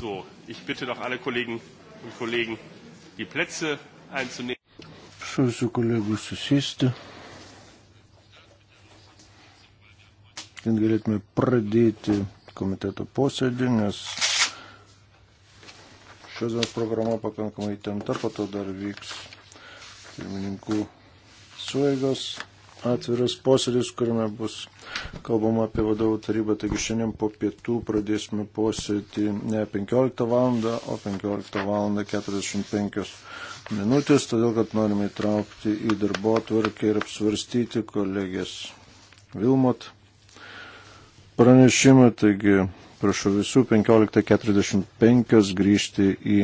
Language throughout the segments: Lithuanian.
So, ich bitte doch alle Kollegen und Kollegen, die Plätze einzunehmen. Prašau kolegų susėsti, kad galėtume pradėti komiteto posėdį, nes šios dienos programa pakankamai įtempta, po to dar vyks pirmininkų suėgos atviras posėdis, kuriame bus kalbama apie vadovų tarybą. Taigi šiandien po pietų pradėsime posėdį ne 15 val. o 15 val. 45 minutės, todėl kad norime įtraukti į darbo tvarkę ir apsvarstyti kolegės Vilmot pranešimą. Taigi prašau visų 15.45 grįžti į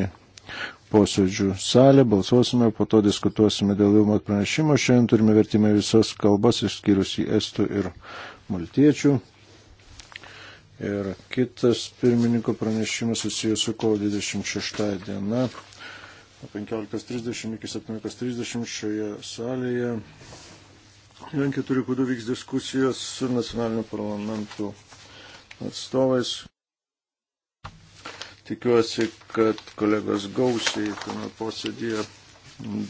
posėdžių salę, balsuosime, po to diskutuosime dėl jaumo pranešimo. Šiandien turime vertimą visas kalbas, išskyrus į estų ir maltiečių. Ir kitas pirmininko pranešimas susijęs su kovo 26 diena. 15.30 iki 17.30 šioje salėje. Lenkija turi, kodų vyks diskusijos su nacionaliniu parlamentu atstovais. Tikiuosi, kad kolegos gausiai tame posėdėje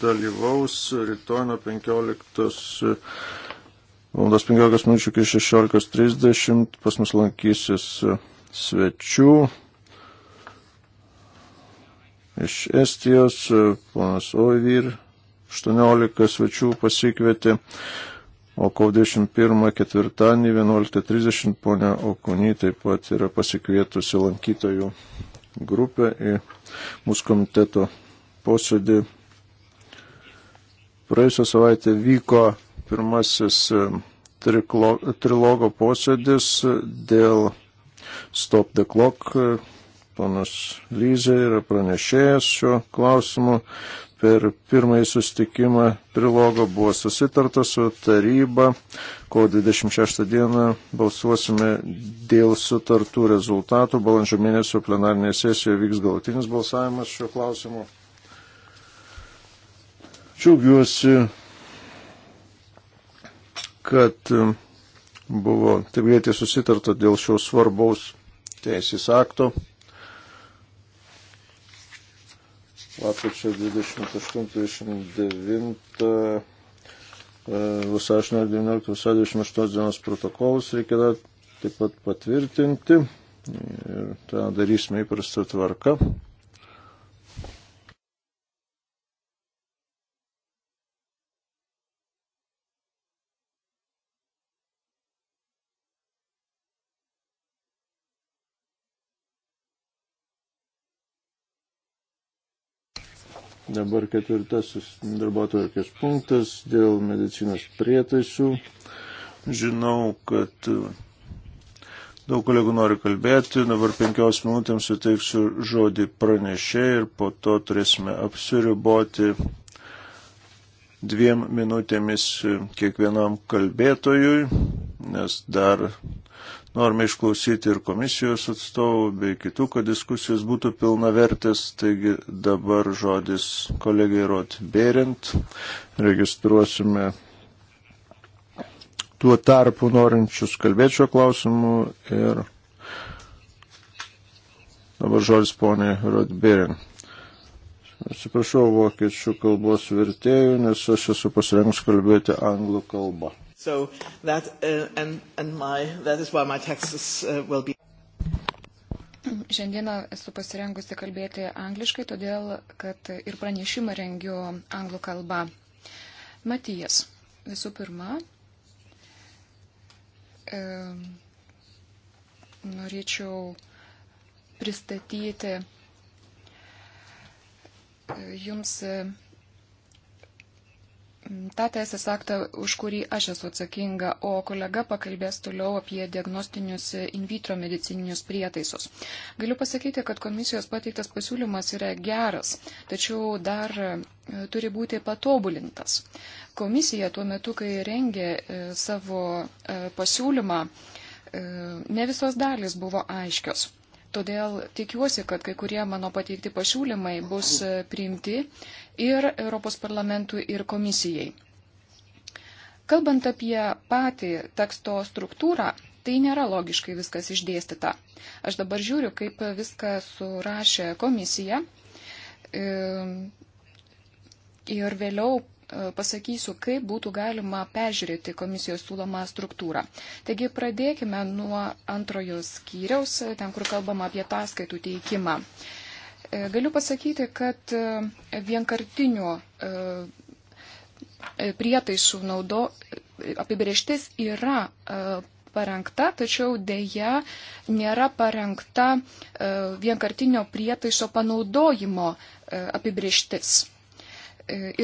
dalyvaus rytoj nuo 15. Valandos 15 minučių iki 16.30 pas mus lankysis svečių iš Estijos, ponas Oivir, 18 svečių pasikvietė, o kau 21 ketvirtadienį 11.30 ponia Okony taip pat yra pasikvietusi lankytojų grupę į mūsų komiteto posėdį. Praėjusią savaitę vyko pirmasis e, triklo, trilogo posėdis dėl Stop the Clock. E, Panas Lyzė yra pranešėjęs šiuo klausimu. Per pirmąjį sustikimą trilogo buvo susitarta su taryba, kovo 26 dieną balsuosime dėl sutartų rezultatų. Balandžio mėnesio plenarinėje sesijoje vyks galutinis balsavimas šiuo klausimu. Čiaugiuosi, kad um, buvo taip greitai susitarta dėl šios svarbaus teisės akto. lapkričio 28-29 e, vasario 19 vasario 28 dienos protokolus reikia dar taip pat patvirtinti ir tą darysime įprastą tvarką. Dabar ketvirtasis darbotvarkės punktas dėl medicinos prietaisų. Žinau, kad daug kolegų nori kalbėti. Dabar penkios minutėms suteiksiu žodį pranešė ir po to turėsime apsiriboti dviem minutėmis kiekvienam kalbėtojui, nes dar Norime išklausyti ir komisijos atstovų, bei kitų, kad diskusijos būtų pilna vertės. Taigi dabar žodis kolegai Rot Berint. Registruosime tuo tarpu norinčius kalbėčio klausimų ir dabar žodis ponė Rot Berint. Atsiprašau vokiečių kalbos vertėjų, nes aš esu pasirengus kalbėti anglų kalbą. So that, uh, and, and my, that is why my taxes uh, will be. Šiandieną esu pasirengusi kalbėti angliškai, todėl, kad ir pranešimą rengiu anglų kalbą. Matijas, visų pirma, e, norėčiau pristatyti e, jums. E, tą teisės aktą, už kurį aš esu atsakinga, o kolega pakalbės toliau apie diagnostinius in vitro medicininius prietaisus. Galiu pasakyti, kad komisijos pateiktas pasiūlymas yra geras, tačiau dar e, turi būti patobulintas. Komisija tuo metu, kai rengė e, savo e, pasiūlymą, ne visos dalys buvo aiškios. Todėl tikiuosi, kad kai kurie mano pateikti pasiūlymai bus priimti ir Europos parlamentui ir komisijai. Kalbant apie patį teksto struktūrą, tai nėra logiškai viskas išdėstyta. Aš dabar žiūriu, kaip viską surašė komisija ehm, ir vėliau e, pasakysiu, kaip būtų galima peržiūrėti komisijos siūlomą struktūrą. Taigi pradėkime nuo antrojo skyriaus, ten kur kalbama apie ataskaitų teikimą. E, galiu pasakyti, kad e, vienkartinių e, prietaisų naudo apibrieštis yra parengta, tačiau dėja nėra parengta vienkartinio prietaiso panaudojimo apibrieštis.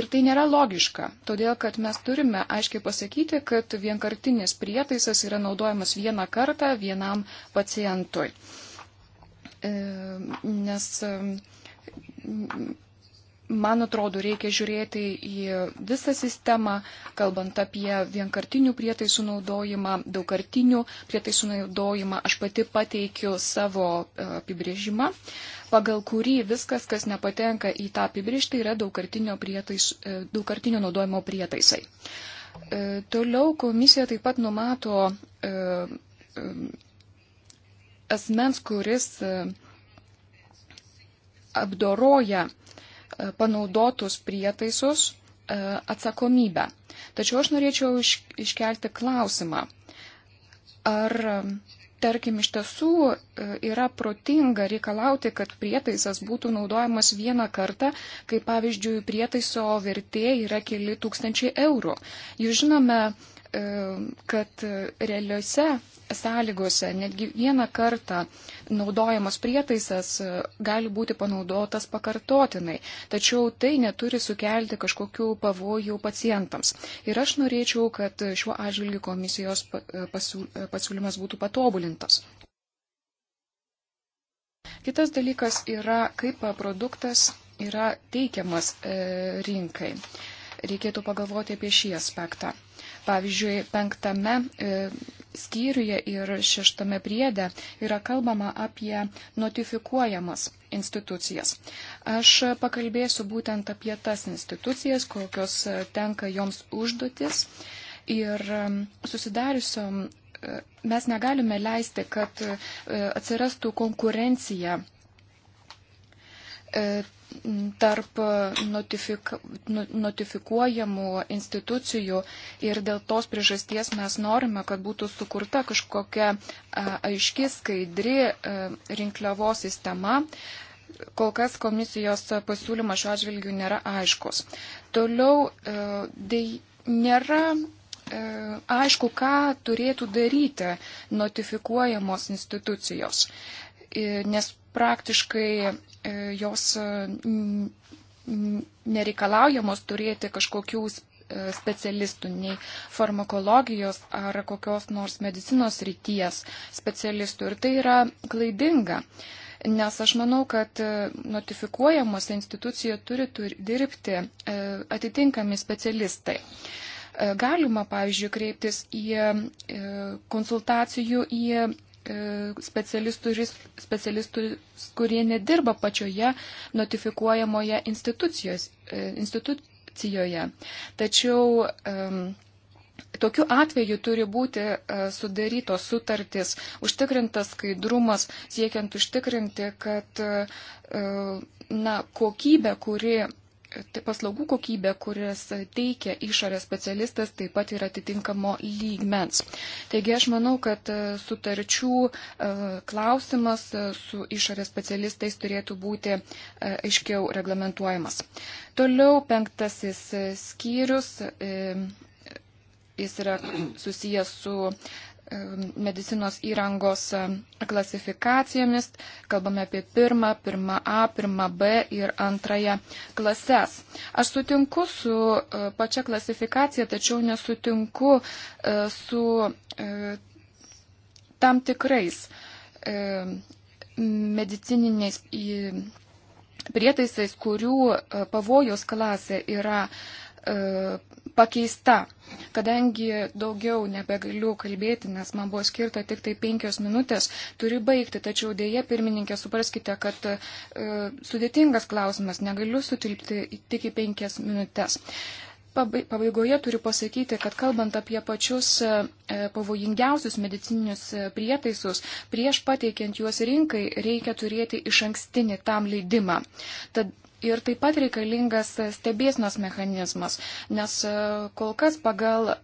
Ir tai nėra logiška, todėl kad mes turime aiškiai pasakyti, kad vienkartinis prietaisas yra naudojamas vieną kartą vienam pacientui. E, nes man atrodo, reikia žiūrėti į visą sistemą, kalbant apie vienkartinių prietaisų naudojimą, daugkartinių prietaisų naudojimą. Aš pati pateikiu savo e, apibrėžimą, pagal kurį viskas, kas nepatenka į tą apibrėžtą, yra daugkartinio, prietais, e, daugkartinio naudojimo prietaisai. Toliau komisija taip pat numato asmens, kuris e, apdoroja e, panaudotus prietaisus e, atsakomybę. Tačiau aš norėčiau iš, iškelti klausimą, ar tarkim iš tiesų yra protinga reikalauti, kad prietaisas būtų naudojamas vieną kartą, kai pavyzdžiui prietaiso vertė yra keli tūkstančiai eurų. Jūs žinome, kad realiuose sąlygose netgi vieną kartą naudojamas prietaisas e, gali būti panaudotas pakartotinai, tačiau tai neturi sukelti kažkokių pavojų pacientams. Ir aš norėčiau, kad šiuo atžvilgiu komisijos e, e, pasiūlymas būtų patobulintas. Kitas dalykas yra, kaip produktas yra teikiamas rinkai. Reikėtų pagalvoti apie šį aspektą. Pavyzdžiui, penktame e, skyriuje ir šeštame priede yra kalbama apie notifikuojamas institucijas. Aš pakalbėsiu būtent apie tas institucijas, kokios e, tenka joms užduotis. Ir e, susidariusiom mes negalime leisti, kad atsirastų konkurencija E, tarp notifika, nu, notifikuojamų institucijų ir dėl tos priežasties mes norime, kad būtų sukurta kažkokia e, aiški, skaidri e, rinkliavos sistema. Kol kas komisijos pasiūlymas šiuo atžvilgiu nėra aiškus. Toliau dėj, nėra aišku, ką turėtų daryti notifikuojamos institucijos, nes praktiškai E, jos e, nereikalaujamos turėti kažkokių e, specialistų, nei farmakologijos ar kokios nors medicinos ryties specialistų. Ir tai yra klaidinga, nes aš manau, kad notifikuojamos institucija turi, turi dirbti atitinkami specialistai. Galima, pavyzdžiui, kreiptis į konsultacijų į specialistus, specialistus kurie nedirba pačioje notifikuojamoje e, institucijoje. Tačiau Tokiu atveju turi būti e, sudarytos sutartys, užtikrintas skaidrumas, siekiant užtikrinti, kad e, na, kokybė, kuri tai paslaugų kokybė, kurias teikia išorės specialistas, taip pat yra atitinkamo lygmens. Taigi aš manau, kad e, sutarčių e, klausimas e, su išorės specialistais turėtų būti aiškiau reglamentuojamas. Toliau penktasis skyrius. Jis yra susijęs su medicinos įrangos klasifikacijomis. Kalbame apie pirmą, pirmą A, pirmą B ir antrąją klases. Aš sutinku su e, pačia klasifikacija, tačiau nesutinku e, su e, tam tikrais medicininiais prietaisais, kurių pavojus klasė yra E, pakeista. Kadangi daugiau nebegaliu kalbėti, nes man buvo skirta tik tai penkios minutės, turiu baigti, tačiau dėje pirmininkė supraskite, kad e, sudėtingas klausimas, negaliu sutilpti tik į penkias minutės. Pabaigoje turiu pasakyti, kad kalbant apie pačius e, e, pavojingiausius medicininius prietaisus, prieš pateikiant juos rinkai reikia turėti iš ankstinį tam leidimą. Tad Ir taip pat reikalingas stebėsnos mechanizmas, nes e, kol kas pagal e,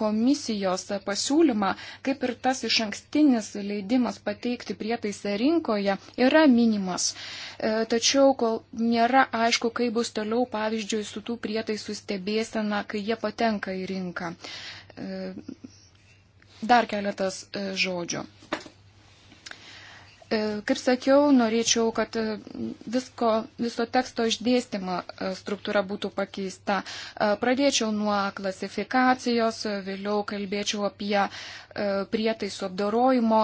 komisijos pasiūlymą, kaip ir tas iš ankstinis leidimas pateikti prietaisą rinkoje, yra minimas. E, tačiau kol nėra aišku, kaip bus toliau, pavyzdžiui, su tų prietaisų stebėsena, kai jie patenka į rinką. Dar keletas žodžių. E, kaip sakiau, norėčiau, kad e, visko, viso teksto išdėstymo e, struktūra būtų pakeista. Pradėčiau nuo klasifikacijos, vėliau kalbėčiau apie prietaisų apdorojimo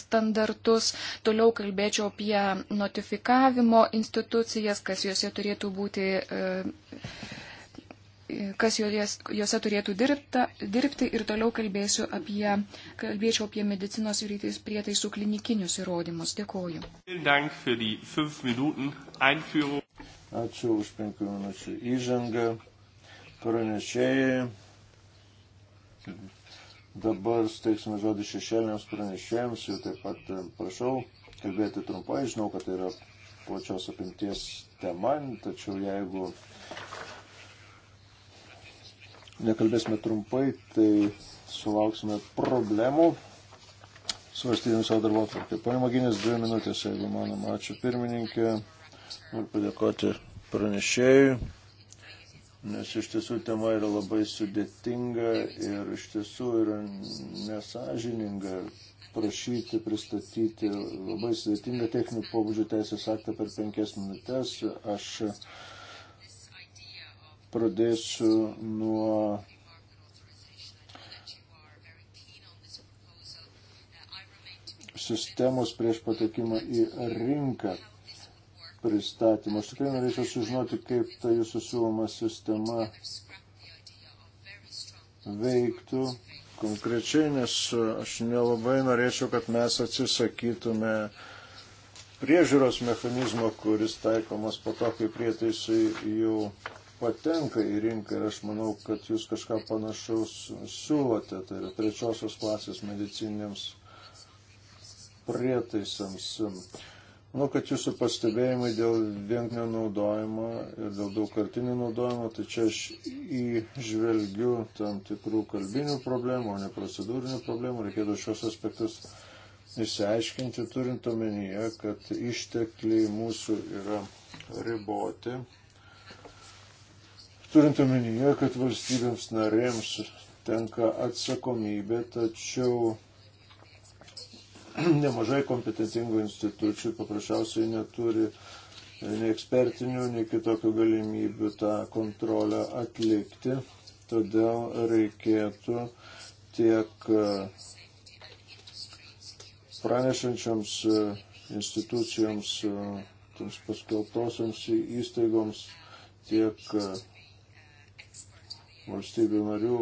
standartus, toliau kalbėčiau apie notifikavimo institucijas, kas juose turėtų būti kas juose turėtų dirbta, dirbti ir toliau kalbėsiu apie, kalbėčiau apie medicinos ir prietaisų klinikinius įrodymus. Dėkoju. Ačiū už penkių minučių įžangą. Pranešėjai. Dabar steiksime žodį šešėlėms pranešėjams ir taip pat e, prašau kalbėti trumpai. Žinau, kad tai yra plačios apimties tema, tačiau jeigu nekalbėsime trumpai, tai sulauksime problemų svarstydami savo darbo atvarkę. Pane Maginės, dvi minutės, jeigu manoma. Ačiū pirmininkė. Noriu padėkoti pranešėjui, nes iš tiesų tema yra labai sudėtinga ir iš tiesų yra nesažininga prašyti, pristatyti labai sudėtingą techninį pobūdžio teisės aktą per penkias minutės. Aš Pradėsiu nuo sistemos prieš patekimą į rinką pristatymą. Aš tikrai norėčiau sužinoti, kaip ta jūsų siūloma sistema veiktų konkrečiai, nes aš nelabai norėčiau, kad mes atsisakytume priežiūros mechanizmo, kuris taikomas po to, kai prietaisai jau patenka į rinką ir aš manau, kad jūs kažką panašaus siūlote, tai yra trečiosios klasės medicininiams prietaisams. Manau, kad jūsų pastebėjimai dėl vienknio naudojimo ir dėl daugkartinio naudojimo, tai čia aš įžvelgiu tam tikrų kalbinių problemų, o ne procedūrinių problemų. Reikėtų šios aspektus išsiaiškinti, turint omenyje, kad ištekliai mūsų yra riboti Turint omenyje, kad valstybėms narėms tenka atsakomybė, tačiau nemažai kompetentingų institucijų paprasčiausiai neturi nei ekspertinių, nei kitokių galimybių tą kontrolę atlikti. Todėl reikėtų tiek e, pranešančioms e, institucijoms, e, toms paskelbtosioms įstaigoms, tiek valstybių narių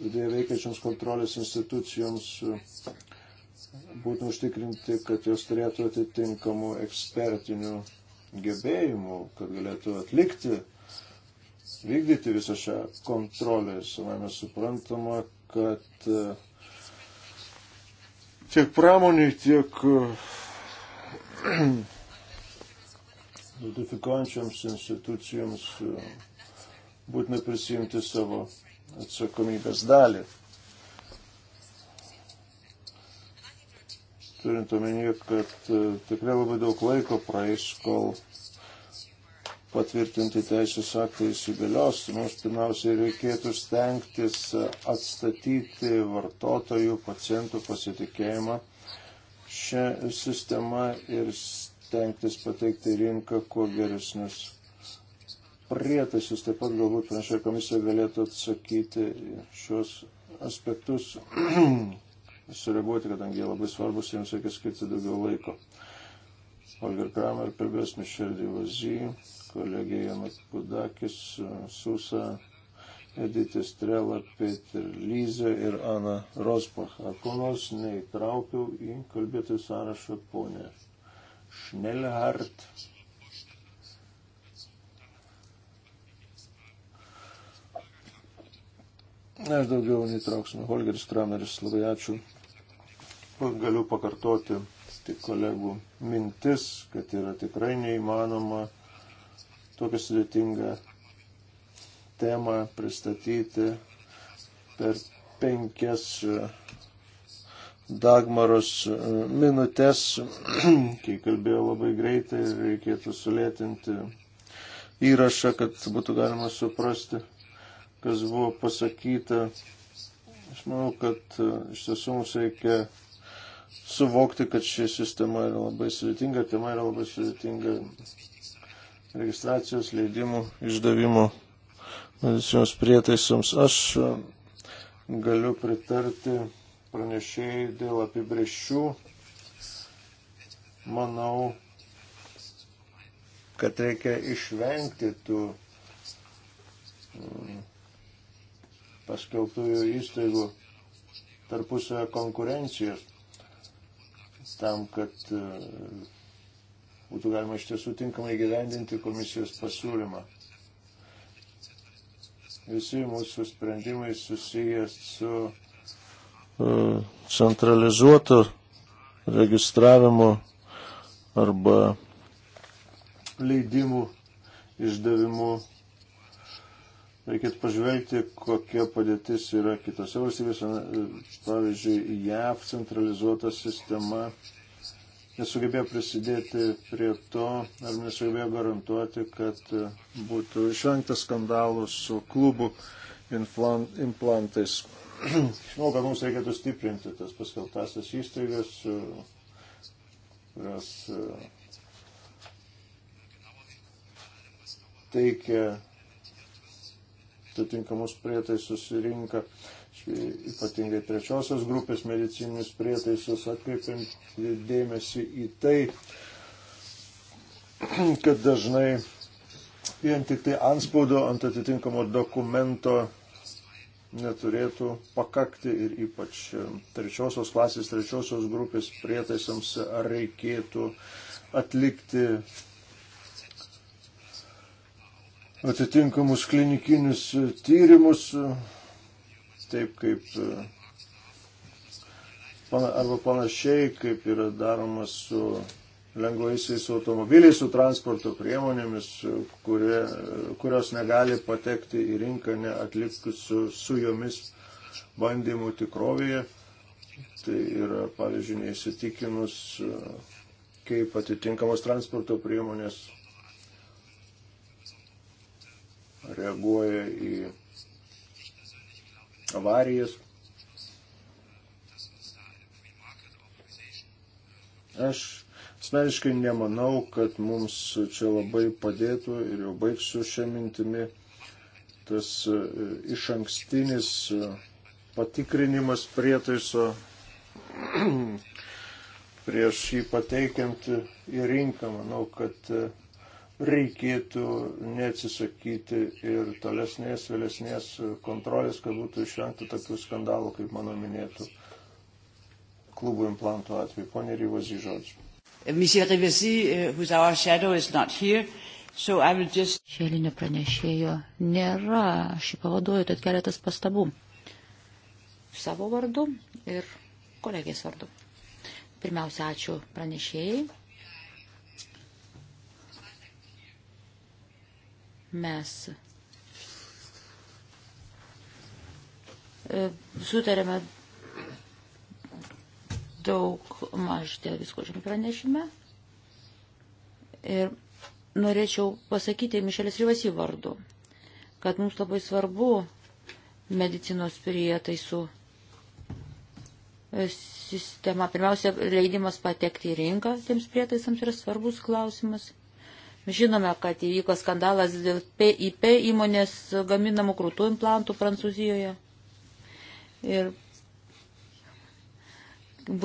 viduje veikiančioms kontrolės institucijoms e, būtų užtikrinti, kad jos turėtų atitinkamų ekspertinių gebėjimų, kad galėtų atlikti, vykdyti visą šią kontrolę. Savame suprantama, kad e, tiek pramoniai, tiek notifikuojančioms e, institucijoms būtina prisijimti savo atsakomybės dalį. Turint omenyje, kad e, tikrai labai daug laiko praeis, kol patvirtinti teisės aktai įsigalios, mums pirmiausiai reikėtų stengtis atstatyti vartotojų, pacientų pasitikėjimą šią sistemą ir stengtis pateikti rinką kuo geresnius prietaisus. Taip pat galbūt panašioje komisija galėtų atsakyti šios aspektus, sureaguoti, kadangi jie labai svarbus, jiems reikia skirti daugiau laiko. Olga Kramer kalbės Mišel Divazy, kolegė Janat Pudakis, Susa, Edith Estrela, Peter Lyze ir Ana Rospach. Ar ko nors neįtraukiau į kalbėtojų sąrašą ponę Schnellhardt? Aš daugiau netrauksime. Holgeris Krameris, labai ačiū. Galiu pakartoti tik kolegų mintis, kad yra tikrai neįmanoma tokią sudėtingą temą pristatyti per penkias Dagmaros minutės, kai kalbėjo labai greitai ir reikėtų sulėtinti įrašą, kad būtų galima suprasti kas buvo pasakyta. Aš manau, kad e, iš tiesų mums reikia suvokti, kad ši sistema yra labai sudėtinga, tema yra labai sudėtinga registracijos leidimų išdavimo medicinos prietaisams. Aš e, galiu pritarti pranešėjai dėl apibrėžčių. Manau, kad reikia išvengti tų paskelbtųjų įstaigų tarpusavio konkurencijos tam, kad e, būtų galima iš tiesų tinkamai gyvendinti komisijos pasiūlymą. Visi mūsų sprendimai susijęs su e, centralizuotu registravimu arba leidimų išdavimu Reikėtų pažvelgti, kokia padėtis yra kitose valstybėse. Pavyzdžiui, JAV centralizuota sistema nesugebėjo prisidėti prie to ar nesugebėjo garantuoti, kad būtų išvengta skandalų su klubų implantais. Žinau, kad mums reikėtų stiprinti tas paskeltasias įstaigas, kurios e, teikia atitinkamus prietaisus į rinką, ypatingai trečiosios grupės medicininis prietaisus, atkreipiant dėmesį į tai, kad dažnai vien tik tai anspaudo ant atitinkamo dokumento neturėtų pakakti ir ypač trečiosios klasės, trečiosios grupės prietaisams reikėtų atlikti atitinkamus klinikinius e, tyrimus, e, taip kaip e, arba panašiai, kaip yra daromas su lengvaisiais automobiliais, su transporto priemonėmis, kurie, kurios negali patekti į rinką neatlikus su, su jomis bandymų tikrovėje. Tai yra, pavyzdžiui, neįsitikinus, kaip atitinkamos transporto priemonės reaguoja į avarijas. Aš asmeniškai nemanau, kad mums čia labai padėtų ir jau baigsiu šią mintimį tas e, iš ankstinis e, patikrinimas prietaiso prieš jį pateikiant į rinką. Manau, kad e, reikėtų neatsisakyti ir tolesnės, vėlesnės kontrolės, kad būtų išvengta tokių skandalų, kaip mano minėtų klubų implantų atveju. Pone Ryvazy žodžiu. Eh, Monsieur Rivesi, eh, who's our shadow, is not here. So I will just... Šėlinio pranešėjo nėra. Aš jį pavaduoju, tad keletas pastabų. Savo vardu ir kolegės vardu. Pirmiausia, ačiū pranešėjai Mes e, sutarėme daug maž dėl visko šiame pranešime. Ir norėčiau pasakyti Mišelės Rivasi vardu, kad mums labai svarbu medicinos prietaisų e, sistema. Pirmiausia, leidimas patekti į rinką tiems prietaisams yra svarbus klausimas. Žinome, kad įvyko skandalas dėl PIP įmonės gaminamų krūtų implantų Prancūzijoje. Ir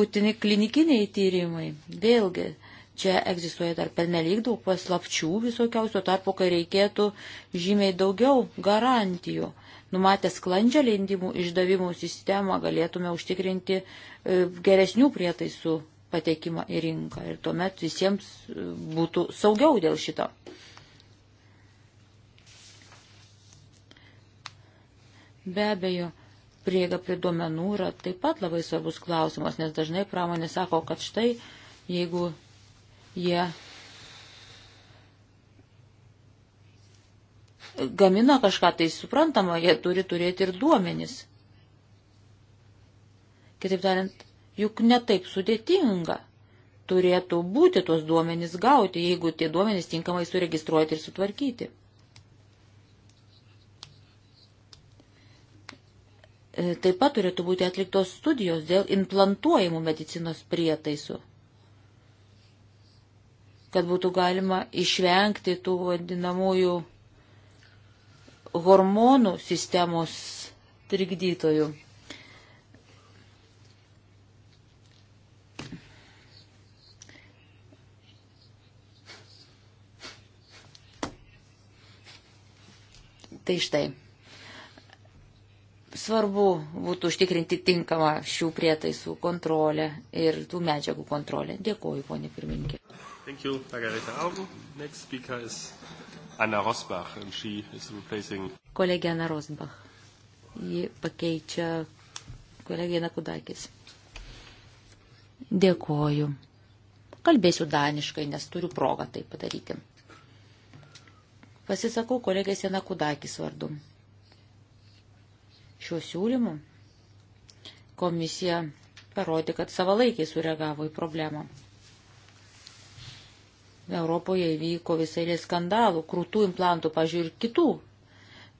būtini klinikiniai tyrimai. Vėlgi, čia egzistuoja dar pernelyg daug paslapčių visokiausio tarpo, kai reikėtų žymiai daugiau garantijų. Numatę sklandžią leidimų išdavimų sistemą galėtume užtikrinti e, geresnių prietaisų patekimą į rinką ir tuomet visiems e, būtų saugiau dėl šito. Be abejo, prieiga prie duomenų yra taip pat labai svarbus klausimas, nes dažnai pramonė sako, kad štai jeigu jie gamina kažką, tai suprantama, jie turi turėti ir duomenis. Kitaip tariant, juk netaip sudėtinga turėtų būti tuos duomenys gauti, jeigu tie duomenys tinkamai suregistruoti ir sutvarkyti. E, taip pat turėtų būti atliktos studijos dėl implantuojamų medicinos prietaisų, kad būtų galima išvengti tų vadinamųjų hormonų sistemos trikdytojų. Tai štai. Svarbu būtų užtikrinti tinkamą šių prietaisų kontrolę ir tų medžiagų kontrolę. Dėkuoju, ponė pirmininkė. Thank you, Margarita Augen. Next speaker is Anna Rosbach, and she is replacing... Kolegė Anna Rosbach. Ji pakeičia kolegė Nakudakis. Dėkuoju. Kalbėsiu daniškai, nes turiu progą tai padaryti. Pasisakau kolegės Janakudakis vardu. Šiuo siūlymu komisija parodė, kad savalaikiai sureagavo į problemą. Europoje įvyko visai lės skandalų, krūtų implantų, pažiūrėjau, ir kitų.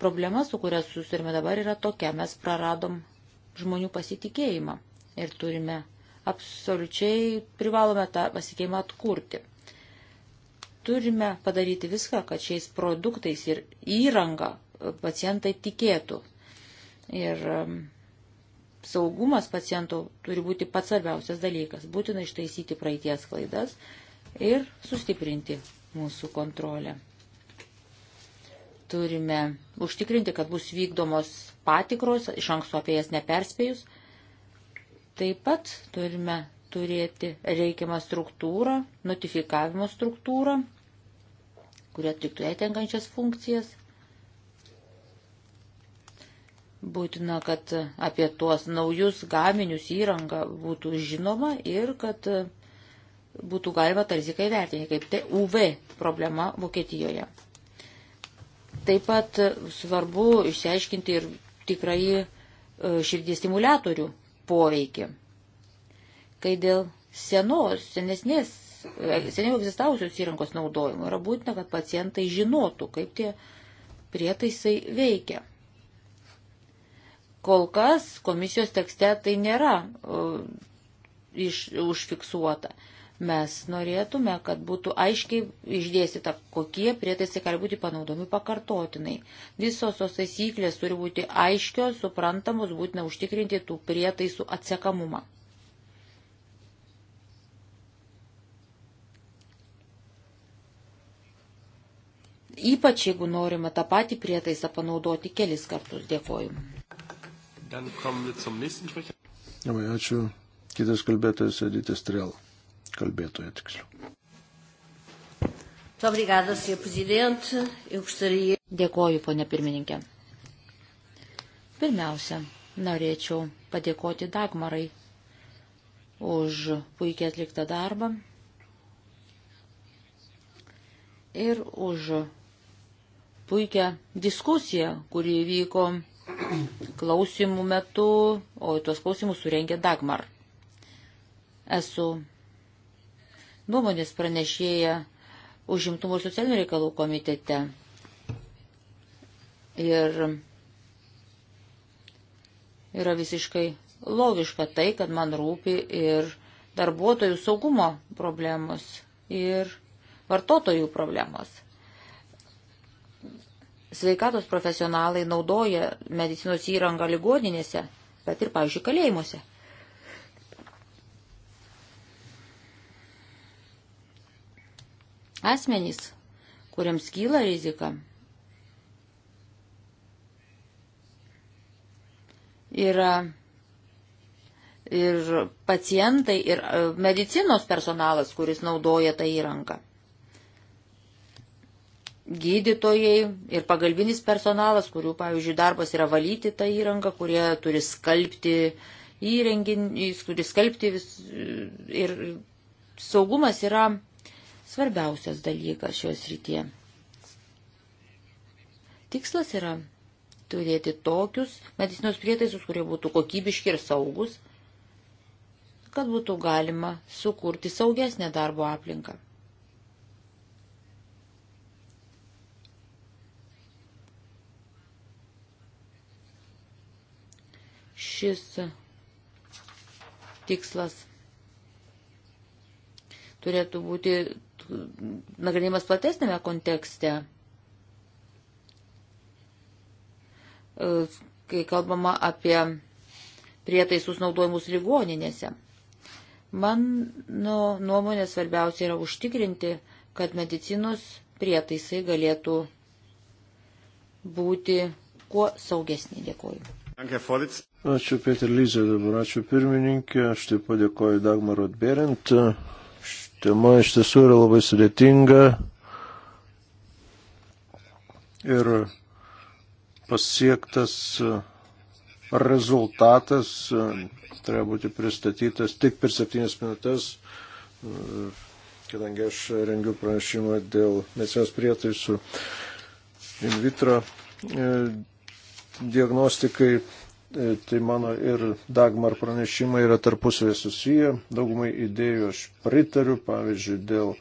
Problema, su kuria susirime dabar, yra tokia. Mes praradom žmonių pasitikėjimą ir turime absoliučiai privalome tą pasitikėjimą atkurti. Turime padaryti viską, kad šiais produktais ir įranga e, pacientai tikėtų. Ir saugumas pacientų turi būti pats svarbiausias dalykas. Būtina ištaisyti praeities klaidas ir sustiprinti mūsų kontrolę. Turime užtikrinti, kad bus vykdomos patikros, iš anksto apie jas neperspėjus. Taip pat turime turėti reikiamą struktūrą, notifikavimo struktūrą, kurie atliktų etenkančias funkcijas. Būtina, kad apie tuos naujus gaminius įrangą būtų žinoma ir kad būtų galima tarzikai vertinti, kaip tai UV problema Vokietijoje. Taip pat svarbu išsiaiškinti ir tikrai e, širdies stimulatorių poveikį kai dėl senos, senesnės, seniau egzistavusios įrangos naudojimo yra būtina, kad pacientai žinotų, kaip tie prietaisai veikia. Kol kas komisijos tekste tai nėra uh, iš, užfiksuota. Mes norėtume, kad būtų aiškiai išdėstyta, kokie prietaisai gali būti panaudomi pakartotinai. Visos tos taisyklės turi būti aiškios, suprantamos, būtina užtikrinti tų prietaisų atsekamumą. ypač jeigu norima tą patį prietaisą panaudoti kelis kartus. Dėkoju. Labai ačiū. Kitas kalbėtojas Editas Trel. Kalbėtoja tiksliau. Dėkoju, ponė pirmininkė. Pirmiausia, norėčiau padėkoti Dagmarai už puikiai atliktą darbą ir už puikią diskusiją, kuri vyko klausimų metu, o tuos klausimus surengė Dagmar. Esu nuomonės pranešėja užimtumo ir socialinių reikalų komitete. Ir yra visiškai logiška tai, kad man rūpi ir darbuotojų saugumo problemos, ir vartotojų problemos sveikatos profesionalai naudoja medicinos įrangą ligoninėse, bet ir, pavyzdžiui, kalėjimuose. Asmenys, kuriems kyla rizika, yra ir pacientai, ir e, medicinos personalas, kuris naudoja tą įrangą gydytojai ir pagalbinis personalas, kurių, pavyzdžiui, darbas yra valyti tą įrangą, kurie turi skalbti įrenginys, turi skalbti vis, ir saugumas yra svarbiausias dalykas šios rytie. Tikslas yra turėti tokius medicinos prietaisus, kurie būtų kokybiški ir saugus, kad būtų galima sukurti saugesnę darbo aplinką. šis tikslas turėtų būti nagrinimas platesnėme kontekste, e, kai kalbama apie prietaisus naudojimus ligoninėse. Mano nuomonė svarbiausia yra užtikrinti, kad medicinos prietaisai galėtų būti kuo saugesni. Dėkuoju. Ačiū Peter Lyzė dabar, ačiū pirmininkė, aš taip padėkoju Dagmar Rodberint. Tema iš tiesų yra labai sudėtinga ir pasiektas rezultatas turėjo būti pristatytas tik per septynias minutės, kadangi aš rengiu pranešimą dėl medicinos prietaisų in vitro diagnostikai, e, tai mano ir Dagmar pranešimai yra tarpusavė susiję. Daugumai idėjų aš pritariu, pavyzdžiui, dėl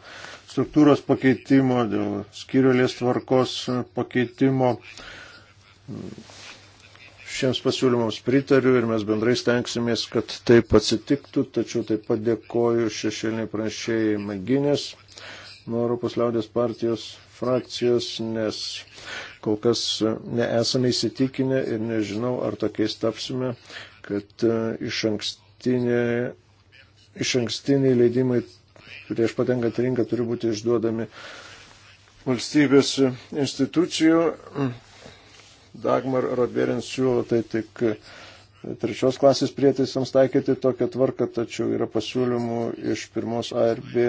struktūros pakeitimo, dėl skiriulės tvarkos pakeitimo. Šiems pasiūlymams pritariu ir mes bendrai stengsimės, kad taip atsitiktų, tačiau taip pat dėkoju šešėliniai pranešėjai Maginės nuo Europos liaudės partijos frakcijos, nes kol kas nesame įsitikinę ir nežinau, ar tokiais tapsime, kad e, iš, ankstinė, iš ankstiniai leidimai prieš patenkant rinką turi būti išduodami valstybės institucijų. Dagmar Rodberins siūlo tai tik trečios klasės prietaisams taikyti tokią tvarką, tačiau yra pasiūlymų iš pirmos A ir B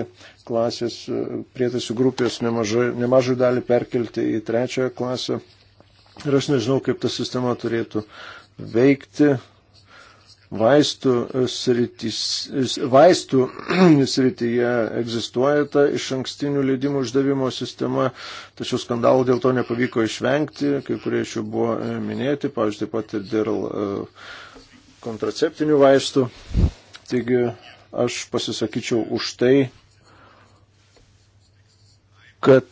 klasės e, prietaisų grupės nemažai, nemažai dalį perkelti į trečiąją klasę. Ir aš nežinau, kaip ta sistema turėtų veikti, vaistų, e, sritis, e, vaistų srityje egzistuoja ta iš ankstinių leidimų uždavimo sistema, tačiau skandalų dėl to nepavyko išvengti, kai kurie iš jų buvo e, minėti, pavyzdžiui, taip pat ir dėl kontraceptinių vaistų. Taigi aš pasisakyčiau už tai, kad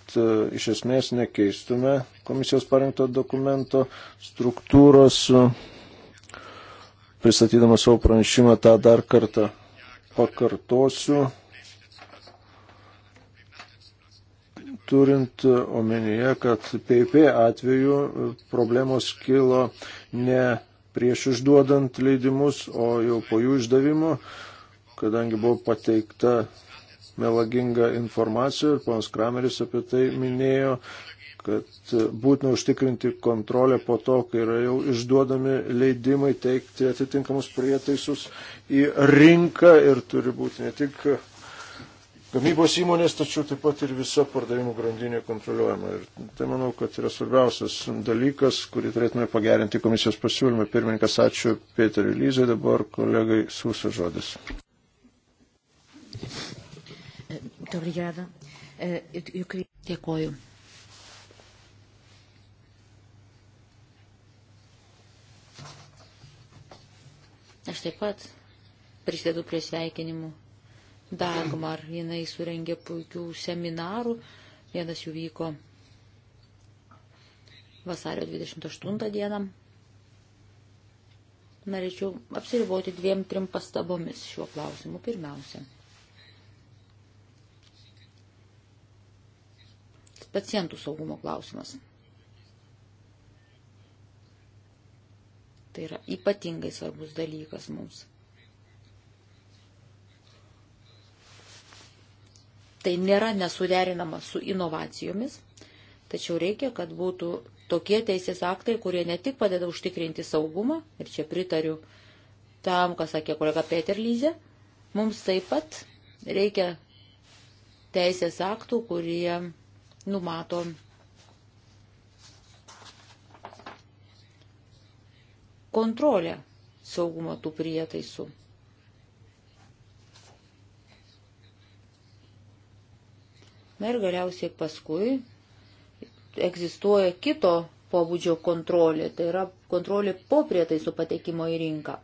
iš esmės nekeistume komisijos parengto dokumento struktūros. Uh, pristatydamas savo pranešimą tą dar kartą pakartosiu, turint omenyje, kad PIP atveju problemos kilo ne prieš išduodant leidimus, o jau po jų išdavimo, kadangi buvo pateikta melaginga informacija ir ponas Krameris apie tai minėjo, kad e, būtina užtikrinti kontrolę po to, kai yra jau išduodami leidimai teikti atitinkamus prietaisus į rinką ir turi būti ne tik gamybos įmonės, tačiau taip pat ir visa pardavimų grandinė kontroliuojama. Ir tai manau, kad yra svarbiausias dalykas, kurį turėtume pagerinti komisijos pasiūlymą. Pirmininkas, ačiū Peteriu Lyzai, dabar kolegai Sūsų žodis. Dėkuoju. Aš taip pat prisėdu prie sveikinimų. Dagmar, jinai surengė puikių seminarų, vienas jų vyko vasario 28 dieną. Norėčiau apsiriboti dviem trim pastabomis šiuo klausimu pirmiausia. Pacientų saugumo klausimas. Tai yra ypatingai svarbus dalykas mums. Tai nėra nesuderinama su inovacijomis, tačiau reikia, kad būtų tokie teisės aktai, kurie ne tik padeda užtikrinti saugumą, ir čia pritariu tam, ką sakė kolega Peterlyze, mums taip pat reikia teisės aktų, kurie numato kontrolę saugumo tų prietaisų. Na ir galiausiai paskui egzistuoja kito pobūdžio kontrolė, tai yra kontrolė po prietaisų patekimo į rinką.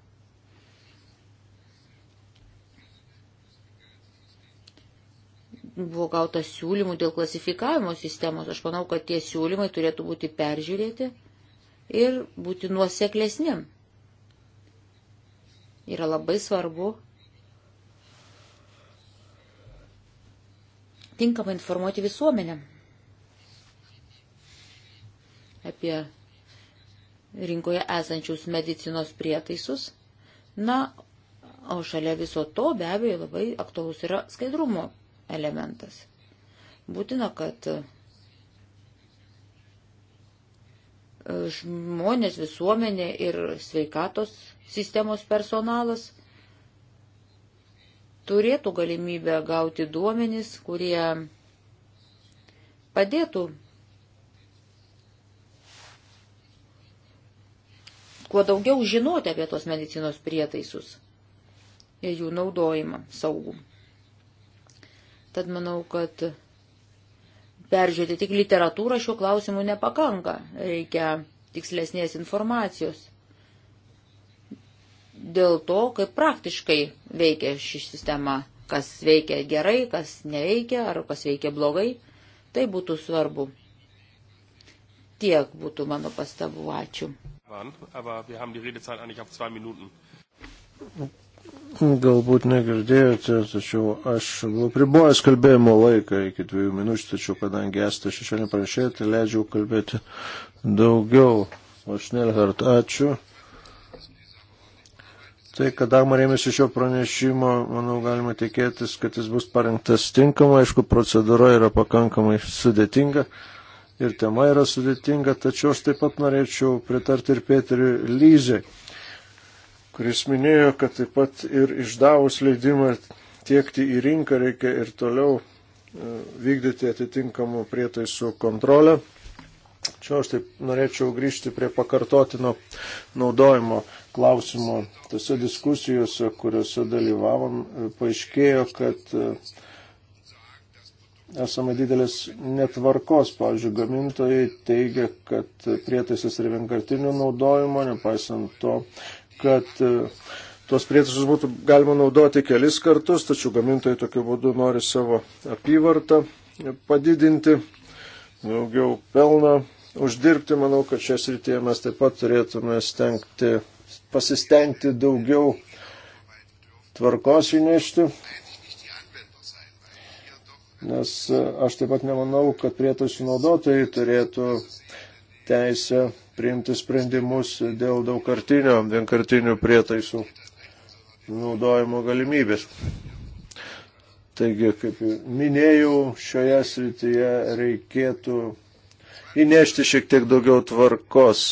Buvo gauta siūlymų dėl klasifikavimo sistemos. Aš manau, kad tie siūlymai turėtų būti peržiūrėti ir būti nuoseklesni. Yra labai svarbu tinkamai informuoti visuomenę apie rinkoje esančius medicinos prietaisus. Na, o šalia viso to be abejo labai aktuolus yra skaidrumo elementas. Būtina, kad žmonės, visuomenė ir sveikatos sistemos personalas turėtų galimybę gauti duomenys, kurie padėtų kuo daugiau žinoti apie tos medicinos prietaisus ir jų naudojimą saugų. Tad manau, kad peržiūrėti tik literatūrą šiuo klausimu nepakanka. Reikia tikslesnės informacijos dėl to, kaip praktiškai veikia ši sistema, kas veikia gerai, kas neveikia ar kas veikia blogai. Tai būtų svarbu. Tiek būtų mano pastabų. Ačiū. Galbūt negirdėjote, tačiau aš buvau pribojęs kalbėjimo laiką iki dviejų minučių, tačiau kadangi esate šešėlį pranešėję, tai leidžiau kalbėti daugiau. O Šnelhart, ačiū. Tai, kad Dagmar ėmėsi šio pranešimo, manau, galima tikėtis, kad jis bus parengtas tinkamai. Aišku, procedūra yra pakankamai sudėtinga ir tema yra sudėtinga, tačiau aš taip pat norėčiau pritarti ir Pėteriui Lyzei kuris minėjo, kad taip pat ir išdavus leidimą tiekti į rinką reikia ir toliau e, vykdyti atitinkamų prietaisų kontrolę. Čia aš taip norėčiau grįžti prie pakartotino naudojimo klausimo. Tose diskusijose, kuriuose dalyvavom, e, paaiškėjo, kad e, esame didelės netvarkos. Pavyzdžiui, gamintojai teigia, kad prietaisas yra vienkartinio naudojimo, nepaisant to kad e, tuos prietaisus būtų galima naudoti kelis kartus, tačiau gamintojai tokiu būdu nori savo apyvartą padidinti, daugiau pelno uždirbti. Manau, kad šią srityje mes taip pat turėtume stengti, pasistengti daugiau tvarkos įnešti. Nes e, aš taip pat nemanau, kad prietaisų naudotojai turėtų teisę priimti sprendimus dėl daugkartinio, vienkartinių prietaisų naudojimo galimybės. Taigi, kaip minėjau, šioje srityje reikėtų įnešti šiek tiek daugiau tvarkos.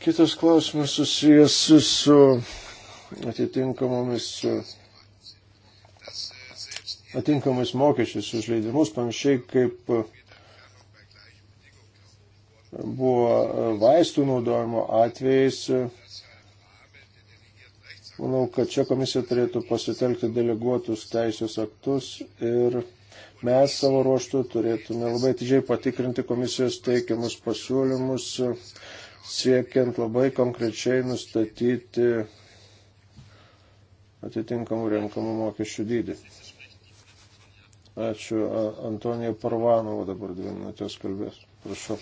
Kitas klausimas susijęs su atitinkamomis atinkamais mokesčiais už leidimus, panašiai kaip buvo e, vaistų naudojimo atvejais. Manau, kad čia komisija turėtų pasitelkti deleguotus teisės aktus ir mes savo ruoštų turėtume labai atidžiai patikrinti komisijos teikiamus pasiūlymus, siekiant labai konkrečiai nustatyti atitinkamų renkamų mokesčių dydį. Ačiū. Antonija Parvanova dabar dvi minutės kalbės. Prašau.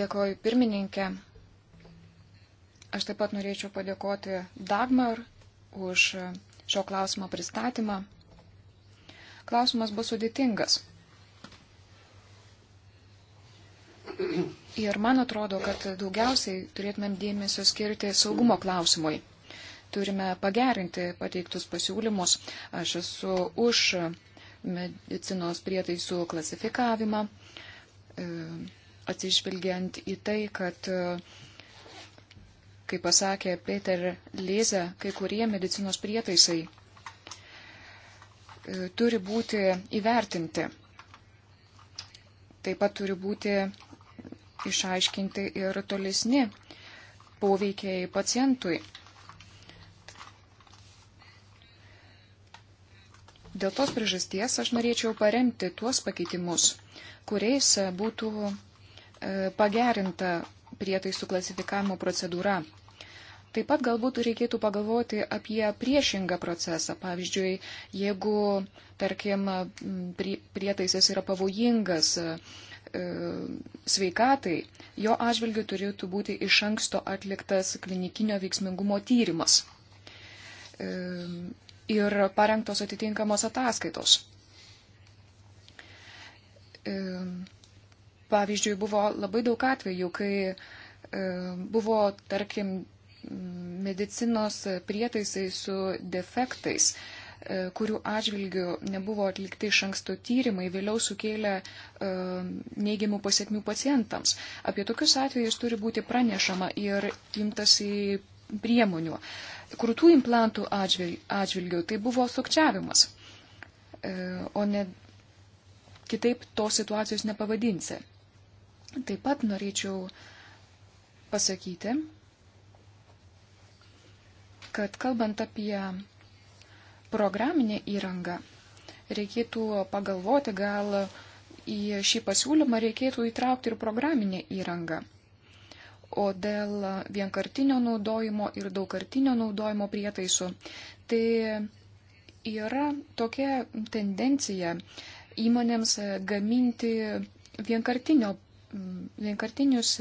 Dėkoju pirmininkė. Aš taip pat norėčiau padėkoti Dagmar už šio klausimo pristatymą. Klausimas bus sudėtingas. Ir man atrodo, kad daugiausiai turėtumėm dėmesio skirti saugumo klausimui. Turime pagerinti pateiktus pasiūlymus. Aš esu už medicinos prietaisų klasifikavimą. E, atsižvelgiant į tai, kad, e, kaip pasakė Peter Lėze, kai kurie medicinos prietaisai e, turi būti įvertinti. Taip pat turi būti išaiškinti ir tolesni poveikiai pacientui. Dėl tos priežasties aš norėčiau paremti tuos pakeitimus, kuriais būtų e, pagerinta prietaisų klasifikavimo procedūra. Taip pat galbūt reikėtų pagalvoti apie priešingą procesą. Pavyzdžiui, jeigu, tarkim, prietaisas yra pavojingas e, sveikatai, jo atžvilgiu turėtų būti iš anksto atliktas klinikinio veiksmingumo tyrimas. E, ir parengtos atitinkamos ataskaitos. Pavyzdžiui, buvo labai daug atvejų, kai buvo, tarkim, medicinos prietaisai su defektais, e, kurių atžvilgių nebuvo atlikti iš anksto tyrimai, vėliau sukėlė neigiamų pasiekmių pacientams. Apie tokius atvejus turi būti pranešama ir imtasi priemonių. Krūtų implantų atžvilgių tai buvo sukčiavimas, e, o ne kitaip tos situacijos nepavadinsi. Taip pat norėčiau pasakyti, kad kalbant apie programinę įrangą, reikėtų pagalvoti, gal į šį pasiūlymą reikėtų įtraukti ir programinę įrangą. O dėl vienkartinio naudojimo ir daugkartinio naudojimo prietaisų, tai yra tokia tendencija įmonėms gaminti vienkartinio, vienkartinius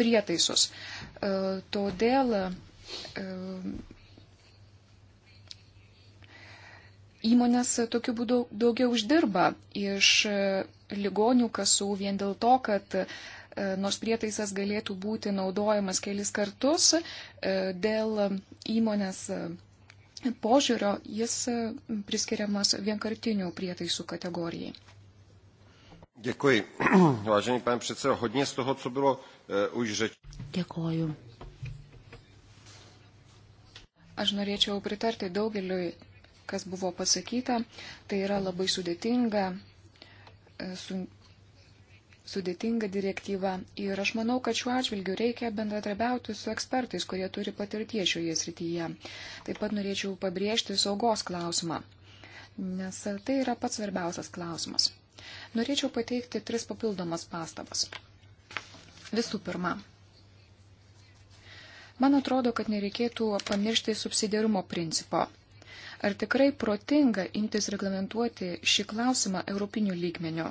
prietaisus. E, todėl e, įmonės tokiu būdu daugiau uždirba iš e, ligonių kasų vien dėl to, kad E, nors prietaisas galėtų būti naudojamas kelis kartus, e, dėl įmonės e, požiūrio jis priskiriamas vienkartinių prietaisų kategorijai. Děkuji. Vážený pane předsedo, hodně z toho, co bylo uh, už řečeno. Děkuji. Aš norėčiau pritarti daugeliui, kas buvo pasakyta. Tai yra labai sudėtinga, sun, sudėtinga direktyva ir aš manau, kad šiuo atžvilgiu reikia bendradarbiauti su ekspertais, kurie turi patirties šioje srityje. Taip pat norėčiau pabrėžti saugos klausimą, nes tai yra pats svarbiausias klausimas. Norėčiau pateikti tris papildomas pastabas. Visų pirma, man atrodo, kad nereikėtų pamiršti subsidiarumo principo. Ar tikrai protinga imtis reglamentuoti šį klausimą europinių lygmenių?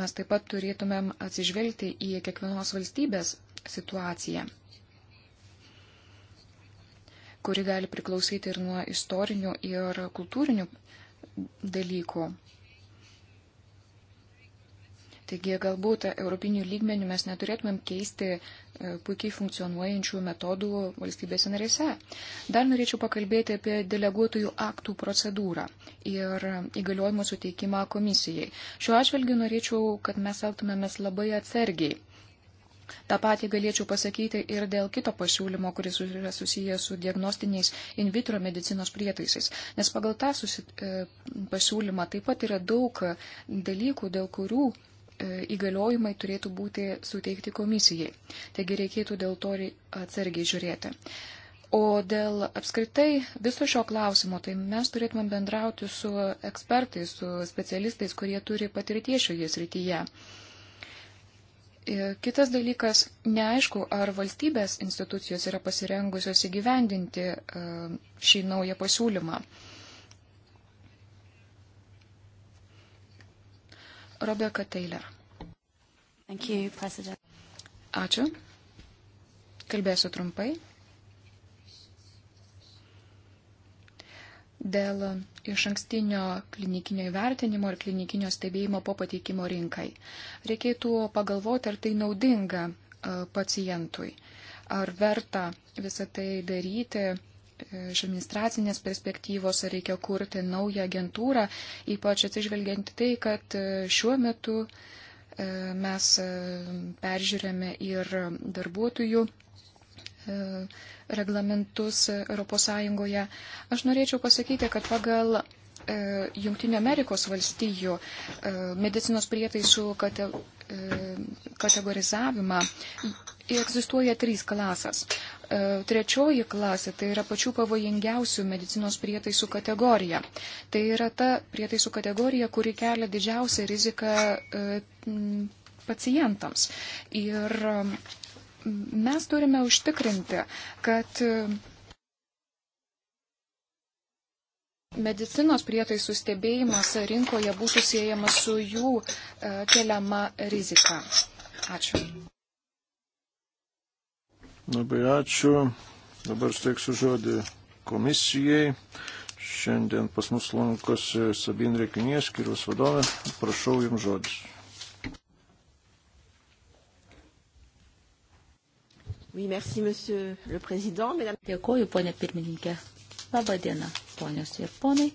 mes taip pat turėtumėm atsižvelgti į kiekvienos valstybės situaciją, kuri gali priklausyti ir nuo istorinių, ir kultūrinių dalykų. Taigi galbūt europinių lygmenių mes neturėtumėm keisti e, puikiai funkcionuojančių metodų valstybėse narėse. Dar norėčiau pakalbėti apie deleguotojų aktų procedūrą ir įgaliojimo suteikimą komisijai. Šiuo atžvilgiu norėčiau, kad mes elgtumėmės labai atsargiai. Ta patį galėčiau pasakyti ir dėl kito pasiūlymo, kuris yra susijęs su diagnostiniais in vitro medicinos prietaisais. Nes pagal tą susi... E, pasiūlymą taip pat yra daug dalykų, dėl kurių E, įgaliojimai turėtų būti suteikti komisijai. Taigi reikėtų dėl to atsargiai žiūrėti. O dėl apskritai viso šio klausimo, tai mes turėtume bendrauti su ekspertais, su specialistais, kurie turi patirties šioje srityje. E, kitas dalykas, neaišku, ar valstybės institucijos yra pasirengusios įgyvendinti e, šį naują pasiūlymą. Rebecca Taylor. Thank you, President. Ačiū. Kalbėsiu trumpai. Dėl iš ankstinio klinikinio įvertinimo ir klinikinio stebėjimo po pateikimo rinkai. Reikėtų pagalvoti, ar tai naudinga e, pacientui. Ar verta visą tai daryti iš administracinės perspektyvos reikia kurti naują agentūrą, ypač atsižvelgiant tai, kad e, šiuo metu e, mes e, peržiūrėme ir darbuotojų reglamentus ES. Aš norėčiau pasakyti, kad pagal Junktinio Amerikos valstijų medicinos prietaisų kate, kategorizavimą egzistuoja trys klasas. E, trečioji klasė tai yra pačių pavojingiausių medicinos prietaisų kategorija. Tai yra ta prietaisų kategorija, kuri kelia didžiausią riziką e, pacientams. Ir mes turime užtikrinti, kad e, medicinos prietaisų stebėjimas rinkoje būtų siejamas su jų keliama rizika. Ačiū. Labai ačiū. Dabar steiksiu žodį komisijai. Šiandien pas mus lankosi Sabin Rekinės, skiriaus vadovė. Prašau jums žodis. Oui, merci, monsieur le président. Mesdames... Dėkoju, ponė pirmininkė. Labą dieną, ponios ir ponai.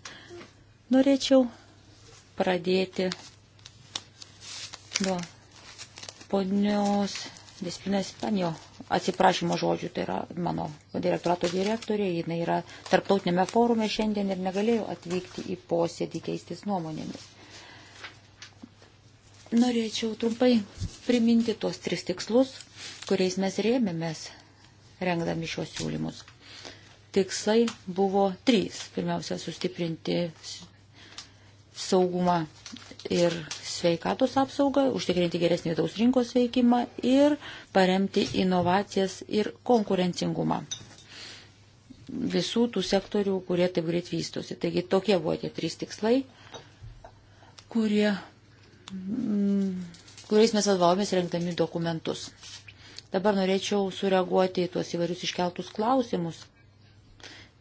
Norėčiau pradėti nuo ponios Despinės Panio atsiprašymo žodžių, tai yra mano direktorato direktorė, jinai yra tarptautinėme forume šiandien ir negalėjo atvykti į posėdį keistis nuomonėmis. Norėčiau trumpai priminti tuos tris tikslus, kuriais mes rėmėmės rengdami šios siūlymus. Tikslai buvo trys. Pirmiausia, sustiprinti saugumą ir sveikatos apsaugą, užtikrinti geresnį vidaus rinkos veikimą ir paremti inovacijas ir konkurencingumą visų tų sektorių, kurie taip greit vystosi. Taigi tokie buvo tie trys tikslai, kurie, mm, kuriais mes vadovavomės rengdami dokumentus. Dabar norėčiau sureaguoti į tuos įvairius iškeltus klausimus.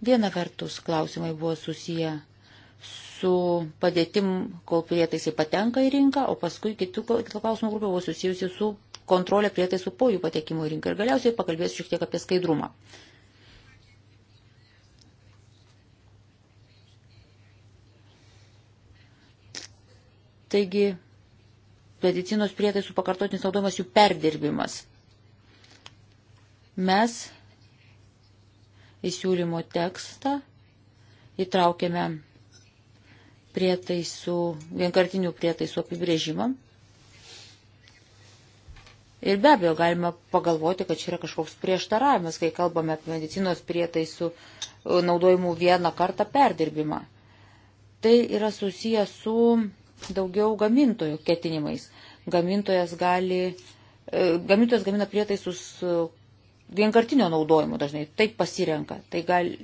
Viena vertus klausimai buvo susiję su padėtim, kol prietaisai patenka į rinką, o paskui kitų klausimų grupė buvo susijusi su kontrolė prietaisų po jų patekimo į rinką. Ir galiausiai pakalbėsiu šiek tiek apie skaidrumą. Taigi, medicinos prietaisų pakartotinis naudojimas jų perdirbimas. Mes į siūlymo tekstą įtraukėme prietaisų, vienkartinių prietaisų apibrėžimą. Ir be abejo, galima pagalvoti, kad čia yra kažkoks prieštaravimas, kai kalbame apie medicinos prietaisų e, naudojimų vieną kartą perdirbimą. Tai yra susijęs su daugiau gamintojų ketinimais. Gamintojas gali, e, gamintojas gamina prietaisus e, vienkartinio naudojimo dažnai, taip pasirenka. Tai gali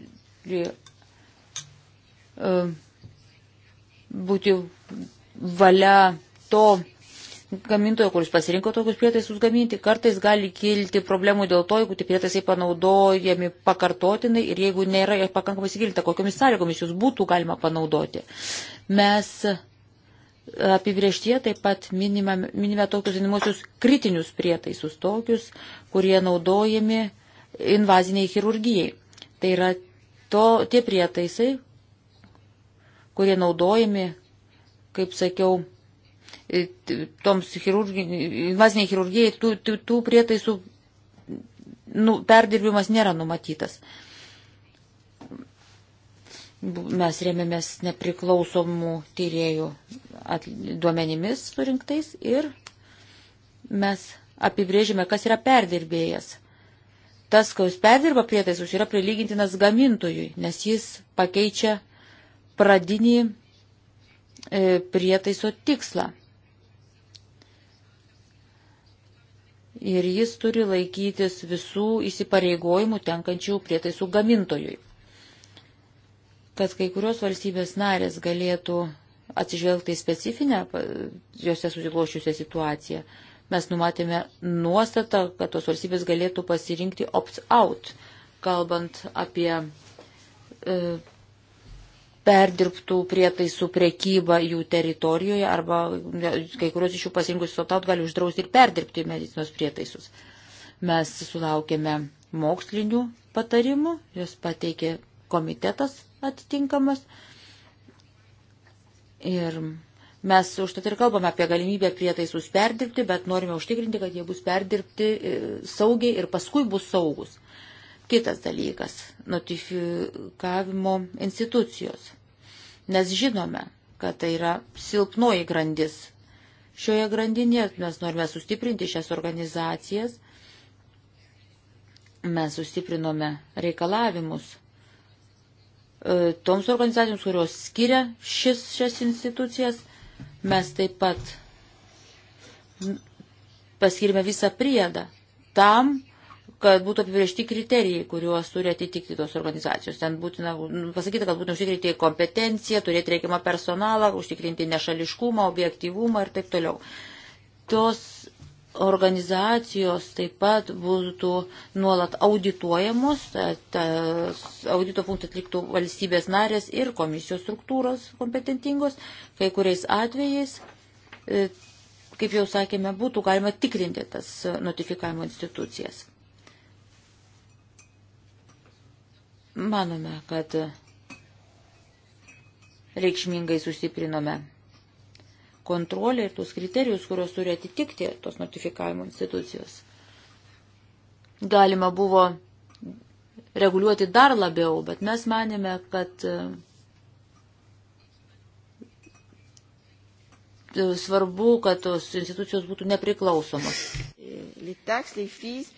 būti valia to gamintojo, kuris pasirinko tokius prietaisus gaminti, kartais gali kilti problemų dėl to, jeigu tie prietaisai panaudojami pakartotinai ir jeigu nėra pakankamai įsigilinta, kokiamis sąlygomis jūs būtų galima panaudoti. Mes apibrieštie taip pat minime, minime tokius žinimuosius kritinius prietaisus, tokius, kurie naudojami invaziniai chirurgijai. Tai yra to, tie prietaisai, kurie naudojami, kaip sakiau, toms chirurgi, invaziniai chirurgijai, tų, tų, tų prietaisų nu, perdirbimas nėra numatytas. Mes rėmėmės nepriklausomų tyriejų duomenimis surinktais ir mes apibrėžime, kas yra perdirbėjas. Tas, kuris perdirba prietaisus, yra prilygintinas gamintojui, nes jis pakeičia pradinį e, prietaiso tikslą. Ir jis turi laikytis visų įsipareigojimų tenkančių prietaisų gamintojui. Kad kai kurios valstybės narės galėtų atsižvelgti į specifinę jose susiklošiusią situaciją, mes numatėme nuostatą, kad tos valstybės galėtų pasirinkti opt-out, kalbant apie e, perdirbtų prietaisų prekybą jų teritorijoje arba kai kurios iš jų pasirinkusių sotaut gali uždrausti ir perdirbti medicinos prietaisus. Mes sulaukėme mokslinių patarimų, jos pateikė komitetas atitinkamas. Ir mes užtat ir kalbame apie galimybę prietaisus perdirbti, bet norime užtikrinti, kad jie bus perdirbti e, saugiai ir paskui bus saugus. Kitas dalykas - notifikavimo institucijos. Nes žinome, kad tai yra silpnoji grandis. Šioje grandinėje mes norime sustiprinti šias organizacijas. Mes sustiprinome reikalavimus e, toms organizacijoms, kurios skiria šis, šias institucijas. Mes taip pat paskirime visą priedą tam, kad būtų apibriežti kriterijai, kuriuos turi atitikti tos organizacijos. Ten būtina nu, pasakyti, kad būtina užtikrinti kompetenciją, turėti reikiamą personalą, užtikrinti nešališkumą, objektivumą ir taip toliau. Tos organizacijos taip pat būtų nuolat audituojamos, tas audito funkciją atliktų valstybės narės ir komisijos struktūros kompetentingos, kai kuriais atvejais, e, kaip jau sakėme, būtų galima tikrinti tas notifikavimo institucijas. Manome, kad reikšmingai sustiprinome kontrolę ir tuos kriterijus, kurios turi atitikti tos notifikavimo institucijos. Galima buvo reguliuoti dar labiau, bet mes manėme, kad e, svarbu, kad tos institucijos būtų nepriklausomos. Les taxes, les fees,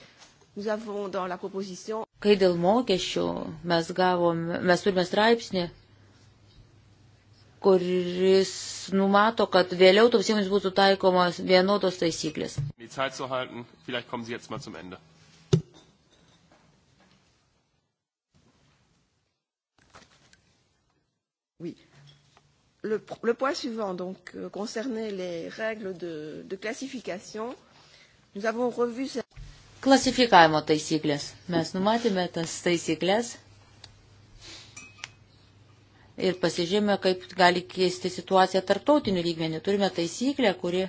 Kai dėl mokesčių mes gavome, mes turime straipsnį, kuris numato, kad vėliau toms įmonėms būtų taikomas vienodos taisyklės. Um oui. Le, le point suivant, donc, euh, concernait les règles de, de classification. Nous avons revu ces Klasifikavimo taisyklės. Mes numatėme tas taisyklės ir pasižymė, kaip gali keisti situaciją tarptautiniu lygmeniu. Turime taisyklę, kuri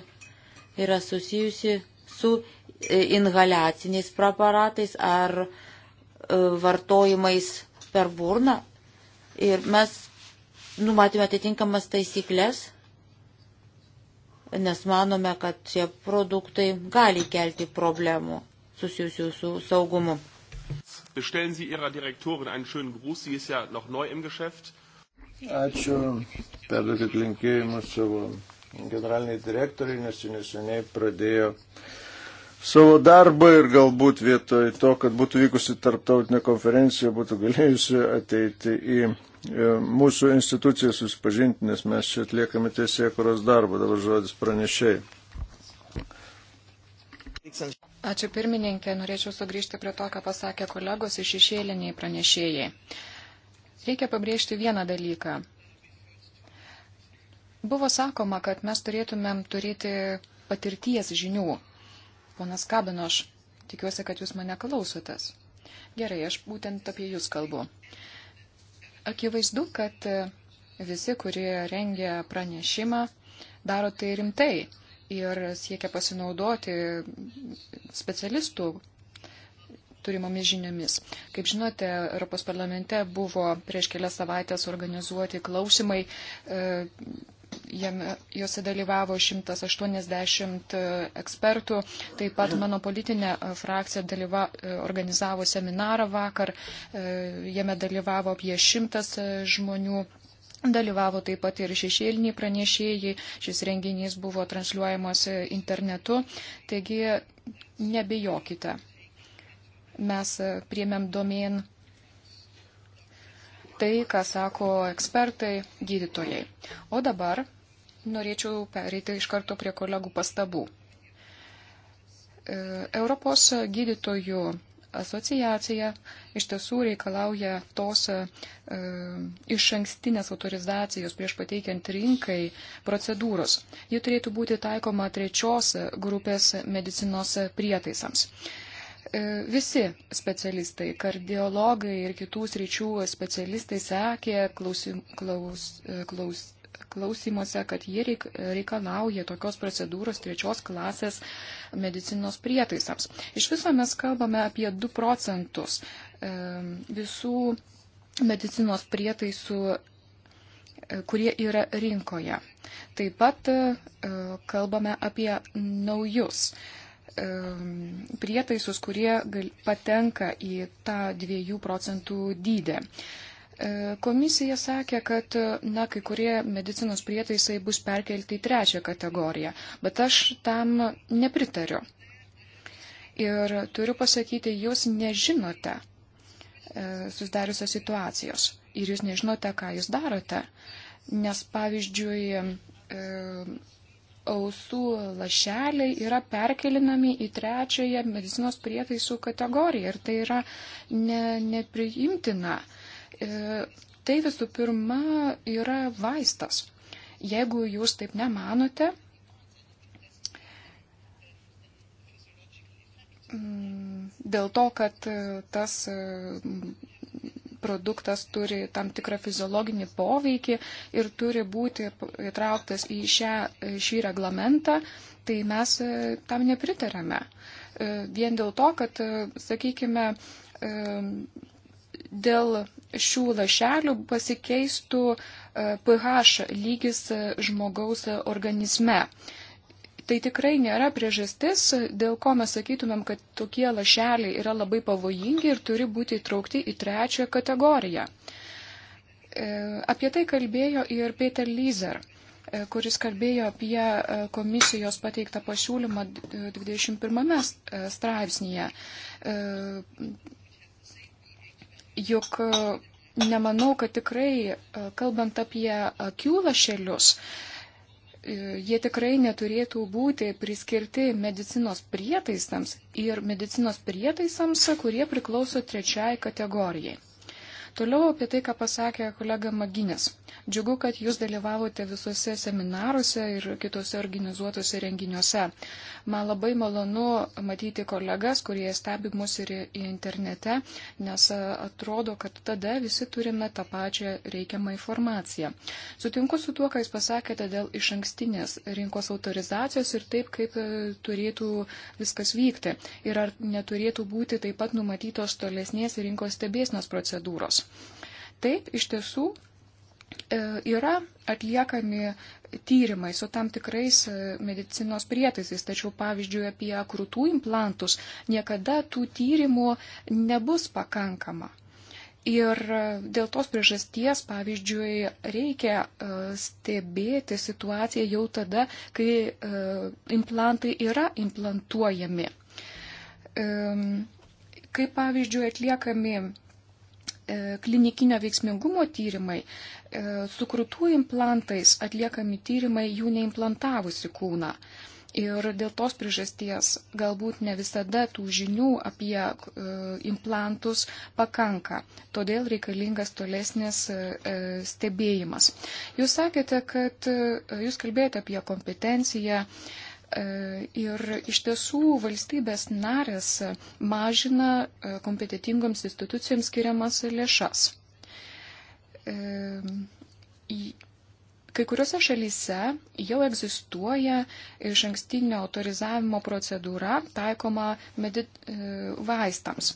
yra susijusi su e, inhaliaciniais preparatais ar e, vartojimais per burną. Ir mes numatėme atitinkamas taisyklės, nes manome, kad šie produktai gali kelti problemų susijusių su saugumu. Bestellen Sie Ihrer Direktorin einen schönen Gruß, sie ist ja noch neu im Geschäft. Ačiū, perduokit linkėjimus savo generaliniai direktoriai, nes jis neseniai pradėjo savo darbą ir galbūt vietoj to, kad būtų vykusi tarptautinė konferencija, būtų galėjusi ateiti į e, mūsų instituciją susipažinti, nes mes čia atliekame teisėkuros darbą, dabar žodis pranešėjai. Ačiū pirmininkė, norėčiau sugrįžti prie to, ką pasakė kolegos iš išėliniai pranešėjai. Reikia pabrėžti vieną dalyką. Buvo sakoma, kad mes turėtumėm turėti patirties žinių. Ponas Kabinoš, tikiuosi, kad jūs mane klausotės. Gerai, aš būtent apie jūs kalbu. Akivaizdu, kad visi, kurie rengia pranešimą, daro tai rimtai ir siekia pasinaudoti specialistų turimomis žiniomis. Kaip žinote, Europos parlamente buvo prieš kelias savaitės organizuoti klausimai. E, jame, juose dalyvavo 180 e, ekspertų, taip pat mano politinė e, frakcija dalyva, organizavo seminarą vakar, jame dalyvavo apie 100 žmonių Dalyvavo taip pat ir šešėliniai pranešėjai, šis renginys buvo transliuojamas internetu, taigi nebijokite. Mes priemėm domėn tai, ką sako ekspertai, gydytojai. O dabar norėčiau pereiti iš karto prie kolegų pastabų. E, Europos gydytojų asociacija iš tiesų reikalauja tos e, iš ankstinės autorizacijos prieš pateikiant rinkai procedūros. Ji turėtų būti taikoma trečios grupės medicinos prietaisams. E, visi specialistai, kardiologai ir kitų sričių specialistai sekė klausim, klaus, e, klaus, klausimuose, kad jie reikalauja tokios procedūros trečios klasės medicinos prietaisams. Iš viso mes kalbame apie 2 procentus e, visų medicinos prietaisų e, kurie yra rinkoje. Taip pat e, kalbame apie naujus prietaisus, kurie patenka į tą 2 procentų dydę. E, komisija sakė, kad na, kai kurie medicinos prietaisai bus perkelti į trečią kategoriją, bet aš tam nepritariu. Ir turiu pasakyti, jūs nežinote e, susidariusios situacijos ir jūs nežinote, ką jūs darote. Nes, pavyzdžiui, e, ausų lašeliai yra perkelinami į trečiąją medicinos prietaisų kategoriją ir tai yra ne, nepriimtina. Ne E, tai visų pirma yra vaistas. Jeigu jūs taip nemanote, mm, dėl to, kad e, tas e, produktas turi tam tikrą fiziologinį poveikį ir turi būti įtrauktas į šią, šį reglamentą, tai mes tam nepritarėme. Vien dėl to, kad, sakykime, dėl šių lašelių pasikeistų e, pH lygis e, žmogaus e, organizme. Tai tikrai nėra priežastis, dėl ko mes sakytumėm, kad tokie lašeliai yra labai pavojingi ir turi būti įtraukti į trečią kategoriją. Apie tai kalbėjo ir Peter Lyzer kuris kalbėjo apie komisijos pateiktą pasiūlymą 21 straipsnėje. Juk e, nemanau, kad tikrai, e, kalbant apie akių e, lašelius, jie tikrai neturėtų būti priskirti medicinos prietaisams ir medicinos prietaisams, kurie priklauso trečiai kategorijai. Toliau apie tai, ką pasakė kolega Maginės. Džiugu, kad jūs dalyvavote visuose seminaruose ir kitose organizuotose renginiuose. Man labai malonu matyti kolegas, kurie stebi mus ir į internete, nes atrodo, kad tada visi turime tą pačią reikiamą informaciją. Sutinku su tuo, ką jūs pasakėte dėl iš ankstinės rinkos autorizacijos ir taip, kaip turėtų viskas vykti. Ir ar neturėtų būti taip pat numatytos tolesnės rinkos stebėsnos procedūros. Taip, iš tiesų e, yra atliekami tyrimai su tam tikrais e, medicinos prietaisais, tačiau pavyzdžiui apie krūtų implantus niekada tų tyrimų nebus pakankama. Ir e, dėl tos priežasties, pavyzdžiui, reikia stebėti situaciją jau tada, kai implantai yra implantuojami. Kaip pavyzdžiui atliekami E, klinikinio veiksmingumo tyrimai, e, su krūtų implantais atliekami tyrimai jų neimplantavusi kūną. Ir dėl tos priežasties galbūt ne visada tų žinių apie e, implantus pakanka. Todėl reikalingas tolesnis stebėjimas. Jūs sakėte, kad jūs kalbėjote apie kompetenciją, E, ir iš tiesų valstybės narės mažina e, kompetitingoms institucijoms skiriamas lėšas. E, kai kuriuose šalyse jau egzistuoja iš ankstinio autorizavimo procedūra taikoma medit, vaistams.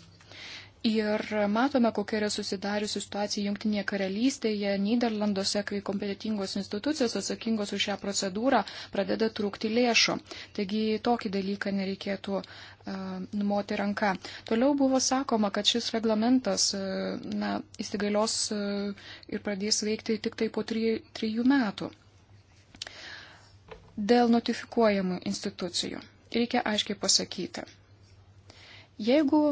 Ir matome, kokia yra susidariusi situacija Junktinėje karalystėje, Niderlanduose, kai kompetitingos institucijos atsakingos už šią procedūrą pradeda trūkti lėšų. Taigi tokį dalyką nereikėtų uh, numoti ranka. Toliau buvo sakoma, kad šis reglamentas uh, na, įsigalios uh, ir pradės veikti tik tai po trijų, trijų metų. Dėl notifikuojamų institucijų. Reikia aiškiai pasakyti. Jeigu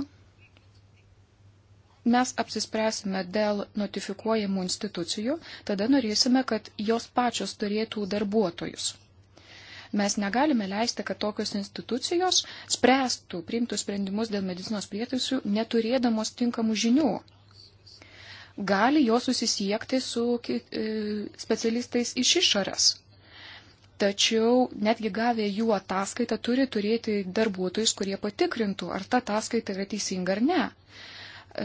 mes apsispręsime dėl notifikuojamų institucijų, tada norėsime, kad jos pačios turėtų darbuotojus. Mes negalime leisti, kad tokios institucijos spręstų priimtų sprendimus dėl medicinos prietaisų, neturėdamos tinkamų žinių. Gali jos susisiekti su e, specialistais iš išorės. Tačiau netgi gavę jų ataskaitą turi turėti darbuotojus, kurie patikrintų, ar ta ataskaita yra teisinga ar ne. E,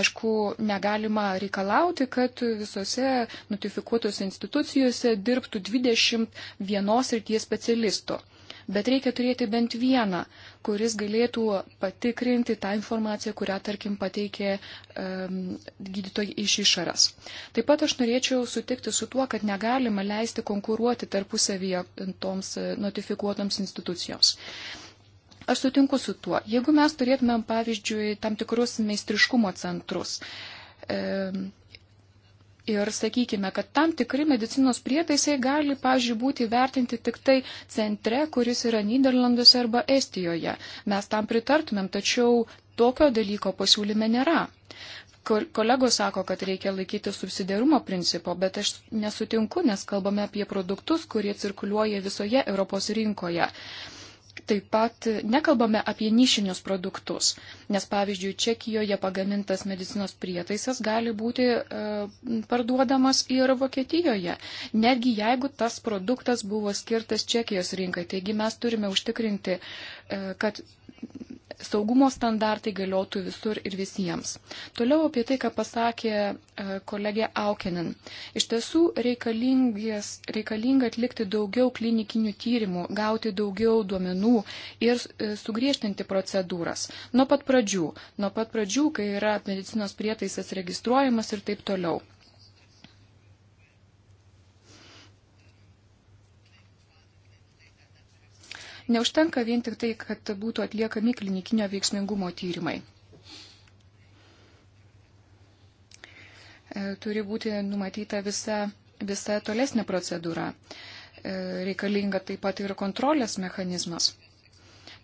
aišku, negalima reikalauti, kad visose notifikuotose institucijose dirbtų 21 srities specialisto. Bet reikia turėti bent vieną, kuris galėtų patikrinti tą informaciją, kurią, tarkim, pateikė um, gydytojai iš išorės. Taip pat aš norėčiau sutikti su tuo, kad negalima leisti konkuruoti tarpusavyje toms e, notifikuotoms institucijoms. Uh, Aš sutinku su tuo. Jeigu mes turėtumėm, pavyzdžiui, tam tikrus meistriškumo centrus e, ir sakykime, kad tam tikri medicinos prietaisai gali, pavyzdžiui, būti vertinti tik tai centre, kuris yra Niderlanduose arba Estijoje, mes tam pritartumėm, tačiau tokio dalyko pasiūlyme nėra. Kolegos sako, kad reikia laikyti subsidiarumo principo, bet aš nesutinku, nes kalbame apie produktus, kurie cirkuliuoja visoje Europos rinkoje. Taip pat nekalbame apie nišinius produktus, nes pavyzdžiui, Čekijoje pagamintas medicinos prietaisas gali būti e, parduodamas ir Vokietijoje, netgi jeigu tas produktas buvo skirtas Čekijos rinkai. Taigi mes turime užtikrinti, e, kad saugumo standartai galiotų visur ir visiems. Toliau apie tai, ką pasakė e, kolegė Aukenin. Iš tiesų reikalinga atlikti daugiau klinikinių tyrimų, gauti daugiau duomenų ir e, sugriežtinti procedūras. Nuo pat pradžių, nuo pat pradžių, kai yra medicinos prietaisas registruojamas ir taip toliau. Neužtenka vien tik tai, kad būtų atliekami klinikinio veiksmingumo tyrimai. E, turi būti numatyta visa, visa tolesnė procedūra. E, reikalinga taip pat ir kontrolės mechanizmas.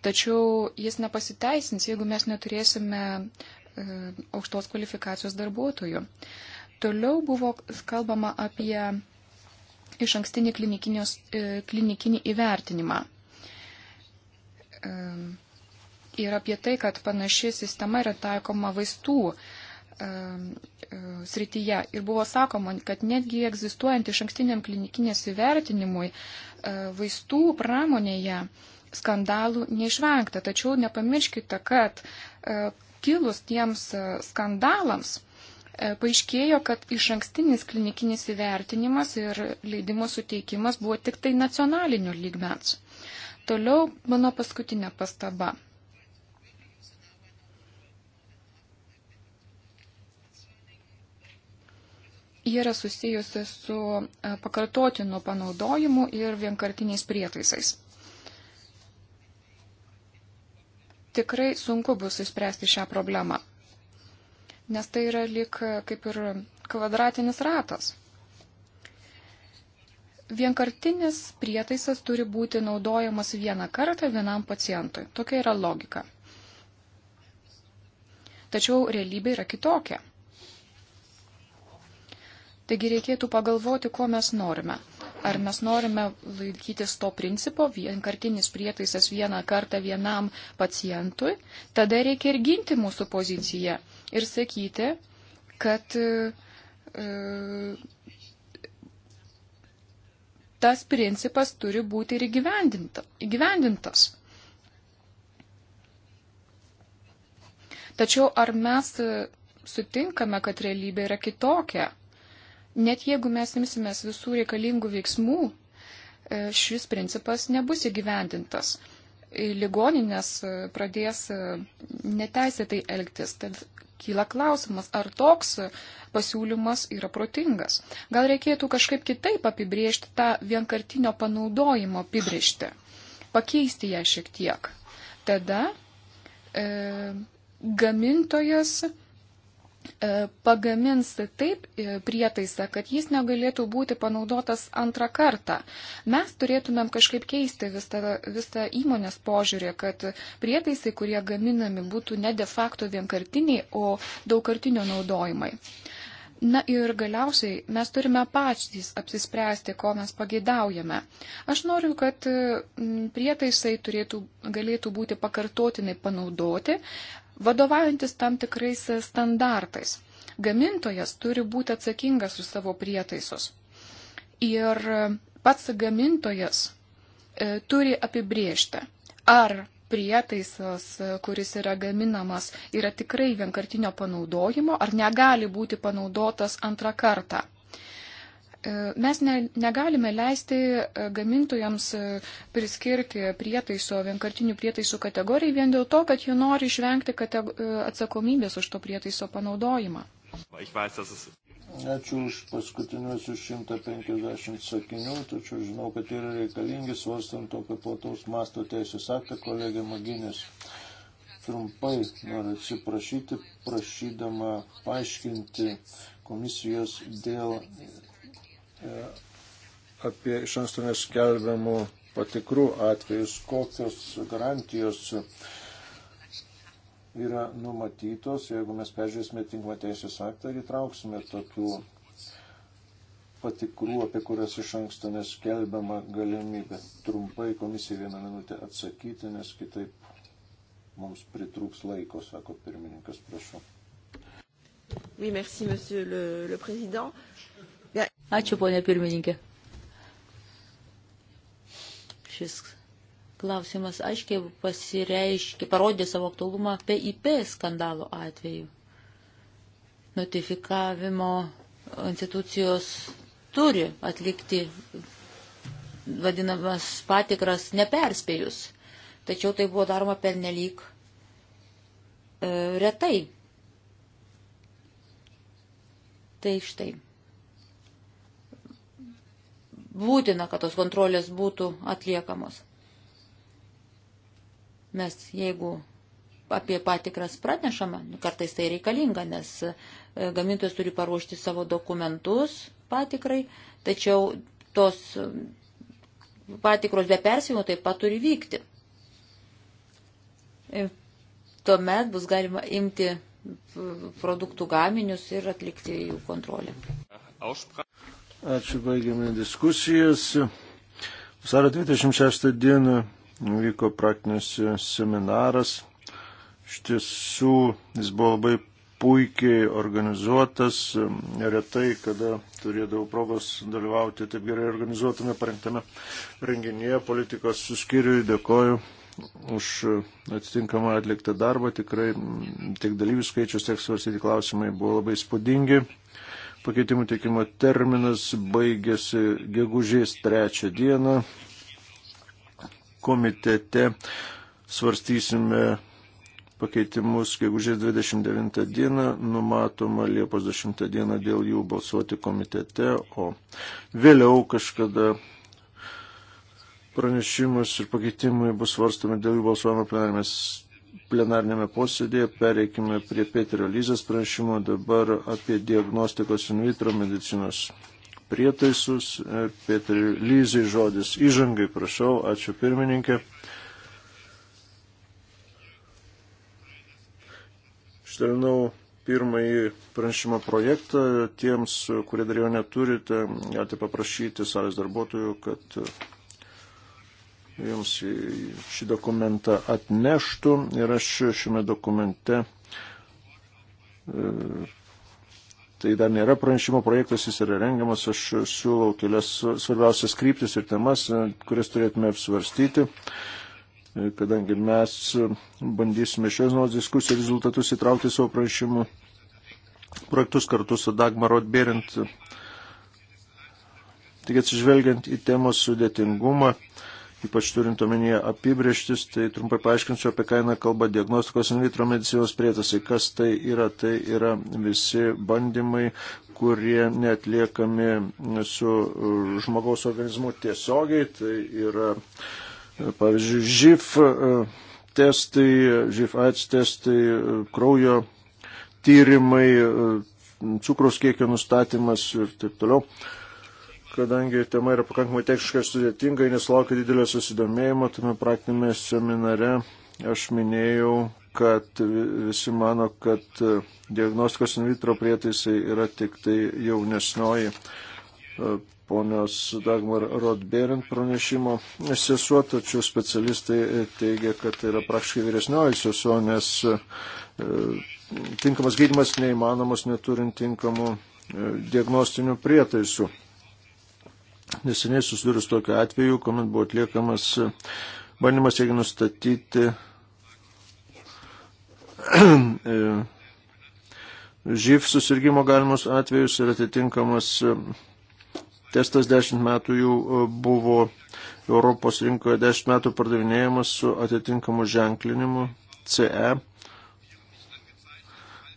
Tačiau jis nepasiteisins, jeigu mes neturėsime e, aukštos kvalifikacijos darbuotojų. Toliau buvo kalbama apie iš ankstinį klinikinį įvertinimą ir apie tai, kad panaši sistema yra taikoma vaistų e, srityje. Ir buvo sakoma, kad netgi egzistuojant iš ankstiniam klinikinės įvertinimui e, vaistų pramonėje skandalų neišvengta. Tačiau nepamirškite, kad e, kilus tiems skandalams paaiškėjo, kad iš ankstinis klinikinis įvertinimas ir leidimo suteikimas buvo tik tai nacionaliniu lygmens. Toliau mano paskutinė pastaba. Jie yra susijusi su e, pakartotinu panaudojimu ir vienkartiniais prietaisais. Tikrai sunku bus įspręsti šią problemą, nes tai yra lik e, kaip ir kvadratinis ratas vienkartinis prietaisas turi būti naudojamas vieną kartą vienam pacientui. Tokia yra logika. Tačiau realybė yra kitokia. Taigi reikėtų pagalvoti, ko mes norime. Ar mes norime laikytis to principo, vienkartinis prietaisas vieną kartą vienam pacientui, tada reikia ir ginti mūsų poziciją ir sakyti, kad e, tas principas turi būti ir įgyvendintas. Tačiau ar mes e, sutinkame, kad realybė yra kitokia? Net jeigu mes imsimės visų reikalingų veiksmų, e, šis principas nebus įgyvendintas. E, ligoninės pradės neteisėtai elgtis, tad kyla klausimas, ar toks pasiūlymas yra protingas. Gal reikėtų kažkaip kitaip apibriežti tą vienkartinio panaudojimo apibriežtį, pakeisti ją šiek tiek. Tada e, gamintojas E, pagamins taip e, prietaisą, kad jis negalėtų būti panaudotas antrą kartą. Mes turėtumėm kažkaip keisti visą, visą įmonės požiūrį, kad prietaisai, kurie gaminami, būtų ne de facto vienkartiniai, o daugkartinio naudojimai. Na ir galiausiai mes turime patys apsispręsti, ko mes pageidaujame. Aš noriu, kad mm, prietaisai turėtų, galėtų būti pakartotinai panaudoti, vadovaujantis tam tikrais standartais. Gamintojas turi būti atsakingas už savo prietaisus. Ir pats gamintojas e, turi apibriežti, ar prietaisas, e, kuris yra gaminamas, yra tikrai vienkartinio panaudojimo, ar negali būti panaudotas antrą kartą. E, mes ne, negalime leisti e, gamintojams e, priskirti prietaiso, vienkartinių prietaisų kategorijai vien dėl to, kad jie nori išvengti atsakomybės už to prietaiso panaudojimą. Ačiū už paskutiniuosius 150 sakinių, tačiau žinau, kad yra reikalingi svarstant tokio plataus masto teisės aktą, kolegė Maginės. Trumpai noriu atsiprašyti, prašydama paaiškinti komisijos dėl E, apie iš anksto neskelbiamų patikrų atvejus, kokios garantijos yra numatytos, jeigu mes peržiūrėsime tinkamą teisės aktą ir įtrauksime tokių patikrų, apie kurias iš anksto neskelbiama galimybė. Trumpai komisija vieną minutę atsakyti, nes kitaip mums pritrūks laiko, sako pirmininkas, prašau. Oui, merci, monsieur le, le président. Euh, Ačiū, ponė pirmininkė. Šis klausimas aiškiai pasireiškė, parodė savo aktualumą PIP skandalo atveju. Notifikavimo institucijos turi atlikti vadinamas patikras neperspėjus, tačiau tai buvo daroma pernelyg e, retai. Tai štai būtina, kad tos kontrolės būtų atliekamos. Mes jeigu apie patikras pranešama, nu, kartais tai reikalinga, nes e, gamintojas turi paruošti savo dokumentus patikrai, tačiau tos e, patikros be persijimo taip pat turi vykti. E, tuomet bus galima imti produktų gaminius ir atlikti jų kontrolę. Ačiū, baigiame diskusijas. Vasaro 26 dieną vyko praktinis seminaras. Iš tiesų, jis buvo labai puikiai organizuotas. Retai, kada turėdavau progos dalyvauti taip gerai organizuotame parengtame renginyje politikos suskiriui. Dėkoju už atitinkamą atliktą darbą. Tikrai tiek dalyvių skaičius, tiek svarstyti klausimai buvo labai spūdingi. Pakeitimų teikimo terminas baigėsi gegužės trečią dieną. Komitete svarstysime pakeitimus gegužės 29 dieną, numatoma Liepos 10 dieną dėl jų balsuoti komitete, o vėliau kažkada pranešimus ir pakeitimai bus svarstami dėl jų balsuojama plenarinėme plenarnėme posėdėje. Pereikime prie Petrio Lyzės pranešimo dabar apie diagnostikos in vitro medicinos prietaisus. Petri Lyzai žodis įžangai, prašau. Ačiū pirmininkė. Išdalinau pirmąjį pranešimo projektą. Tiems, kurie dar jo neturite, galite paprašyti salės darbuotojų, kad jums šį dokumentą atneštų ir aš šiame dokumente, e, tai dar nėra pranešimo projektas, jis yra rengiamas, aš siūlau kelias svarbiausias kryptis ir temas, e, kurias turėtume apsvarstyti, e, kadangi mes bandysime šios nuos diskusijų rezultatus įtraukti savo pranešimų projektus kartu su Dagmar Rodberint. Tik atsižvelgiant į temos sudėtingumą, ypač turint omenyje apibrieštis, tai trumpai paaiškinsiu, apie ką eina kalba diagnostikos in vitro medicinos prietaisai. Kas tai yra? Tai yra visi bandymai, kurie netliekami su žmogaus organizmu tiesiogiai. Tai yra, pavyzdžiui, živ e, testai, živ AIDS testai, e, kraujo tyrimai, e, cukraus kiekio nustatymas ir taip toliau kadangi tema yra pakankamai tekstiškai sudėtinga, nesulaukia didelio susidomėjimo, tame praktinėme seminare aš minėjau, kad visi mano, kad e, diagnostikos in vitro prietaisai yra tik tai jaunesnioji e, ponios Dagmar Rodberint pranešimo sesuo, tačiau specialistai e, teigia, kad tai yra praktiškai vyresnioji sesuo, nes tinkamas gydimas neįmanomas neturint tinkamų diagnostinių prietaisų. Neseniai susidūrus tokiu atveju, kuomet buvo atliekamas bandymas, jeigu nustatyti e, živ susirgymo galimus atvejus ir atitinkamas e, testas 10 metų jau e, buvo Europos rinkoje 10 metų pardavinėjimas su atitinkamu ženklinimu CE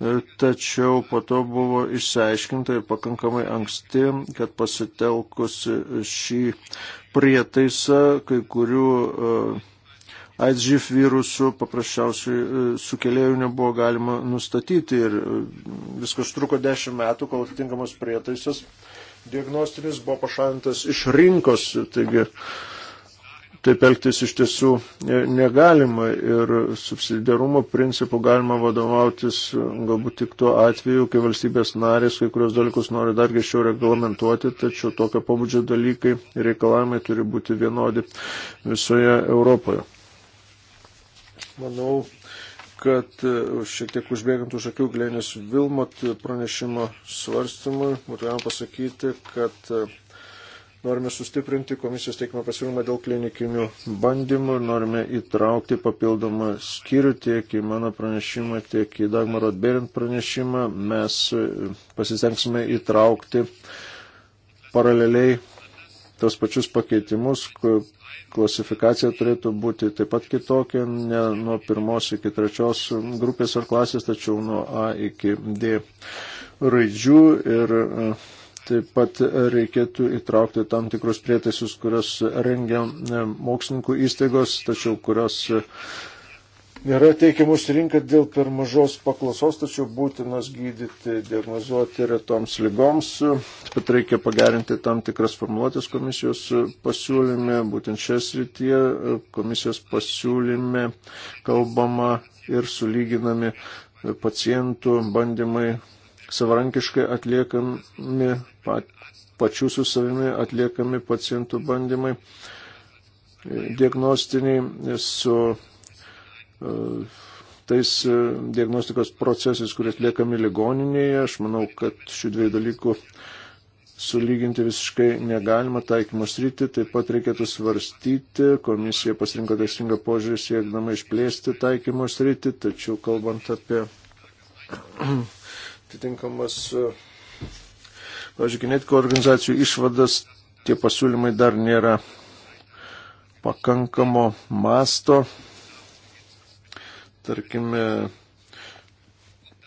E, tačiau po to buvo išsiaiškinta ir pakankamai anksti, kad pasitelkus šį prietaisą kai kurių e, AIDS virusų paprasčiausiai e, sukėlėjų nebuvo galima nustatyti ir viskas truko dešimt metų, kol atitinkamas prietaisas diagnostinis buvo pašalintas iš rinkos. Taigi, uh, Taip elgtis iš tiesų e, negalima ir subsidiarumo principų galima vadovautis galbūt tik tuo atveju, kai valstybės narės kai kurios dalykus nori dar griežčiau reglamentuoti, tačiau tokio pobūdžio dalykai reikalavimai turi būti vienodi visoje Europoje. Manau, kad e, šiek tiek užbėgant už akių Glenės Vilmot pranešimo svarstymui, būtų jam pasakyti, kad e, Norime sustiprinti komisijos teikimą pasiūlymą dėl klinikinių bandymų, norime įtraukti papildomą skyrių tiek į mano pranešimą, tiek į Dagmar Odberint pranešimą. Mes e, pasistengsime įtraukti paraleliai tos pačius pakeitimus, klasifikacija turėtų būti taip pat kitokia, ne nuo pirmos iki trečios grupės ar klasės, tačiau nuo A iki D raidžių ir e, Taip pat reikėtų įtraukti tam tikrus prietaisus, kurios rengia e, mokslininkų įstaigos, tačiau kurios e, nėra teikiamus rinką dėl per mažos paklausos, tačiau būtinos gydyti, diagnozuoti retoms lygoms. Taip pat reikia pagerinti tam tikras formuluotės komisijos pasiūlyme, būtent šias rytyje e, komisijos pasiūlyme kalbama ir sulyginami pacientų bandymai savarankiškai atliekami pačių su savimi atliekami pacientų bandymai, diagnostiniai su e, tais e, diagnostikos procesais, kurie atliekami ligoninėje. Aš manau, kad šių dviejų dalykų sulyginti visiškai negalima taikymo sritį, taip pat reikėtų svarstyti, komisija pasirinko teisingą požiūrį siekdama išplėsti taikymo sritį, tačiau kalbant apie atitinkamas, e, pavyzdžiui, genetiko organizacijų išvadas, tie pasiūlymai dar nėra pakankamo masto. Tarkime,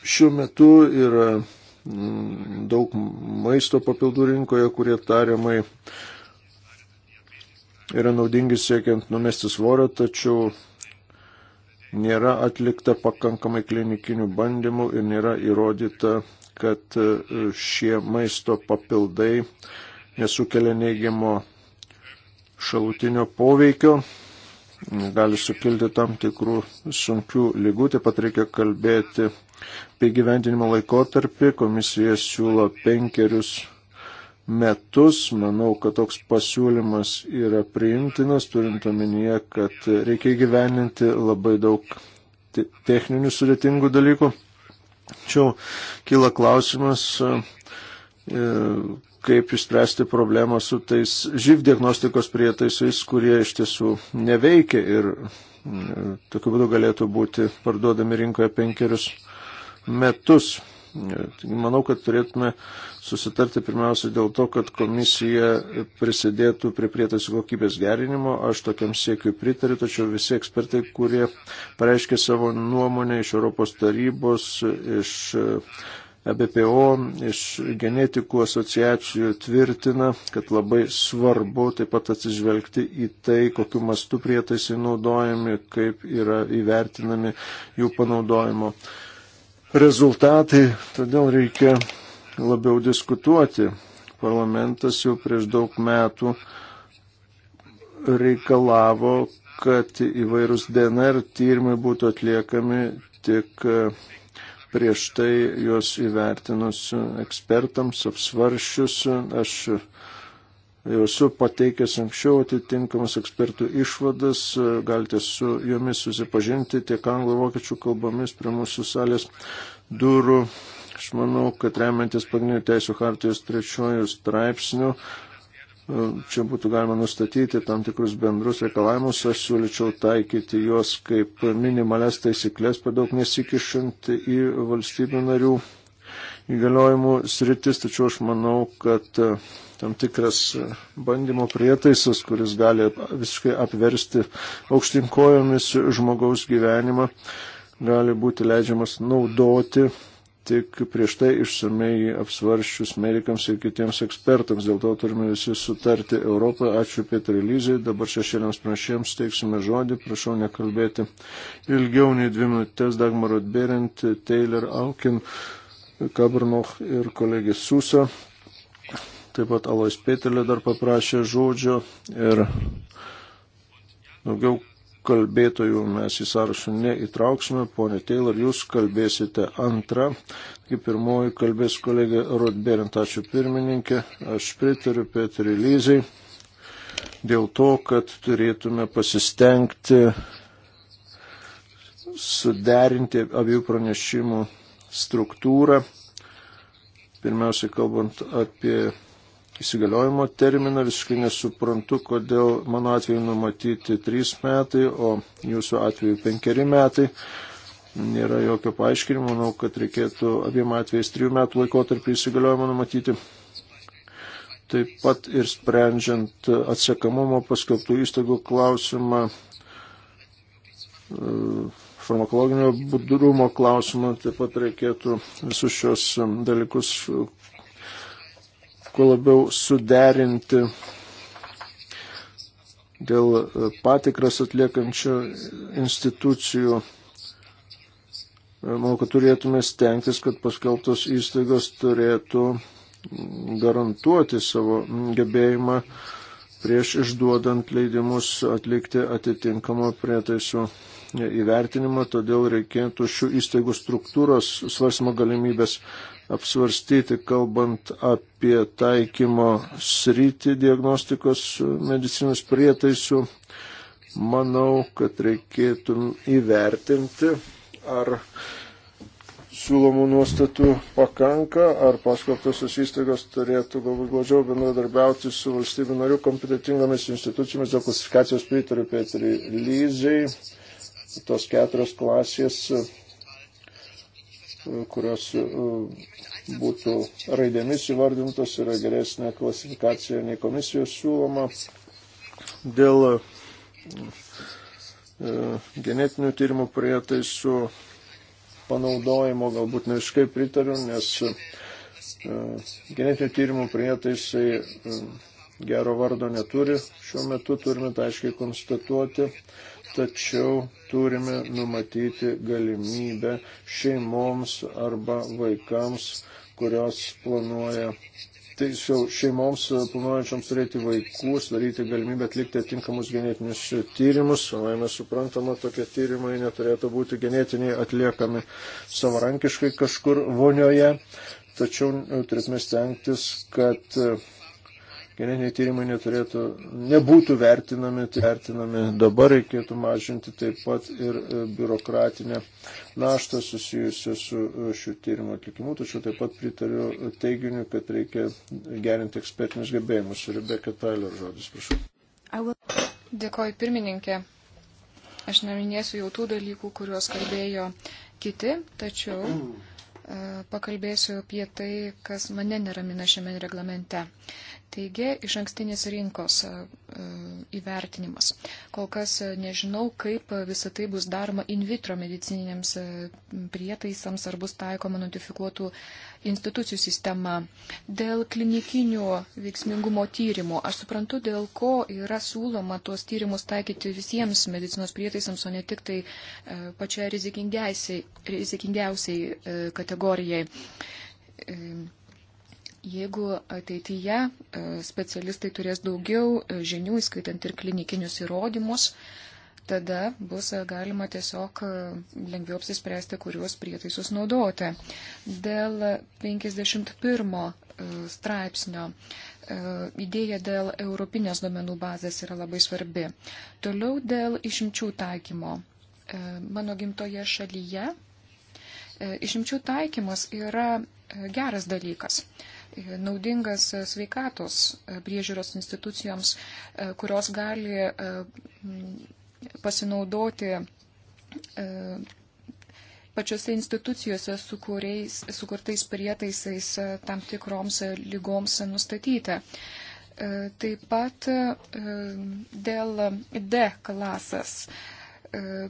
šiuo metu yra mm, daug maisto papildų rinkoje, kurie tariamai yra naudingi siekiant numesti svorio, tačiau nėra atlikta pakankamai klinikinių bandymų ir nėra įrodyta, kad e, šie maisto papildai nesukelia neigiamo šalutinio poveikio, gali sukilti tam tikrų sunkių lygų, taip pat reikia kalbėti apie gyventinimo laikotarpį, komisija siūlo penkerius metus. Manau, kad toks pasiūlymas yra priimtinas, turint omenyje, kad reikia gyveninti labai daug techninių sudėtingų dalykų. Tačiau kyla klausimas, e, kaip išspręsti problemą su tais živ diagnostikos prietaisais, kurie iš tiesų neveikia ir e, tokiu būdu galėtų būti parduodami rinkoje penkerius metus. E, manau, kad turėtume susitarti pirmiausia dėl to, kad komisija prisidėtų prie prietaisų kokybės gerinimo. Aš tokiam siekiui pritariu, tačiau visi ekspertai, kurie pareiškė savo nuomonę iš Europos tarybos, iš EBPO, e iš genetikų asociacijų tvirtina, kad labai svarbu taip pat atsižvelgti į tai, kokiu mastu prietaisai naudojami, kaip yra įvertinami jų panaudojimo rezultatai, todėl reikia labiau diskutuoti. Parlamentas jau prieš daug metų reikalavo, kad įvairūs DNR tyrimai būtų atliekami tik e, prieš tai juos įvertinus ekspertams, apsvaršius. Aš jau esu pateikęs anksčiau atitinkamas ekspertų išvadas, galite su jomis susipažinti tiek anglų, vokiečių kalbomis prie mūsų salės durų. Aš manau, kad remiantis pagrindinių teisų hartijos trečiojų straipsnių, čia būtų galima nustatyti tam tikrus bendrus reikalavimus, aš siūlyčiau taikyti juos kaip minimales taisyklės, per daug nesikišant į valstybių narių įgaliojimų sritis, tačiau aš manau, kad tam tikras e, bandymo prietaisas, kuris gali visiškai apversti aukštinkojomis žmogaus gyvenimą, gali būti leidžiamas naudoti tik prieš tai išsamei apsvarščius medikams ir kitiems ekspertams. Dėl to turime visi sutarti Europoje. Ačiū Petrai Lyzai. Dabar šešėliams pranešėjams teiksime žodį. Prašau nekalbėti ilgiau nei dvi minutės. Dagmarot Berent, Taylor Aukin, Kabrnoch ir kolegė Susa. Taip pat Alois Petelė dar paprašė žodžio ir daugiau kalbėtojų mes į sąrašą neįtrauksime. Pone Taylor, jūs kalbėsite antrą. Kaip pirmoji kalbės kolegė Rodberint, ačiū pirmininkė. Aš pritariu Petrį Lyzai dėl to, kad turėtume pasistengti suderinti abiejų pranešimų struktūrą. Pirmiausia, kalbant apie įsigaliojimo terminą, visiškai nesuprantu, kodėl mano atveju numatyti 3 metai, o jūsų atveju 5 metai. Nėra jokio paaiškinimo, manau, kad reikėtų abiem atvejais 3 metų laikotarpį įsigaliojimo numatyti. Taip pat ir sprendžiant atsiekamumo paskelbtų įstaigų klausimą, farmakologinio budrumo klausimą, taip pat reikėtų visus šios dalykus kuo labiau suderinti dėl e, patikras atliekančių institucijų. Manau, kad turėtume stengtis, kad paskelbtos įstaigos turėtų garantuoti savo gebėjimą prieš išduodant leidimus atlikti atitinkamą prietaisų įvertinimą, todėl reikėtų šių įstaigų struktūros svarsimo galimybės apsvarstyti, kalbant apie taikymo sritį diagnostikos medicinos prietaisų. Manau, kad reikėtų įvertinti, ar siūlomų nuostatų pakanka, ar paskelbtosios įstaigos turėtų galbūt glaudžiau bendradarbiauti su valstybių narių kompetitingomis institucijomis dėl klasifikacijos pritariu Petri Lyzai. Tos keturios klasės kurios e, būtų raidėmis įvardintos, yra geresnė klasifikacija nei komisijos siūloma. Dėl e, genetinių tyrimų prietaisų panaudojimo galbūt ne visiškai pritariu, nes e, genetinių tyrimų prietaisai gero vardo neturi. Šiuo metu turime tai aiškiai konstatuoti tačiau turime numatyti galimybę šeimoms arba vaikams, kurios planuoja tai jau šeimoms planuojančioms turėti vaikus, daryti galimybę atlikti atinkamus genetinius tyrimus. Savai mes suprantama, tokie tyrimai neturėtų būti genetiniai atliekami savarankiškai kažkur vonioje. Tačiau e, turėtume stengtis, kad e, genetiniai tyrimai neturėtų, nebūtų vertinami, tai vertinami dabar reikėtų mažinti taip pat ir e, biurokratinę naštą susijusią su e, šių tyrimų atlikimu, tačiau taip pat pritariu teiginiu, kad reikia gerinti ekspertinius gebėjimus. Rebeka Tyler žodis, prašau. Will... Dėkoju pirmininkė. Aš neminėsiu jau tų dalykų, kuriuos kalbėjo kiti, tačiau e, pakalbėsiu apie tai, kas mane neramina šiame reglamente. Taigi, iš ankstinis rinkos e, e, įvertinimas. Kol kas e, nežinau, kaip visą tai bus daroma in vitro medicininiams prietaisams ar bus taikoma notifikuotų institucijų sistema. Dėl klinikinių veiksmingumo tyrimų, aš suprantu, dėl ko yra siūloma tuos tyrimus taikyti visiems medicinos prietaisams, o ne tik tai pačiai rizikingiausiai kategorijai Jeigu ateityje e, specialistai turės daugiau e, žinių, įskaitant ir klinikinius įrodymus, tada bus e, galima tiesiog lengviau apsispręsti, kuriuos prietaisus naudoti. Dėl 51 straipsnio idėja dėl Europinės domenų bazės yra labai svarbi. Toliau dėl išimčių taikymo. Mano gimtoje šalyje išimčių taikymas yra geras dalykas naudingas e, sveikatos e, priežiūros institucijoms, e, kurios gali pasinaudoti pačiose institucijose su kuriais, sukurtais prietaisais tam tikroms lygoms nustatyti. Taip pat dėl D klasas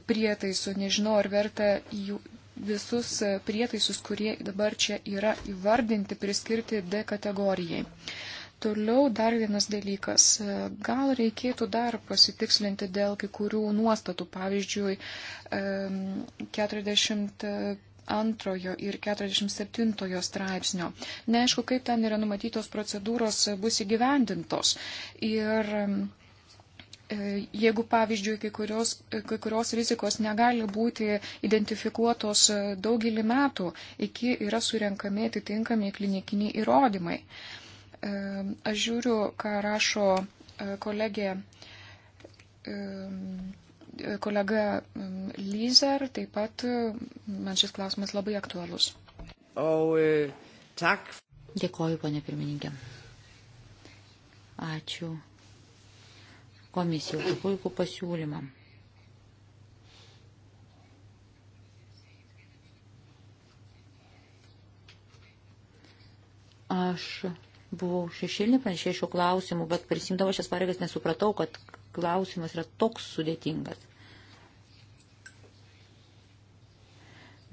prietaisų, nežinau, ar verta jų, visus e, prietaisus, kurie dabar čia yra įvardinti, priskirti D kategorijai. Toliau dar vienas dalykas. E, gal reikėtų dar pasitikslinti dėl kai kurių nuostatų, pavyzdžiui, 42 e, ir 47 straipsnio. Neaišku, kaip ten yra numatytos procedūros bus įgyvendintos. Ir E, jeigu, pavyzdžiui, kai kurios, e, kai kurios rizikos negali būti identifikuotos e, daugelį metų, iki yra surenkami atitinkami klinikiniai įrodymai. Aš žiūriu, ką rašo kolegė, kolega Lyzer, taip pat man šis klausimas labai aktualus. O, tak. Dėkoju, ponė pirmininkė. Ačiū komisijai už puikų pasiūlymą. Aš buvau šešėlinė pranešė šių klausimų, bet prisimdavo šias pareigas nesupratau, kad klausimas yra toks sudėtingas.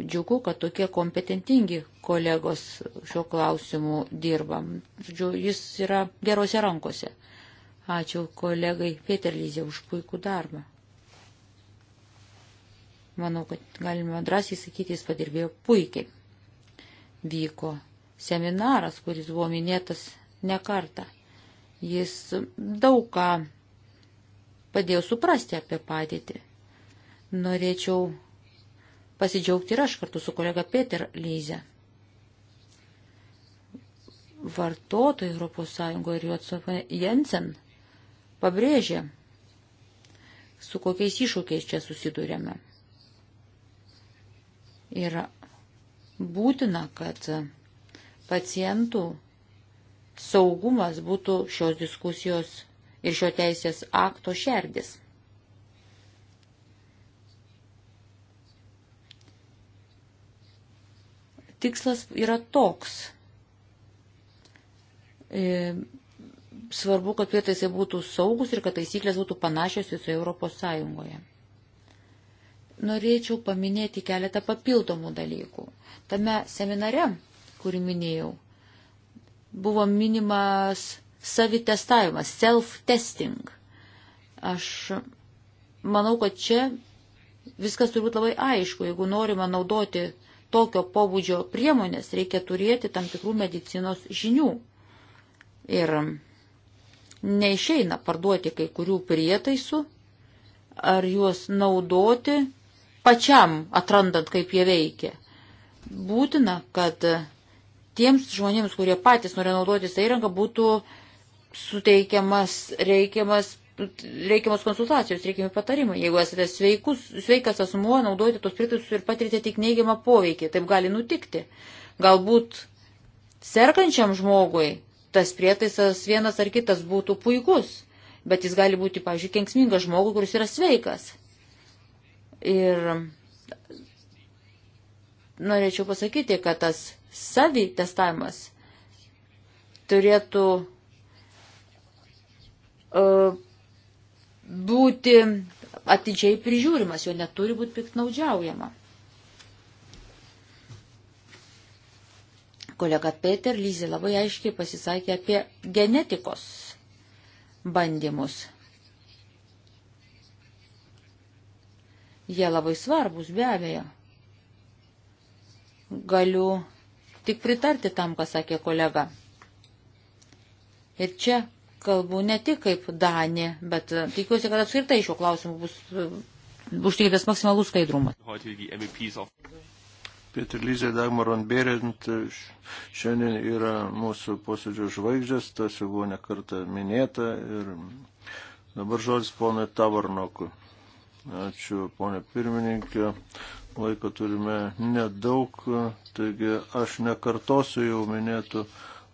Džiugu, kad tokie kompetentingi kolegos šiuo klausimu dirba. Žodžiu, jis yra gerose rankose. Ačiū kolegai Peterlyzė už puikų darbą. Manau, kad galime drąsiai sakyti, jis padirbėjo puikiai. Vyko seminaras, kuris buvo minėtas ne kartą. Jis daug ką padėjo suprasti apie padėtį. Norėčiau pasidžiaugti ir aš kartu su kolega Peter Lyze vartotojai Europos Sąjungoje ir jų atstovė Jensen pabrėžia, su kokiais iššūkiais čia susidurėme. Ir būtina, kad pacientų saugumas būtų šios diskusijos ir šio teisės akto šerdis. Tikslas yra toks. E, svarbu, kad prietaisai būtų saugus ir kad taisyklės būtų panašios visoje Europos Sąjungoje. Norėčiau paminėti keletą papildomų dalykų. Tame seminare, kurį minėjau, buvo minimas savitestavimas, self-testing. Aš manau, kad čia viskas turbūt labai aišku. Jeigu norima naudoti tokio pobūdžio priemonės, reikia turėti tam tikrų medicinos žinių. Ir neišeina parduoti kai kurių prietaisų ar juos naudoti pačiam atrandant, kaip jie veikia. Būtina, kad tiems žmonėms, kurie patys nori naudotis tą įrangą, būtų suteikiamas reikiamas reikiamos konsultacijos, reikiami patarimai. Jeigu esate sveikus, sveikas asmuo, naudojate tos pritaisus ir patirite tik neigiamą poveikį, taip gali nutikti. Galbūt sergančiam žmogui tas prietaisas vienas ar kitas būtų puikus, bet jis gali būti, pavyzdžiui, kenksmingas žmogui, kuris yra sveikas. Ir norėčiau pasakyti, kad tas savi testavimas turėtų uh, būti atidžiai prižiūrimas, jo neturi būti piktnaudžiaujama. Kolega Peter Lyzė labai aiškiai pasisakė apie genetikos bandymus. Jie labai svarbus, be abejo. Galiu tik pritarti tam, ką sakė kolega. Ir čia kalbu ne tik kaip Danė, bet e, tikiuosi, kad apskritai šiuo klausimu bus e, užtikrintas maksimalus skaidrumas. Pieter Lyzė, Dagmar Ronberint šiandien yra mūsų posėdžio žvaigždės, tas jau buvo nekarta minėta ir dabar žodis ponui Tavarnokui. Ačiū, ponė pirmininkė. Laiko turime nedaug, taigi aš nekartosiu jau minėtų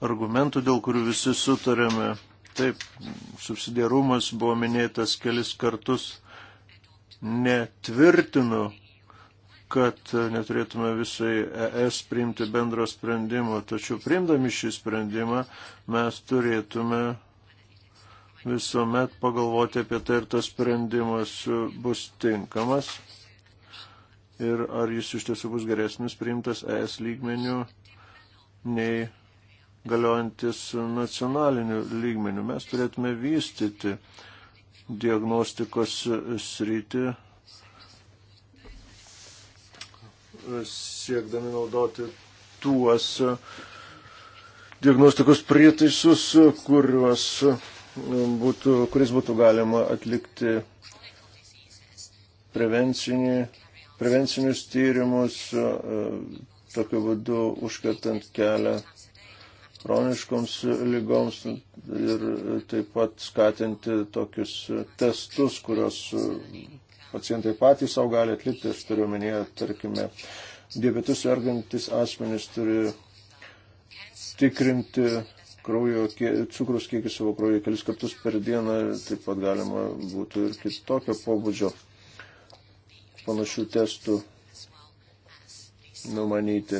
argumentų, dėl kurių visi sutarėme. Taip, subsidiarumas buvo minėtas kelis kartus. Netvirtinu kad neturėtume visai ES priimti bendro sprendimo, tačiau priimdami šį sprendimą mes turėtume visuomet pagalvoti apie tai, ar tas sprendimas bus tinkamas ir ar jis iš tiesų bus geresnis priimtas ES lygmenių nei galiojantis nacionaliniu lygmeniu. Mes turėtume vystyti diagnostikos sritį siekdami naudoti tuos e, diagnostikos prietaisus, e, kuriuos e, būtų, kuris būtų galima atlikti prevencinį, prevencinius tyrimus, tokiu būdu užkertant kelią chroniškoms lygoms ir taip pat skatinti tokius testus, kurios pacientai patys savo gali atlikti, aš turiu omenyje, tarkime, diabetus sergantis asmenys turi tikrinti kraujo, cukrus kiekį savo kraujo kelis kartus per dieną, taip pat galima būtų ir kitokio pobūdžio panašių testų numanyti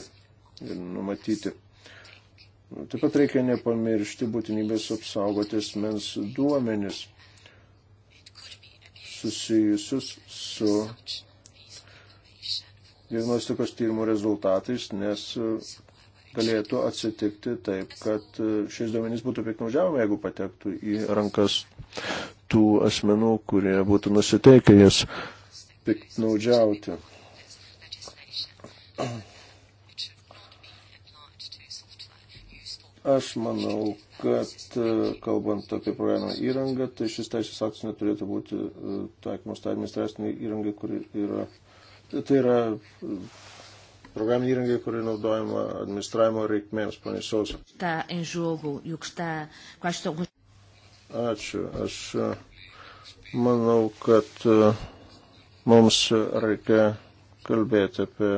ir numatyti. Taip pat reikia nepamiršti būtinybės apsaugoti asmens duomenis susijusius su diagnostikos tyrimų rezultatais, nes e, galėtų atsitikti taip, kad e, šis duomenys būtų piknaudžiavama, jeigu patektų į rankas tų asmenų, kurie būtų nusiteikę jas piknaudžiauti. Aš manau, kad e, kalbant apie programą įrangą, tai šis teisės aktas neturėtų būti e, taikymas tai administraciniai įrangai, kuri yra, tai yra e, programinė įranga, kuri naudojama administravimo reikmėms, ponė Sausa. Ačiū. Aš manau, kad mums reikia kalbėti apie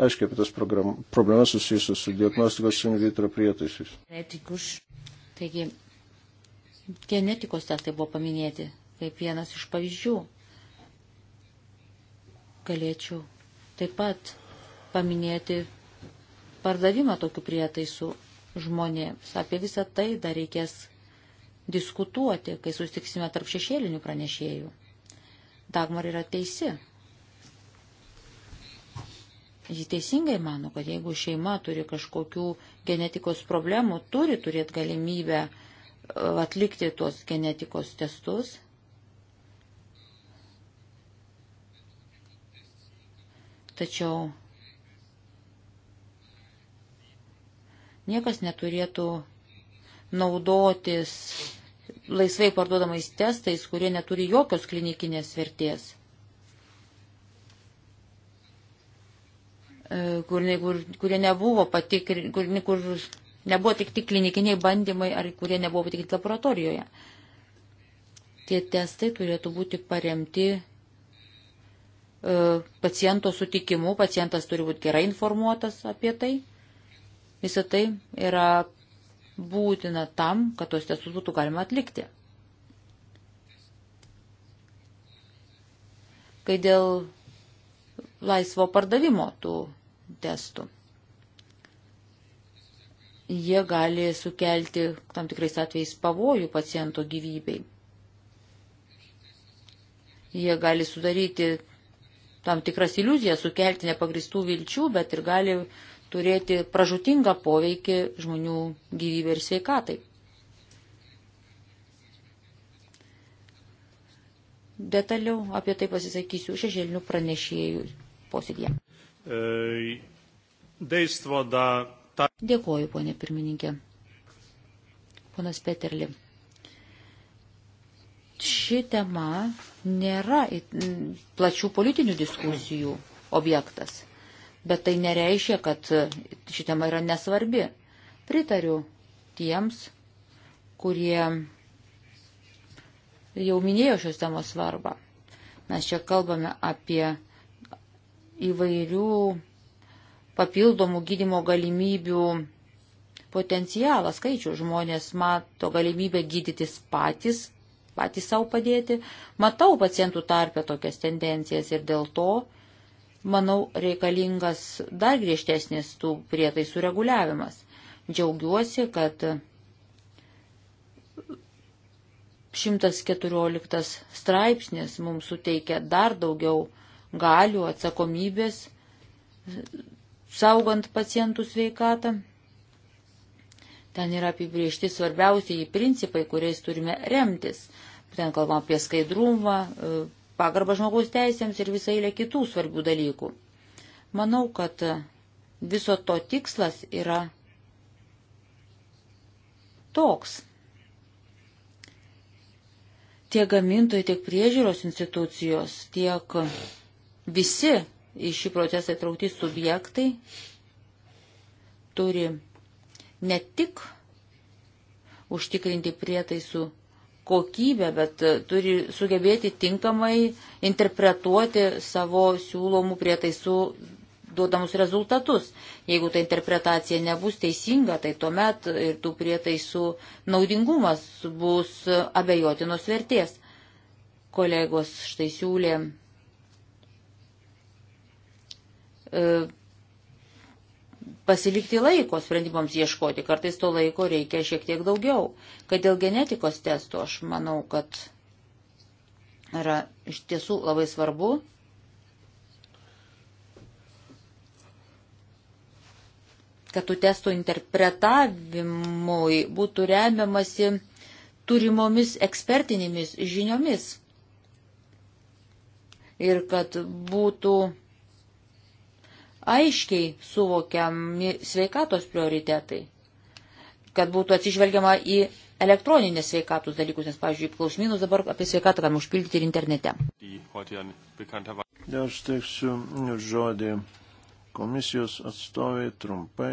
aiškiai apie tas problemas susijusios su diagnostikos in vitro prietaisais. Etikus. Taigi, genetikos testai buvo paminėti kaip vienas iš pavyzdžių. Galėčiau taip pat paminėti pardavimą tokių prietaisų žmonėms. Apie visą tai dar reikės diskutuoti, kai sustiksime tarp šešėlinių pranešėjų. Dagmar yra teisi. Ji teisingai mano, kad jeigu šeima turi kažkokių genetikos problemų, turi turėti galimybę uh, atlikti tuos genetikos testus. Tačiau niekas neturėtų naudotis laisvai parduodamais testais, kurie neturi jokios klinikinės vertės. E, kūriniai, kur, kurie nebuvo patikri, kūriniai, kur nebuvo tik, tik klinikiniai bandymai ar kurie nebuvo patikrinti laboratorijoje. Tie testai turėtų būti paremti e, paciento sutikimu, pacientas turi būti gerai informuotas apie tai. Visą tai yra būtina tam, kad tos testus būtų galima atlikti. Kai dėl laisvo pardavimo tų testų. Jie gali sukelti tam tikrais atvejais pavojų paciento gyvybei. Jie gali sudaryti tam tikras iliuzijas, sukelti nepagristų vilčių, bet ir gali turėti pražutingą poveikį žmonių gyvybė ir sveikatai. Detaliau apie tai pasisakysiu šešėlinių pranešėjų posėdėje dejstvo, da ta. Dėkoju, ponė pirmininkė. Ponas Peterli. Ši tema nėra plačių politinių diskusijų objektas, bet tai nereiškia, kad ši tema yra nesvarbi. Pritariu tiems, kurie jau minėjo šios temos svarbą. Mes čia kalbame apie įvairių papildomų gydimo galimybių potencialą, skaičių žmonės mato galimybę gydytis patys, patys savo padėti. Matau pacientų tarpę tokias tendencijas ir dėl to, manau, reikalingas dar griežtesnis tų prietaisų reguliavimas. Džiaugiuosi, kad 114 straipsnis mums suteikia dar daugiau galių, atsakomybės, saugant pacientų sveikatą. Ten yra apibriežti svarbiausiai principai, kuriais turime remtis. Ten kalbam apie skaidrumą, e, pagarbą žmogaus teisėms ir visai lė kitų svarbių dalykų. Manau, kad viso to tikslas yra toks. Tiek gamintojai, tiek priežiūros institucijos, tiek visi į šį procesą įtraukti subjektai turi ne tik užtikrinti prietaisų kokybę, bet e, turi sugebėti tinkamai interpretuoti savo siūlomų prietaisų duodamus rezultatus. Jeigu ta interpretacija nebus teisinga, tai tuomet ir tų prietaisų naudingumas bus abejotinos vertės. Kolegos štai siūlė E, pasilikti laiko sprendimams ieškoti. Kartais to laiko reikia šiek tiek daugiau. Kad dėl genetikos testo aš manau, kad yra iš tiesų labai svarbu. kad tų testų interpretavimui būtų remiamasi turimomis ekspertinėmis žiniomis ir kad būtų aiškiai suvokiami sveikatos prioritetai, kad būtų atsižvelgiama į elektroninės sveikatos dalykus, nes, pavyzdžiui, klausimynus dabar apie sveikatą galima užpildyti ir internete. Aš teiksiu žodį komisijos atstoviai trumpai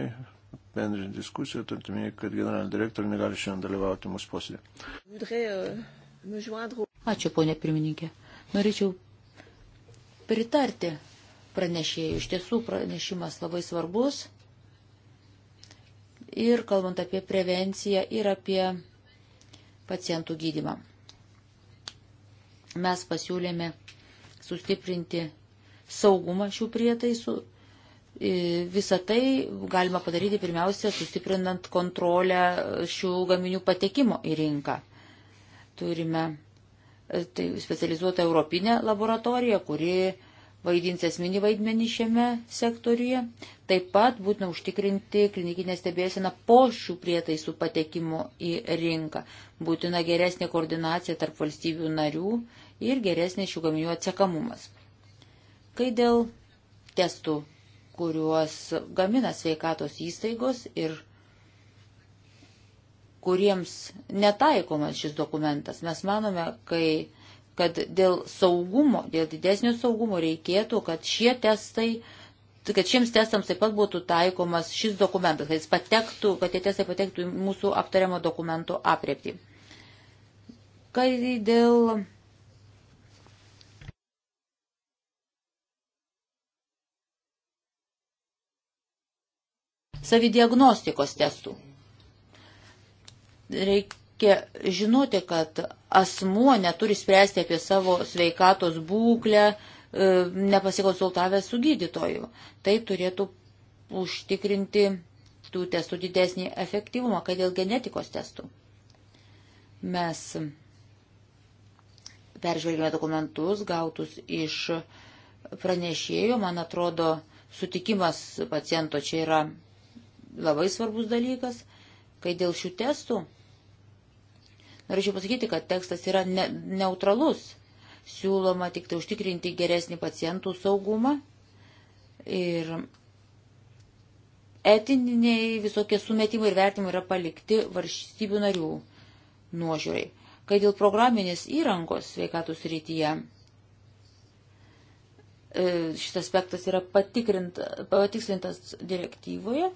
bendrinį diskusiją, turtinį, kad generalinė direktorė negali šiandien dalyvauti mūsų posėdėje. Euh, Ačiū, ponė pirmininkė. Norėčiau pritarti pranešėjų. Iš tiesų pranešimas labai svarbus. Ir kalbant apie prevenciją ir apie pacientų gydimą. Mes pasiūlėme sustiprinti saugumą šių prietaisų. E, Visą tai galima padaryti pirmiausia, sustiprinant kontrolę šių gaminių patekimo į rinką. Turime e, tai specializuotą europinę laboratoriją, kuri vaidins esminį vaidmenį šiame sektoriuje. Taip pat būtina užtikrinti klinikinę stebėseną po šių prietaisų patekimo į rinką. Būtina geresnė koordinacija tarp valstybių narių ir geresnė šių gaminių atsiekamumas. Kai dėl testų, kuriuos gamina sveikatos įstaigos ir kuriems netaikomas šis dokumentas. Mes manome, kai kad dėl saugumo, dėl didesnio saugumo reikėtų, kad šie testai, kad šiems testams taip pat būtų taikomas šis dokumentas, kad, jis patektų, kad tie testai patektų į mūsų aptariamo dokumento apriepti. Kai dėl savidiagnostikos testų. Reikia reikia žinoti, kad asmuo neturi spręsti apie savo sveikatos būklę, e, nepasikonsultavęs su gydytoju. Tai turėtų užtikrinti tų testų didesnį efektyvumą, kad dėl genetikos testų. Mes peržvelgėme dokumentus gautus iš pranešėjų, man atrodo, sutikimas paciento čia yra labai svarbus dalykas, kai dėl šių testų Norėčiau pasakyti, kad tekstas yra ne, neutralus. Siūloma tik tai užtikrinti geresnį pacientų saugumą ir etiniai visokie sumetimai ir vertimai yra palikti varšybių narių nuožiūrai. Kai dėl programinės įrangos sveikatos rytyje e, šis aspektas yra patikslintas direktyvoje,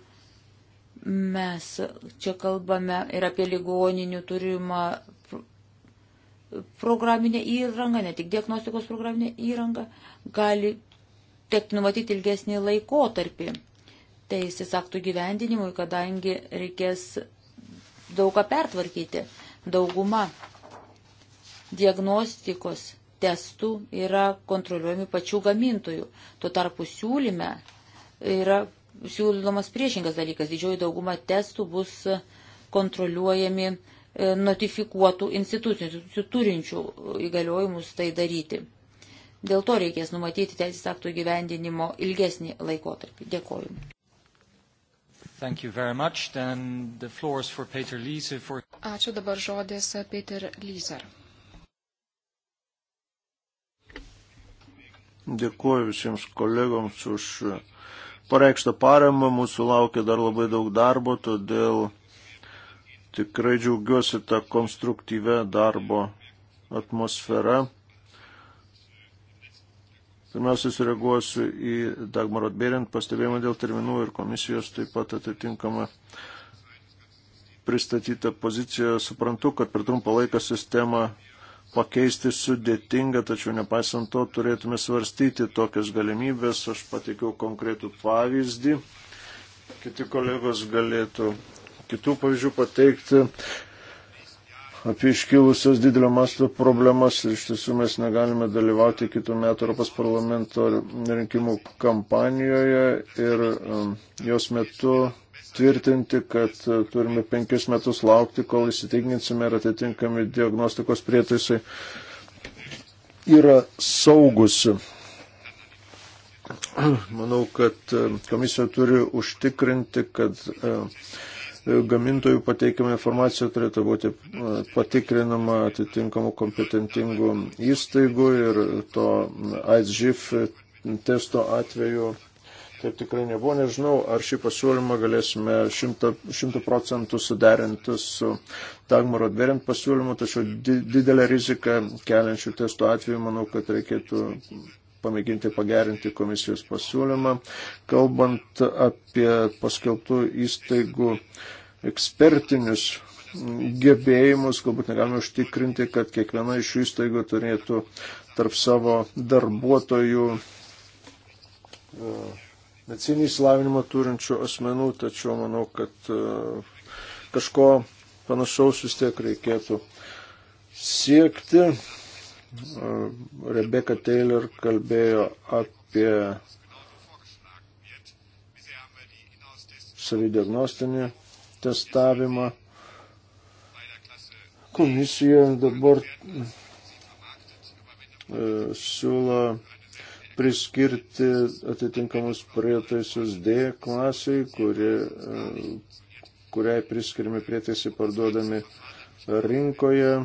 Mes čia kalbame ir apie ligoninių turimą programinę įrangą, ne tik diagnostikos programinę įrangą, gali tekti numatyti ilgesnį laikotarpį teisės aktų gyvendinimui, kadangi reikės daugą pertvarkyti. Dauguma diagnostikos testų yra kontroliuojami pačių gamintojų. Tuo tarpu siūlyme yra siūlomas priešingas dalykas. Didžioji dauguma testų bus kontroliuojami e, notifikuotų institucijų, institucijų turinčių įgaliojimus tai daryti. Dėl to reikės numatyti teisės aktų gyvendinimo ilgesnį laikotarpį. Dėkoju. The for... Ačiū dabar žodis e, Peter Lyser. Dėkuoju visiems kolegoms už pareikštą paramą, mūsų laukia dar labai daug darbo, todėl tikrai džiaugiuosi tą konstruktyvę darbo atmosferą. Pirmiausia, sureaguosiu į Dagmar Atbėrint pastebėjimą dėl terminų ir komisijos taip pat atitinkamą pristatytą poziciją. Suprantu, kad per trumpą laiką sistemą pakeisti sudėtinga, tačiau nepaisant to turėtume svarstyti tokias galimybės. Aš pateikiau konkretų pavyzdį. Kiti kolegos galėtų kitų pavyzdžių pateikti apie iškilusios didelio masto problemas ir iš tiesų mes negalime dalyvauti kitų metų Europos parlamento rinkimų kampanijoje ir um, jos metu tvirtinti, kad e, turime penkis metus laukti, kol įsitikinsime ir atitinkami diagnostikos prietaisai yra saugus. Manau, kad e, komisija turi užtikrinti, kad e, gamintojų pateikiama informacija turėtų būti patikrinama atitinkamų kompetentingų įstaigų ir to AISGIF testo atveju Taip tikrai nebuvo, nežinau, ar šį pasiūlymą galėsime šimtų procentų suderinti su Dagmaro Dverint pasiūlymu, tačiau di didelę riziką keliančių testų atveju manau, kad reikėtų pamėginti pagerinti komisijos pasiūlymą. Kalbant apie paskelbtų įstaigų ekspertinius gebėjimus, galbūt negalime užtikrinti, kad kiekviena iš šių įstaigų turėtų tarp savo darbuotojų. Uh, medicinį įsilavinimą turinčių asmenų, tačiau manau, kad e, kažko panašaus vis tiek reikėtų siekti. E, Rebeka Taylor kalbėjo apie savidiagnostinį testavimą. Komisija dabar e, siūlo priskirti atitinkamus prietaisus D klasiai, kuri, e, kuriai priskiriami prietaisai parduodami rinkoje.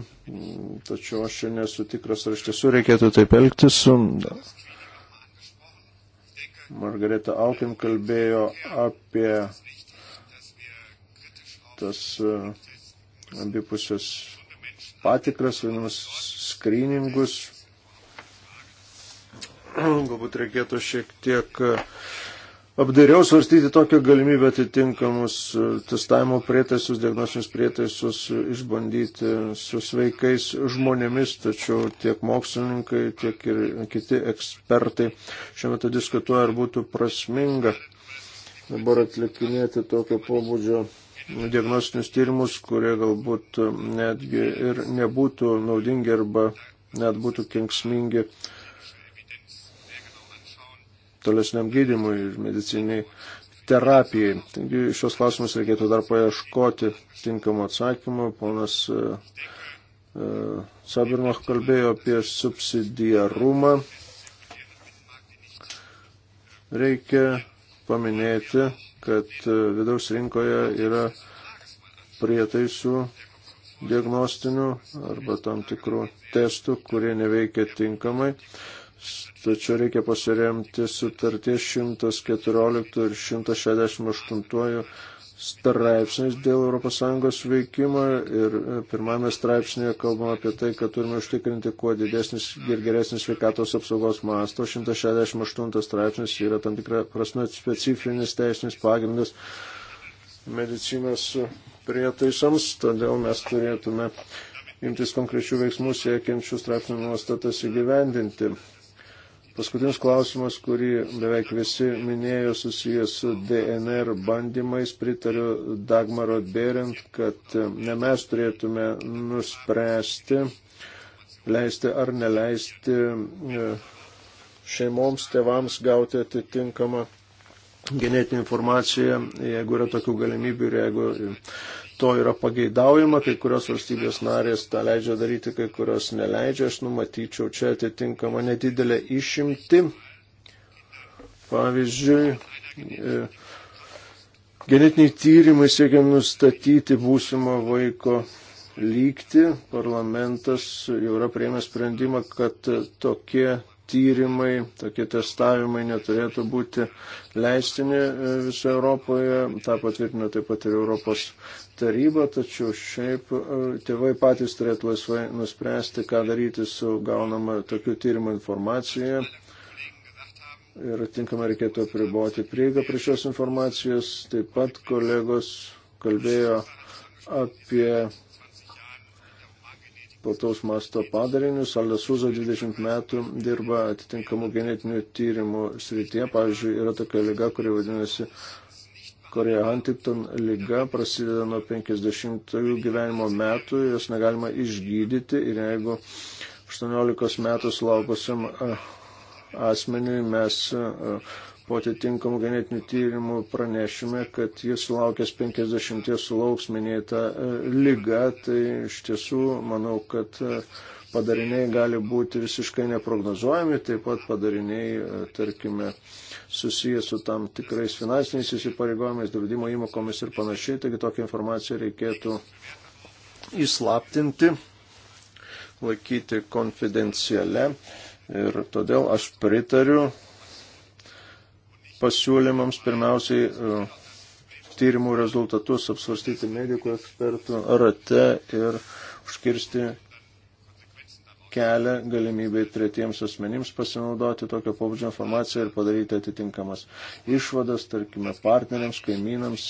Tačiau aš čia nesu tikras, ar iš tiesų reikėtų taip elgtis. Margareta Aukin kalbėjo apie tas e, abipusės patikras, vadinamas skryningus, Galbūt reikėtų šiek tiek e, apdairiau svarstyti tokią galimybę atitinkamus e, testavimo prietaisus, diagnostinius prietaisus e, išbandyti su sveikais žmonėmis, tačiau tiek mokslininkai, tiek ir kiti ekspertai šiuo metu diskutuoja, ar būtų prasminga dabar atlikinėti tokio pobūdžio diagnostinius tyrimus, kurie galbūt netgi ir nebūtų naudingi arba net būtų kenksmingi uh, tolesniam gydimui ir mediciniai terapijai. Taigi šios klausimus reikėtų dar paieškoti tinkamo atsakymo. Ponas uh, e, uh, e, Sabirmach kalbėjo apie subsidiarumą. Reikia paminėti, kad e, vidaus rinkoje yra prietaisų diagnostinių arba tam tikrų testų, kurie neveikia tinkamai tačiau reikia pasiremti sutarties 114 ir 168 straipsnis dėl ES veikimo ir e, pirmame straipsnėje kalbama apie tai, kad turime užtikrinti kuo didesnis ir geresnis sveikatos apsaugos masto. 168 straipsnis yra tam tikra prasme specifinis teisinis pagrindas medicinos prietaisams, todėl mes turėtume imtis konkrečių veiksmų siekiančių straipsnių nuostatas įgyvendinti. Paskutinis klausimas, kurį beveik visi minėjo susijęs su DNR bandymais, pritariu Dagmaro Berint, kad e, ne mes turėtume nuspręsti, leisti ar neleisti e, šeimoms, tėvams gauti atitinkamą genetinę informaciją, jeigu yra tokių galimybių ir jeigu to yra pageidaujama, kai kurios valstybės narės tą leidžia daryti, kai kurios neleidžia. Aš numatyčiau čia atitinkamą nedidelę išimti. Pavyzdžiui, e, genetiniai tyrimai siekia nustatyti būsimo vaiko lygti. Parlamentas jau yra prieimęs sprendimą, kad tokie tyrimai, tokie testavimai neturėtų būti leistini e, visoje Europoje. Ta patvirtino taip pat ir Europos taryba, tačiau šiaip e, tėvai patys turėtų laisvai nuspręsti, ką daryti su gaunama tokių tyrimų informacija. Ir tinkamai reikėtų apriboti prieigą prie šios informacijos. Taip pat kolegos kalbėjo apie plataus masto padarinius. Aldasuza 20 metų dirba atitinkamų genetinių tyrimų srityje. Pavyzdžiui, yra tokia lyga, kuri vadinasi Korea Huntington lyga, prasideda nuo 50-ųjų gyvenimo metų, jos negalima išgydyti ir jeigu 18 metų sulaukusiam asmeniui mes po atitinkamų genetinių tyrimų pranešime, kad jis sulaukęs 50 sulauks minėtą e, lygą, tai iš tiesų manau, kad e, padariniai gali būti visiškai neprognozuojami, taip pat padariniai, e, tarkime, susijęs su tam tikrais finansiniais įsipareigojimais, draudimo įmokomis ir panašiai, taigi tokią informaciją reikėtų įslaptinti, laikyti konfidenciale. Ir todėl aš pritariu pasiūlymams pirmiausiai e, tyrimų rezultatus apsvarstyti medikų ekspertų rate ir užkirsti kelią galimybėj tretiems asmenims pasinaudoti tokio pobūdžio informaciją ir padaryti atitinkamas išvadas, tarkime, partneriams, kaimynams,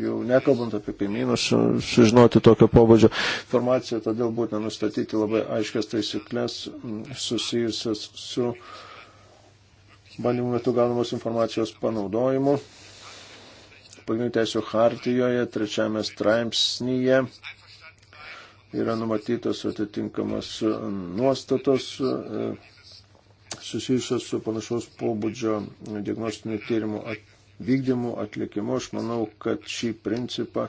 jau nekalbant apie kaimynus, sužinoti tokio pobūdžio informaciją, todėl būtina nustatyti labai aiškias taisyklės susijusias su uh, bandymų metu gaunamos informacijos panaudojimu. Pagrindinių teisų hartijoje, trečiame straipsnyje yra numatytos atitinkamos nuostatos e, susijusios su panašaus pobūdžio diagnostinių tyrimų vykdymu, atlikimu. Aš manau, kad šį principą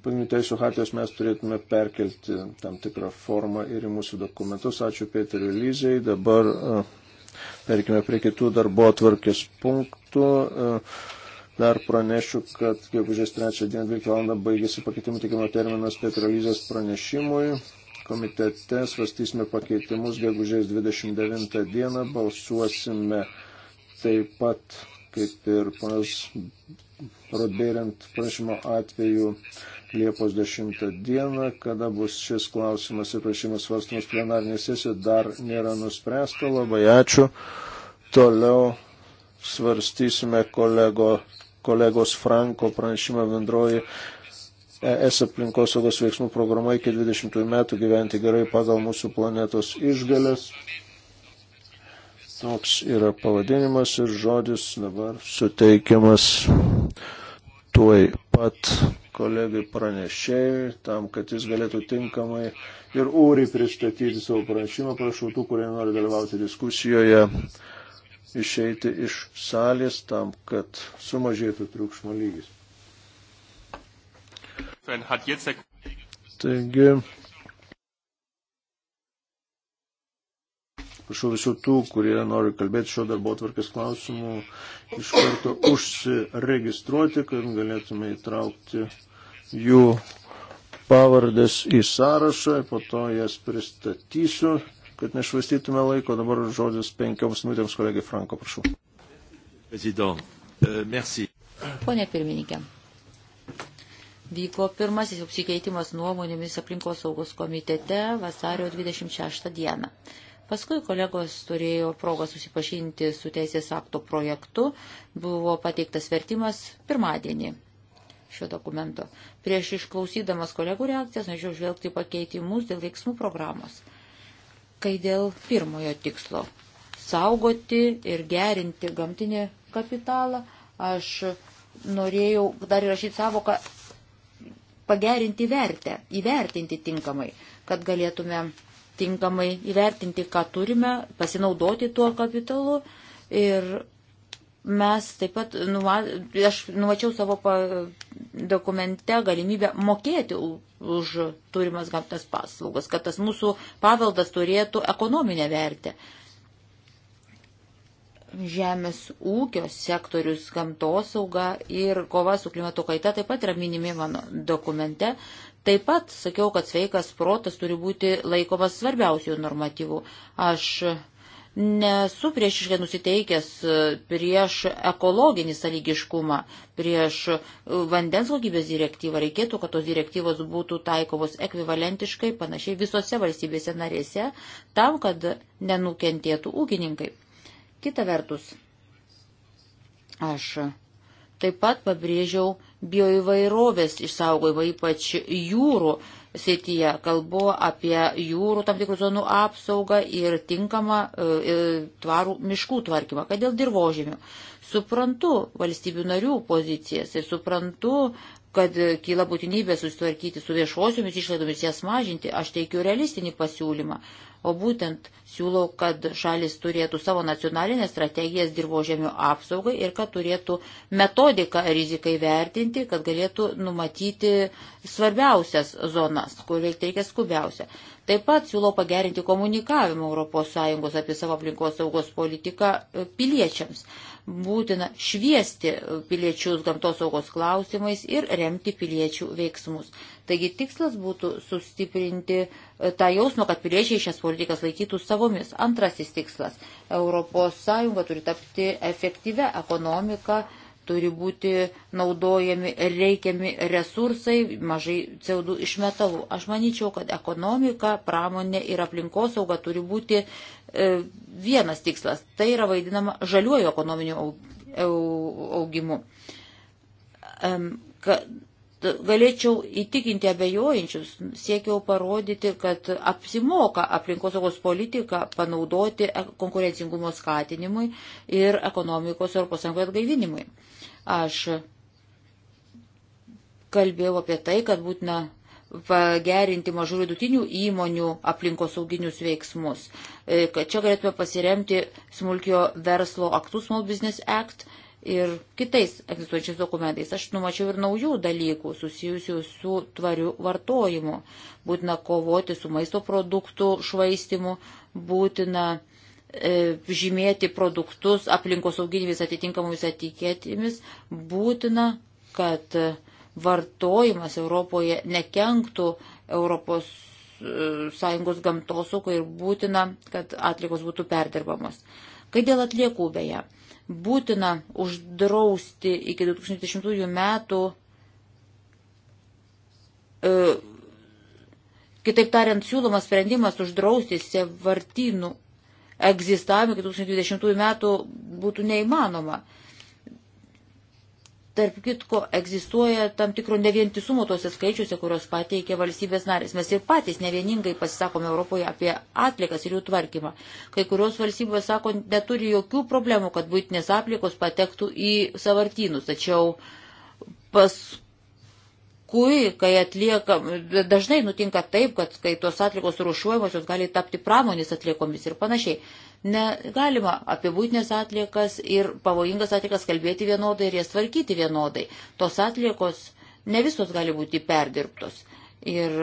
pagrindinių teisų hartijos mes turėtume perkelti tam tikrą formą ir į mūsų dokumentus. Ačiū Peteriu Lyzei. Dabar uh, Perkime prie kitų darbo atvarkės punktų. E, dar pranešiu, kad gegužės 3 dieną 12 val. baigėsi pakeitimų tikimo terminas Petralizės pranešimui. Komitete svastysime pakeitimus gegužės 29 dieną, balsuosime taip pat kaip ir panas Rodbėrint prašymo atveju Liepos 10 dieną, kada bus šis klausimas ir prašymas svarstamas plenarinė sesija, dar nėra nuspręsta. Labai ačiū. Toliau svarstysime kolego, kolegos Franko pranešimą bendroji ES aplinkosaugos veiksmų programa iki 20 metų gyventi gerai pagal mūsų planetos išgalės. Toks yra pavadinimas ir žodis dabar suteikiamas tuoj pat kolegai pranešėjui, tam, kad jis galėtų tinkamai ir ūriai pristatyti savo pranešimą. Prašau tų, kurie nori dalyvauti diskusijoje, išeiti iš salės tam, kad sumažėtų triukšmo lygis. Taigi, Prašau visų tų, kurie nori kalbėti šio darbo tvarkės klausimų, iš karto užsiregistruoti, kad galėtume įtraukti jų pavardės į sąrašą, po to jas pristatysiu, kad nešvaistytume laiko. Dabar žodis penkioms minutėms kolegai Franko, prašau. E, Pone pirmininkė, vyko pirmasis apsikeitimas nuomonėmis aplinkos saugos komitete vasario 26 dieną. Paskui kolegos turėjo progą susipažinti su teisės akto projektu, buvo pateiktas vertimas pirmadienį šio dokumento. Prieš išklausydamas kolegų reakcijas, norėčiau žvelgti pakeitimus dėl veiksmų programos. Kai dėl pirmojo tikslo - saugoti ir gerinti gamtinį kapitalą, aš norėjau dar įrašyti savoką pagerinti vertę, įvertinti tinkamai, kad galėtume tinkamai įvertinti, ką turime, pasinaudoti tuo kapitalu. Ir mes taip pat, nuva, aš numačiau savo pa, dokumente galimybę mokėti už turimas gamtas paslaugas, kad tas mūsų paveldas turėtų ekonominę vertę. Žemės ūkio sektorius, gamtosauga ir kova su klimato kaita taip pat yra minimi mano dokumente. Taip pat sakiau, kad sveikas protas turi būti laikomas svarbiausių normatyvų. Aš nesu priešiškai nusiteikęs e, prieš ekologinį sąlygiškumą, prieš e, vandens kokybės direktyvą. Reikėtų, kad tos direktyvos būtų taikomos ekvivalentiškai, panašiai visose valstybėse narėse, tam, kad nenukentėtų ūkininkai. Kita vertus, aš Taip pat pabrėžiau bioįvairovės išsaugojimą, ypač jūrų srityje. Kalbu apie jūrų tam tikrų zonų apsaugą ir tinkamą e, e tvarų miškų tvarkymą, kad dėl dirbožėmių. Suprantu valstybių narių pozicijas ir suprantu kad e, kyla būtinybė susitvarkyti su viešosiomis išlaidomis, jas mažinti, aš teikiu realistinį pasiūlymą, o būtent siūlau, kad šalis turėtų savo nacionalinės strategijas dirbožėmio apsaugai ir kad turėtų metodiką rizikai vertinti, kad galėtų numatyti svarbiausias zonas, kur veikti reikia skubiausia. Taip pat siūlau pagerinti komunikavimą ES apie savo aplinkos saugos politiką e, piliečiams būtina šviesti piliečius gamtos saugos klausimais ir remti piliečių veiksmus. Taigi tikslas būtų sustiprinti e, tą jausmą, kad piliečiai šias politikas laikytų savomis. Antrasis tikslas - ES turi tapti efektyvę ekonomiką turi būti naudojami reikiami resursai, mažai CO2 išmetalų. Aš manyčiau, kad ekonomika, pramonė ir aplinkosauga turi būti e, vienas tikslas. Tai yra vaidinama žaliuoju ekonominiu augimu. E, ka, galėčiau įtikinti abejojančius, siekiau parodyti, kad apsimoka aplinkosaugos politiką panaudoti e, konkurencingumo skatinimui ir ekonomikos Europos Sąjungoje atgaivinimui. Aš kalbėjau apie tai, kad būtina pagerinti mažų vidutinių įmonių aplinkosauginius veiksmus. E, kad čia galėtume pasiremti smulkio verslo aktų Small Business Act ir kitais egzistuojančiais dokumentais. Aš numačiau ir naujų dalykų susijusių su tvariu vartojimu. Būtina kovoti su maisto produktų švaistimu, būtina E, žymėti produktus aplinkosauginėmis atitinkamomis etiketėmis, būtina, kad vartojimas Europoje nekenktų Europos e, Sąjungos gamtosaugai ir būtina, kad atlikos būtų perdirbamos. Kai dėl atliekų beje, būtina uždrausti iki 2010 metų, e, kitaip tariant, siūlomas sprendimas uždrausti sevartynų egzistavimo iki 2020 metų būtų neįmanoma. Tarp kitko, egzistuoja tam tikro nevientisumo tose skaičiuose, kurios pateikia valstybės narės. Mes ir patys nevieningai pasisakome Europoje apie atlikas ir jų tvarkymą. Kai kurios valstybės sako, neturi jokių problemų, kad būtinės atlikos patektų į savartynus, tačiau paskui paskui, kai atlieka, dažnai nutinka taip, kad kai tos atlikos rušuojamos, jos gali tapti pramonės atliekomis ir panašiai. Negalima apie būtinės atliekas ir pavojingas atliekas kalbėti vienodai ir jas tvarkyti vienodai. Tos atliekos ne visos gali būti perdirbtos. Ir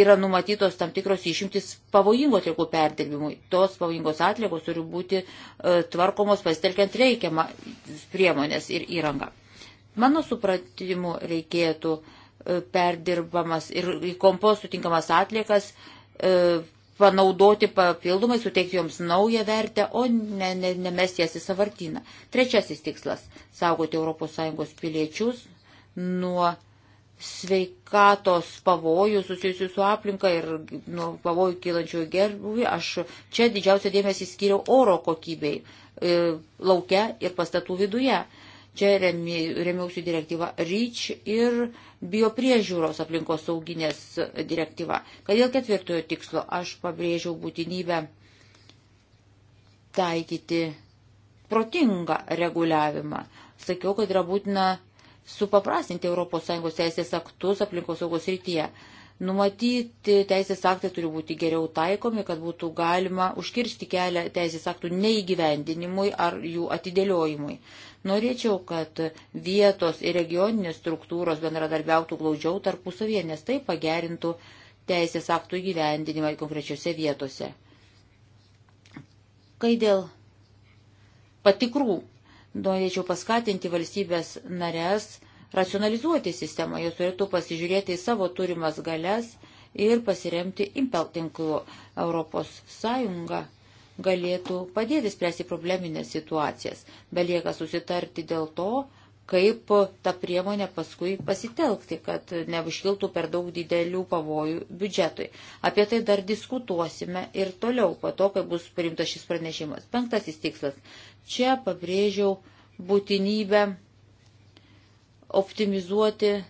yra numatytos tam tikros išimtis pavojingų atliekų perdirbimui. Tos pavojingos atliekos turi būti e, tvarkomos pasitelkiant reikiamą priemonės ir įrangą. Mano supratimu reikėtų e, perdirbamas ir į kompostų tinkamas atliekas e, panaudoti papildomai, suteikti joms naują vertę, o ne, ne, nemes jas į savartyną. Trečiasis tikslas - saugoti ES piliečius nuo sveikatos pavojų susijusių su aplinka ir nuo pavojų kylančių gerbuvį. Aš čia didžiausią dėmesį skiriau oro kokybei e, laukia ir pastatų viduje. Čia remiausi direktyva REACH ir biopriežiūros aplinkos sauginės direktyva. Kad dėl ketvirtojo tikslo aš pabrėžiau būtinybę taikyti protingą reguliavimą. Sakiau, kad yra būtina supaprastinti ES teisės aktus aplinkosaugos rytyje. Numatyti teisės aktai turi būti geriau taikomi, kad būtų galima užkirsti kelią teisės aktų neįgyvendinimui ar jų atidėliojimui. Norėčiau, kad vietos ir regioninės struktūros bendradarbiautų glaudžiau tarpusavie, nes tai pagerintų teisės aktų įgyvendinimą konkrečiose vietose. Kai dėl patikrų norėčiau paskatinti valstybės narės, racionalizuoti sistemą, jos turėtų pasižiūrėti į savo turimas galės ir pasiremti impel tinklu. Europos Sąjunga galėtų padėti spręsti probleminės situacijas. Belieka susitarti dėl to, kaip tą priemonę paskui pasitelkti, kad neužkiltų per daug didelių pavojų biudžetui. Apie tai dar diskutuosime ir toliau, po to, kai bus priimtas šis pranešimas. Penktasis tikslas. Čia pabrėžiau būtinybę optimizuoti e,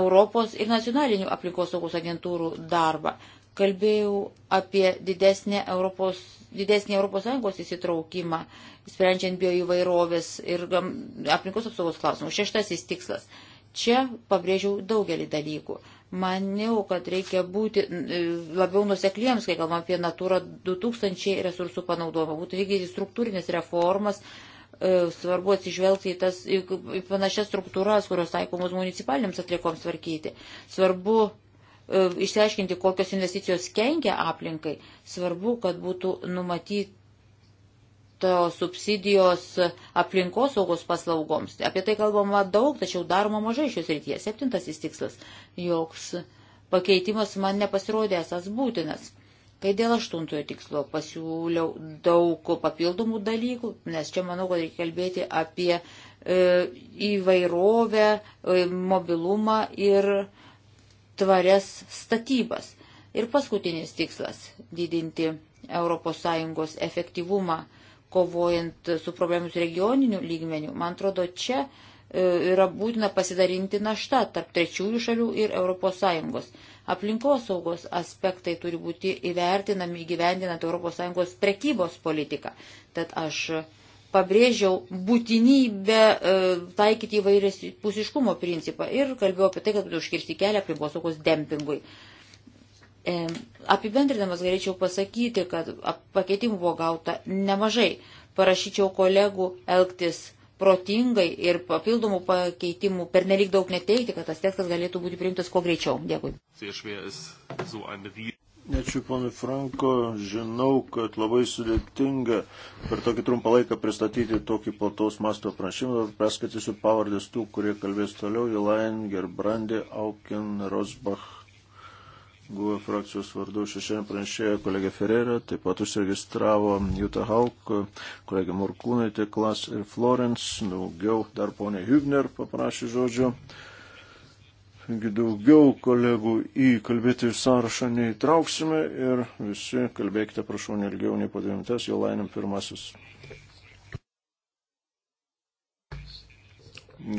Europos ir nacionalinių aplinkosaugos agentūrų darbą. Kalbėjau apie didesnį Europos, didesnį Europos Sąjungos įsitraukimą, sprendžiant bioįvairovės ir aplinkos apsaugos klausimus. Šeštasis tikslas. Čia pabrėžiau daugelį dalykų. Maniau, kad reikia būti e, labiau nusekliems, kai kalbam apie Natūra 2000 resursų panaudojimą, būtų vykdyti struktūrinės reformas, E, svarbu atsižvelgti į tas į panašias struktūras, kurios taikomos municipaliniams atliekoms tvarkyti. Svarbu e, išsiaiškinti, kokios investicijos kenkia aplinkai. Svarbu, kad būtų numatyto subsidijos aplinkos saugos paslaugoms. Apie tai kalbama daug, tačiau daroma mažai šios rytyje. Septintasis tikslas. Joks pakeitimas man nepasirodė esas būtinas. Kai dėl aštuntojo tikslo pasiūliau daug papildomų dalykų, nes čia manau, kad reikia kalbėti apie e, įvairovę, e, mobilumą ir tvarias statybas. Ir paskutinis tikslas - didinti ES efektyvumą, kovojant su problemus regioniniu lygmeniu. Man atrodo, čia e, yra būtina pasidarinti naštą tarp trečiųjų šalių ir ES. Aplinkosaugos aspektai turi būti įvertinami įgyvendinant ES prekybos politiką. Tad aš pabrėžiau būtinybę e, taikyti įvairias pusiškumo principą ir kalbėjau apie tai, kad būtų užkirsti kelią aplinkosaugos dempingui. E, apibendrinamas galėčiau pasakyti, kad pakeitimų buvo gauta nemažai. Parašyčiau kolegų elgtis protingai ir papildomų pakeitimų per nelik daug neteikti, kad tas tekstas galėtų būti priimtas kuo greičiau. Dėkui. Ačiū, ponai Franko. Žinau, kad labai sudėtinga per tokį trumpą laiką pristatyti tokį plataus masto pranešimą. Perskaitysiu pavardės tų, kurie kalbės toliau. Jelain, Gerbrandi, Aukin, Rosbach, Guo frakcijos vardu šešėlė pranešėjo kolegė Ferreira, taip pat užsiregistravo Juta Hauk, kolegė Morkūnaitė, Klas ir Florence, daugiau dar ponė Hübner paprašė žodžio. Taigi daugiau kolegų į kalbėtojų sąrašą neįtrauksime ir visi kalbėkite, prašau, nelgiau nei po dvi minutės, jau lainėm pirmasis.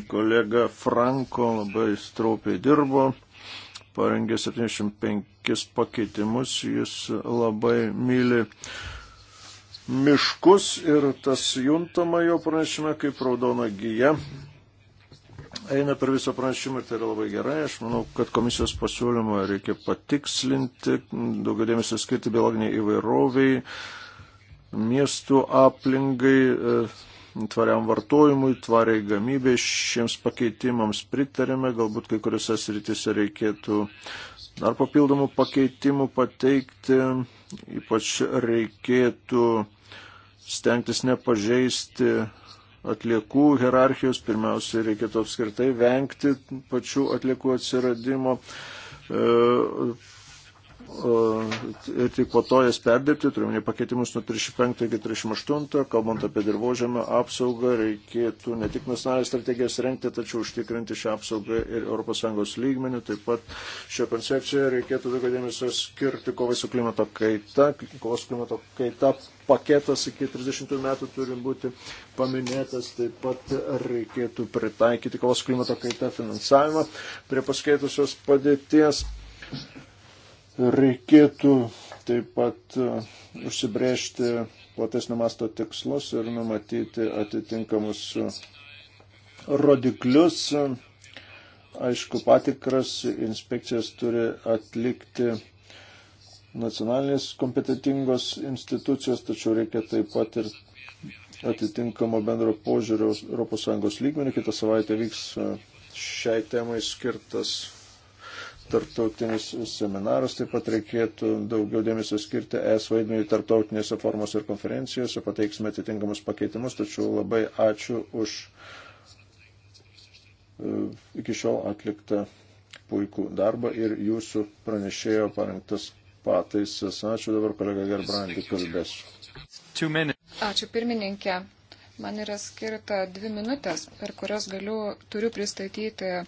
Kolega Franko labai straupiai dirbo parengė 75 pakeitimus, jis labai myli miškus ir tas juntama jo pranešime kaip raudona gyja. Eina per visą pranešimą ir tai yra labai gerai. Aš manau, kad komisijos pasiūlymą reikia patikslinti, daugiau dėmesio skirti biologiniai įvairoviai, miestų aplinkai, tvariam vartojimui, tvariai gamybė. Šiems pakeitimams pritarėme, galbūt kai kuriuose sritise reikėtų dar papildomų pakeitimų pateikti, ypač reikėtų stengtis nepažeisti atliekų hierarchijos, pirmiausia, reikėtų apskritai vengti pačių atliekų atsiradimo. E, E, ir tik po to jas perdirbti, turime pakeitimus nuo 35 iki 38, kalbant apie dirbožėmio apsaugą, reikėtų ne tik nacionalinės strategijas renkti, tačiau užtikrinti šią apsaugą ir ES lygmenį. Taip pat šioje koncepcijoje reikėtų daugiau dėmesio skirti kovai su klimato kaita. Kovos klimato kaita paketas iki 30 metų turi būti paminėtas, taip pat reikėtų pritaikyti kovos klimato kaita finansavimą prie paskeitusios padėties. Reikėtų taip pat e, užsibrėžti platesnio masto tikslus ir numatyti atitinkamus rodiklius. Aišku, patikras inspekcijas turi atlikti nacionalinės kompetitingos institucijos, tačiau reikia taip pat ir atitinkamo bendro požiūrio ES lygmenį. Kitą savaitę vyks šiai temai skirtas tarptautinius seminarus, taip pat reikėtų daugiau dėmesio skirti es vaidmenį tarptautinėse formose ir konferencijose, pateiksime atitinkamus pakeitimus, tačiau labai ačiū už e, iki šiol atliktą puikų darbą ir jūsų pranešėjo parengtas pataisas. Ačiū dabar kolega Gerbrandi kalbės. Ačiū pirmininkė. Man yra skirta dvi minutės, per kurias galiu, turiu pristatyti uh,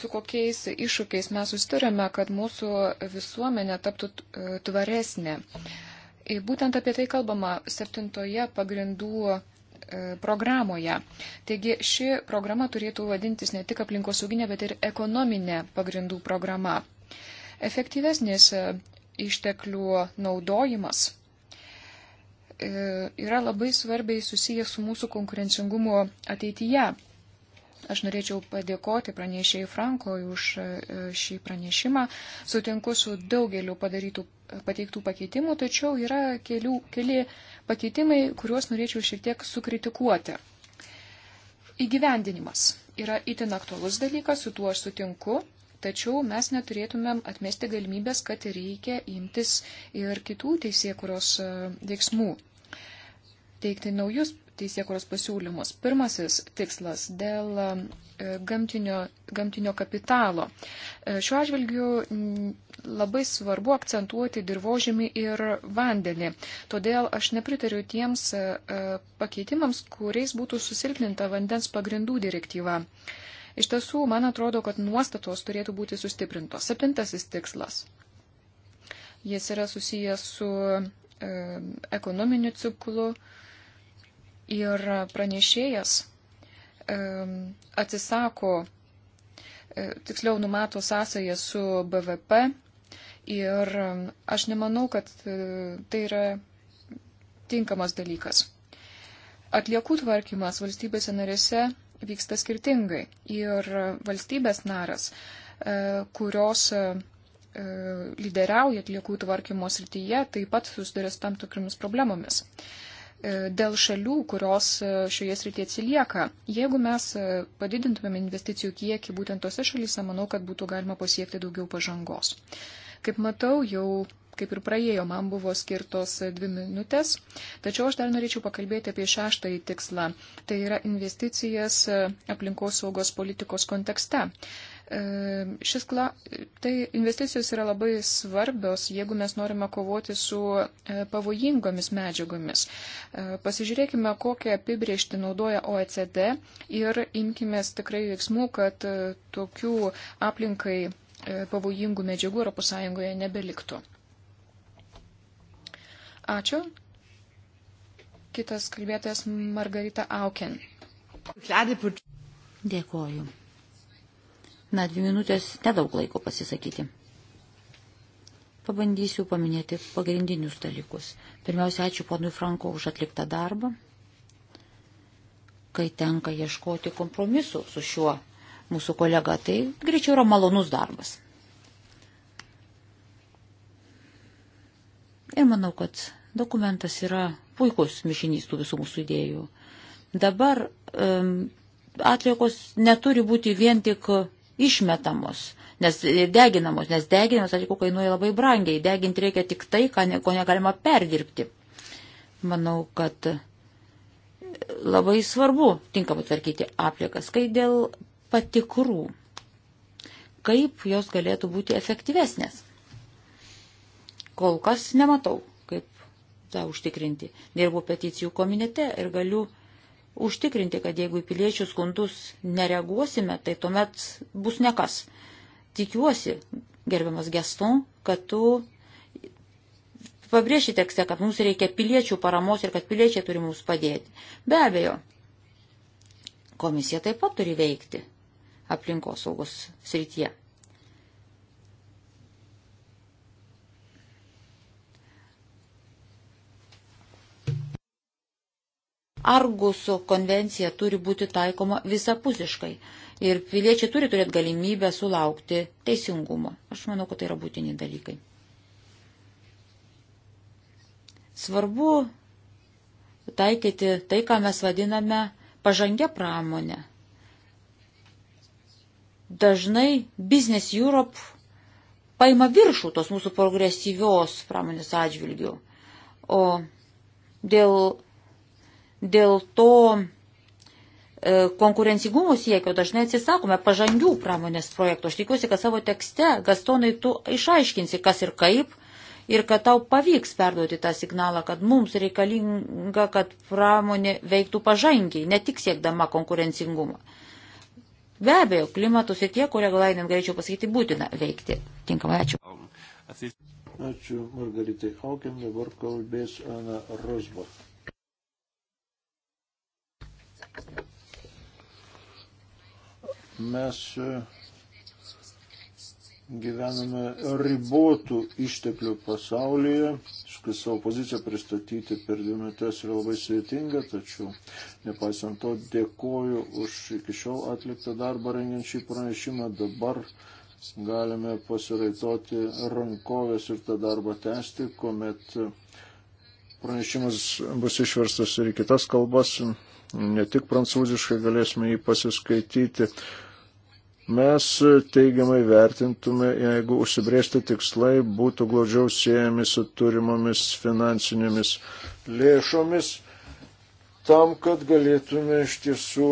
su kokiais iššūkiais mes sustarėme, kad mūsų visuomenė taptų e, tvaresnė. E, būtent apie tai kalbama septintoje pagrindų e, programoje. Taigi ši programa turėtų vadintis ne tik aplinkosauginė, bet ir ekonominė pagrindų programa. Efektyvesnis išteklių naudojimas yra labai svarbiai susijęs su mūsų konkurencingumu ateityje. Aš norėčiau padėkoti pranešėjai Franko už e, šį pranešimą. Sutinku su daugeliu padarytų, pateiktų pakeitimų, tačiau yra kelių, keli pakeitimai, kuriuos norėčiau šiek tiek sukritikuoti. Įgyvendinimas yra itin aktualus dalykas, su tuo aš sutinku. Tačiau mes neturėtumėm atmesti galimybės, kad reikia imtis ir kitų teisėkuros e, veiksmų. Teikti naujus teisėkuros pasiūlymus. Pirmasis tikslas dėl e, gamtinio, gamtinio kapitalo. E, šiuo atžvilgiu labai svarbu akcentuoti dirbožymį ir vandenį. Todėl aš nepritariu tiems e, pakeitimams, kuriais būtų susilpninta vandens pagrindų direktyva. Iš tiesų, man atrodo, kad nuostatos turėtų būti sustiprintos. Septintasis tikslas. Jis yra susijęs su e, ekonominiu ciklu, e, ir pranešėjas atsisako, e, tiksliau numato sąsąją su BVP ir aš nemanau, kad e, tai yra tinkamas dalykas. Atliekų tvarkymas valstybėse narėse vyksta skirtingai ir valstybės naras, e, kurios lyderiauja atliekų tvarkymo srityje, taip pat susiduria su tam tikrimis problemomis. E, dėl šalių, kurios e, šioje srityje atsilieka. Jeigu mes e, padidintumėm investicijų kiekį būtent tose šalyse, manau, kad būtų galima pasiekti daugiau pažangos. Kaip matau, jau kaip ir praėjo, man buvo skirtos dvi minutės, tačiau aš dar norėčiau pakalbėti apie šeštąjį tikslą. Tai yra investicijas aplinkos saugos politikos kontekste. E, šis kla... Tai investicijos yra labai svarbios, jeigu mes norime kovoti su e, pavojingomis medžiagomis. E, pasižiūrėkime, kokią apibriežtį naudoja OECD ir imkime tikrai veiksmų, kad tokių aplinkai pavojingų medžiagų ES nebeliktų. Ačiū. Kitas kalbėtojas Margarita Auken. Dėkoju. Na, dvi minutės nedaug laiko pasisakyti. Pabandysiu paminėti pagrindinius dalykus. Pirmiausia, ačiū ponui Franko už atliktą darbą, kai tenka ieškoti kompromisu su šiuo mūsų kolega. Tai greičiau yra malonus darbas. Ir manau, kad dokumentas yra puikus mišinys tų visų mūsų idėjų. Dabar um, atliekos neturi būti vien tik išmetamos, nes e, deginamos, nes deginimas atlikų kainuoja labai brangiai, deginti reikia tik tai, ne, ko negalima perdirbti. Manau, kad e, labai svarbu tinkamai tvarkyti aplikas, kai dėl patikrų, kaip jos galėtų būti efektyvesnės. Kol kas nematau, kaip tą užtikrinti. Dirbu peticijų komitete ir galiu užtikrinti, kad jeigu į piliečių skundus nereaguosime, tai tuomet bus nekas. Tikiuosi, gerbiamas Geston, kad tu pabrėši tekste, kad mums reikia piliečių paramos ir kad piliečiai turi mums padėti. Be abejo, komisija taip pat turi veikti aplinkos saugos srityje. Arguso konvencija turi būti taikoma visapusiškai ir piliečiai turi turėti galimybę sulaukti teisingumo. Aš manau, kad tai yra būtini dalykai. Svarbu taikyti tai, ką mes vadiname pažangę pramonę. Dažnai Business Europe paima viršų tos mūsų progresyvios pramonės atžvilgių. O dėl Dėl to e, konkurencingumų siekio dažnai atsisakome pažangių pramonės projektų. Aš tikiuosi, kad savo tekste, Gastonai, tu išaiškinsi, kas ir kaip, ir kad tau pavyks perduoti tą signalą, kad mums reikalinga, kad pramonė veiktų pažangiai, ne tik siekdama konkurencingumą. Be abejo, klimatus ir tie, kurie galainint greičiau pasakyti, būtina veikti. Tinkamai, ačiū. Ačiū, Margaritai Haukim, dabar kalbės Ana Rosbach. Mes e, gyvename ribotų išteklių pasaulyje. Aišku, savo poziciją pristatyti per dvi minutės yra labai sveitinga, tačiau nepaisant to dėkoju už iki šiol atliktą darbą rengiant šį pranešimą. Dabar galime pasiraitoti rankovės ir tą darbą tęsti, kuomet pranešimas bus išverstas ir į kitas kalbas ne tik prancūziškai galėsime jį pasiskaityti. Mes teigiamai vertintume, jeigu užsibriežti tikslai būtų glaudžiau siejami su turimomis finansinėmis lėšomis, tam, kad galėtume iš tiesų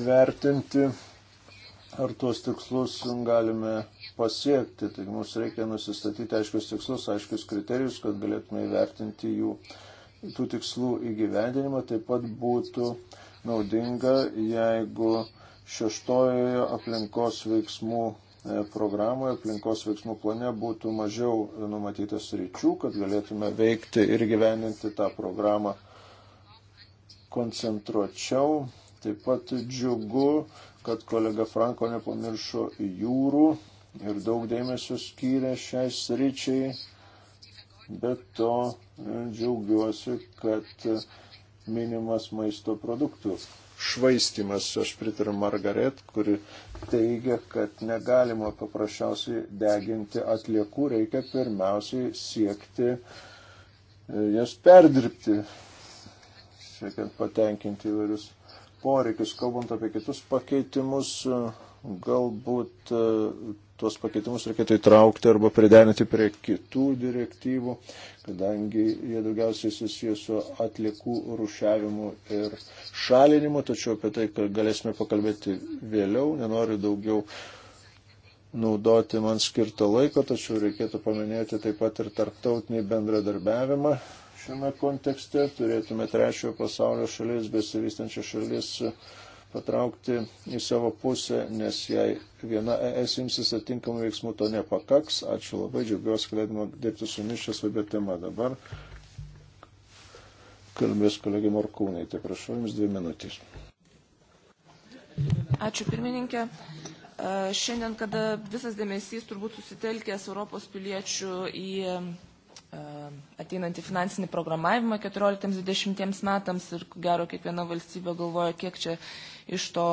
įvertinti, ar tuos tikslus galime pasiekti. Taigi mums reikia nusistatyti aiškius tikslus, aiškius kriterijus, kad galėtume įvertinti jų uh, tų tikslų įgyvendinimą taip pat būtų naudinga, jeigu šeštojoje aplinkos veiksmų e, programoje, aplinkos veiksmų plane būtų mažiau numatytas ryčių, kad galėtume veikti ir gyveninti tą programą koncentruočiau. Taip pat džiugu, kad kolega Franko nepamiršo jūrų ir daug dėmesio skyrė šiai sričiai. Bet to džiaugiuosi, kad minimas maisto produktų švaistimas. Aš pritariu Margaret, kuri teigia, kad negalima paprasčiausiai deginti atliekų, reikia pirmiausiai siekti e, jas perdirbti, siekiant patenkinti įvairius poreikius. Kalbant apie kitus pakeitimus, e, galbūt e, tuos pakeitimus reikėtų įtraukti arba priderinti prie kitų direktyvų kadangi jie daugiausiai susijęs su atliekų rušiavimu ir šalinimu, tačiau apie tai galėsime pakalbėti vėliau. Nenoriu daugiau naudoti man skirto laiko, tačiau reikėtų paminėti taip pat ir tarptautinį bendradarbiavimą. Šiame kontekste turėtume trečiojo pasaulio šalis, besivystančią šalis patraukti į savo pusę, nes jei viena ES imsis atinkamų veiksmų, to nepakaks. Ačiū labai, džiaugiuosi, galėdama dirbti su mišė svarbia tema dabar. Kalbės kolegė Morkūnai, tai prašau jums dvi minutės. Ačiū pirmininkė. E, šiandien, kada visas dėmesys turbūt susitelkęs Europos piliečių į e, ateinantį finansinį programavimą 14-20 metams ir gero kiekviena valstybė galvoja, kiek čia iš to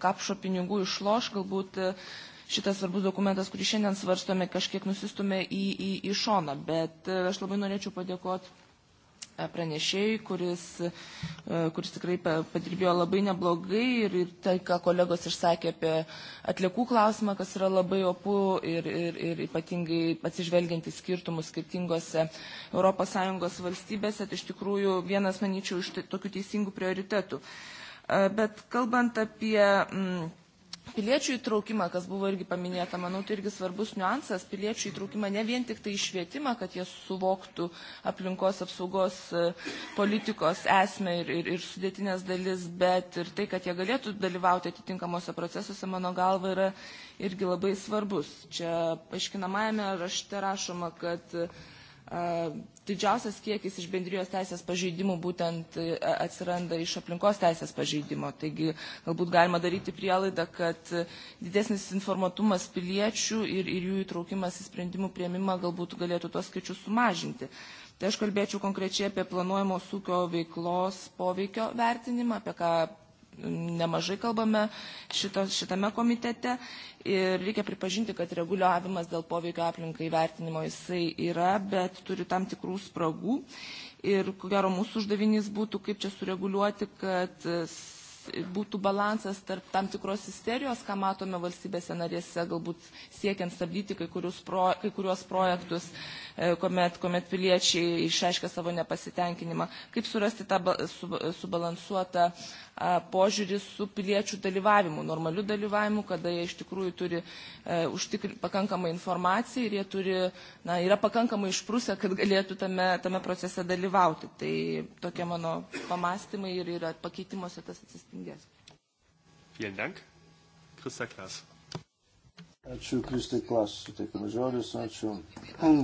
kapšo pinigų išloš, galbūt e, šitas svarbus dokumentas, kurį šiandien svarstome, kažkiek nusistume į, į, į šoną. Bet e, aš labai norėčiau padėkoti e, pranešėjui, kuris, kuris tikrai padirbėjo labai neblogai ir, ir tai, ką kolegos išsakė apie atliekų klausimą, kas yra labai opu ir, ir, ir ypatingai atsižvelgiant į skirtumus skirtingose ES valstybėse, tai iš tikrųjų vienas, manyčiau, iš tokių teisingų prioritetų. Uh, E, bet kalbant apie mm, piliečių įtraukimą, kas buvo irgi paminėta, manau, tai irgi svarbus niuansas, piliečių įtraukimą ne vien tik tai išvietimą, kad jie suvoktų aplinkos apsaugos e, politikos esmę ir, ir, ir sudėtinės dalis, bet ir tai, kad jie galėtų dalyvauti atitinkamuose procesuose, mano galva, yra irgi labai svarbus. Čia paaiškinamajame rašte rašoma, kad e, didžiausias kiekis iš bendrijos teisės pažeidimų būtent e, atsiranda iš aplinkos teisės pažeidimo. Taigi galbūt galima daryti prielaidą, kad e, didesnis informatumas piliečių ir, ir jų įtraukimas į sprendimų prieimimą galbūt galėtų tuos skaičius sumažinti. Tai aš kalbėčiau konkrečiai apie planuojamos ūkio veiklos poveikio vertinimą, apie ką nemažai kalbame šito, šitame komitete ir reikia pripažinti, kad reguliavimas dėl poveikio aplinkai vertinimo jisai yra, bet turi tam tikrų spragų. Ir ko gero mūsų uždavinys būtų, kaip čia sureguliuoti, kad būtų balansas tarp tam tikros isterijos, ką matome valstybėse narėse, galbūt siekiant stabdyti kai, pro, kai kuriuos projektus, e, kuomet, kuomet piliečiai išaiškia savo nepasitenkinimą. Kaip surasti tą subalansuotą požiūrį su piliečių dalyvavimu, normaliu dalyvavimu, kada jie iš tikrųjų turi e, užtikrinti pakankamą informaciją ir jie turi, na, yra pakankamai išprusę, kad galėtų tame, tame procese dalyvauti. Tai tokie mano pamastymai ir yra pakeitimuose tas atsispindi. Yes. Vielen Dank. Krista Klas. Ačiū Kristai Klas, suteikiamas žodis, ačiū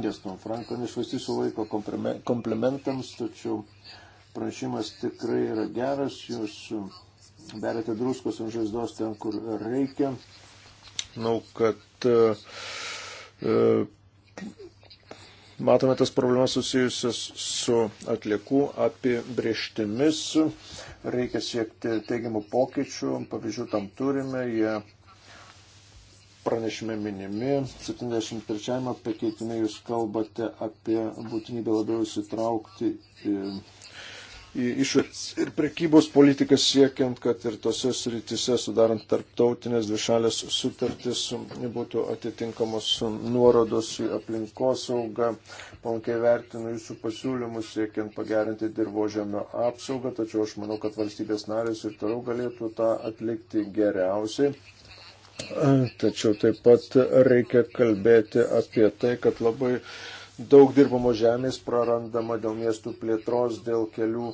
Gestom Franko, nešvaistysiu laiko komplementams, tačiau pranešimas tikrai yra geras, jūs berate druskos ant žaizdos ten, kur reikia. Manau, kad uh, matome tas problemas susijusias su atliekų apibrieštimis. Reikia siekti teigiamų pokyčių, pavyzdžių tam turime, jie pranešime minimi. 73 pakeitime jūs kalbate apie būtinybę labiau įsitraukti išorės ir prekybos politikas siekiant, kad ir tose sritise sudarant tarptautinės dvišalės sutartis būtų atitinkamos nuorodos į aplinkosaugą. Palankiai vertinu jūsų pasiūlymus siekiant pagerinti dirbožėmio apsaugą, tačiau aš manau, kad valstybės narės ir toliau galėtų tą atlikti geriausiai. Tačiau taip pat reikia kalbėti apie tai, kad labai daug dirbamo žemės prarandama dėl miestų plėtros, dėl kelių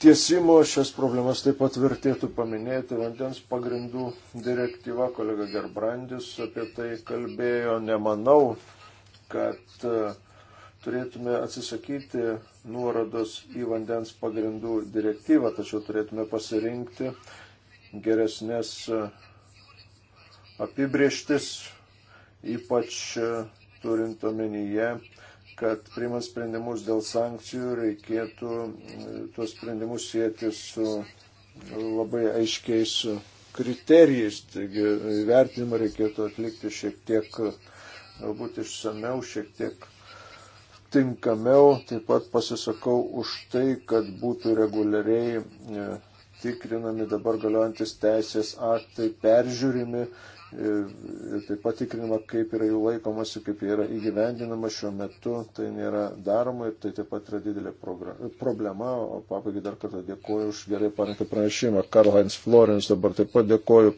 tiesimo. Šias problemas taip pat vertėtų paminėti. Vandens pagrindų direktyva, kolega Gerbrandis apie tai kalbėjo. Nemanau, kad e, turėtume atsisakyti nuorodos į vandens pagrindų direktyvą, tačiau turėtume pasirinkti geresnės e, apibrieštis, ypač e, turint omenyje, kad priimant sprendimus dėl sankcijų reikėtų e, tuos sprendimus sieti su labai aiškiais kriterijais. Taigi vertinimą reikėtų atlikti šiek tiek, galbūt išsameu, šiek tiek tinkamiau. Taip pat pasisakau už tai, kad būtų reguliariai e, tikrinami dabar galiojantis teisės aktai, peržiūrimi e, ir taip pat tikrinama, kaip yra jų laikomasi, kaip jie yra įgyvendinama šiuo metu, tai nėra daroma ir tai taip pat yra didelė problema. O pabaigai dar kartą dėkoju už gerai parengtą pranešimą. Karl Heinz Florence dabar taip pat dėkoju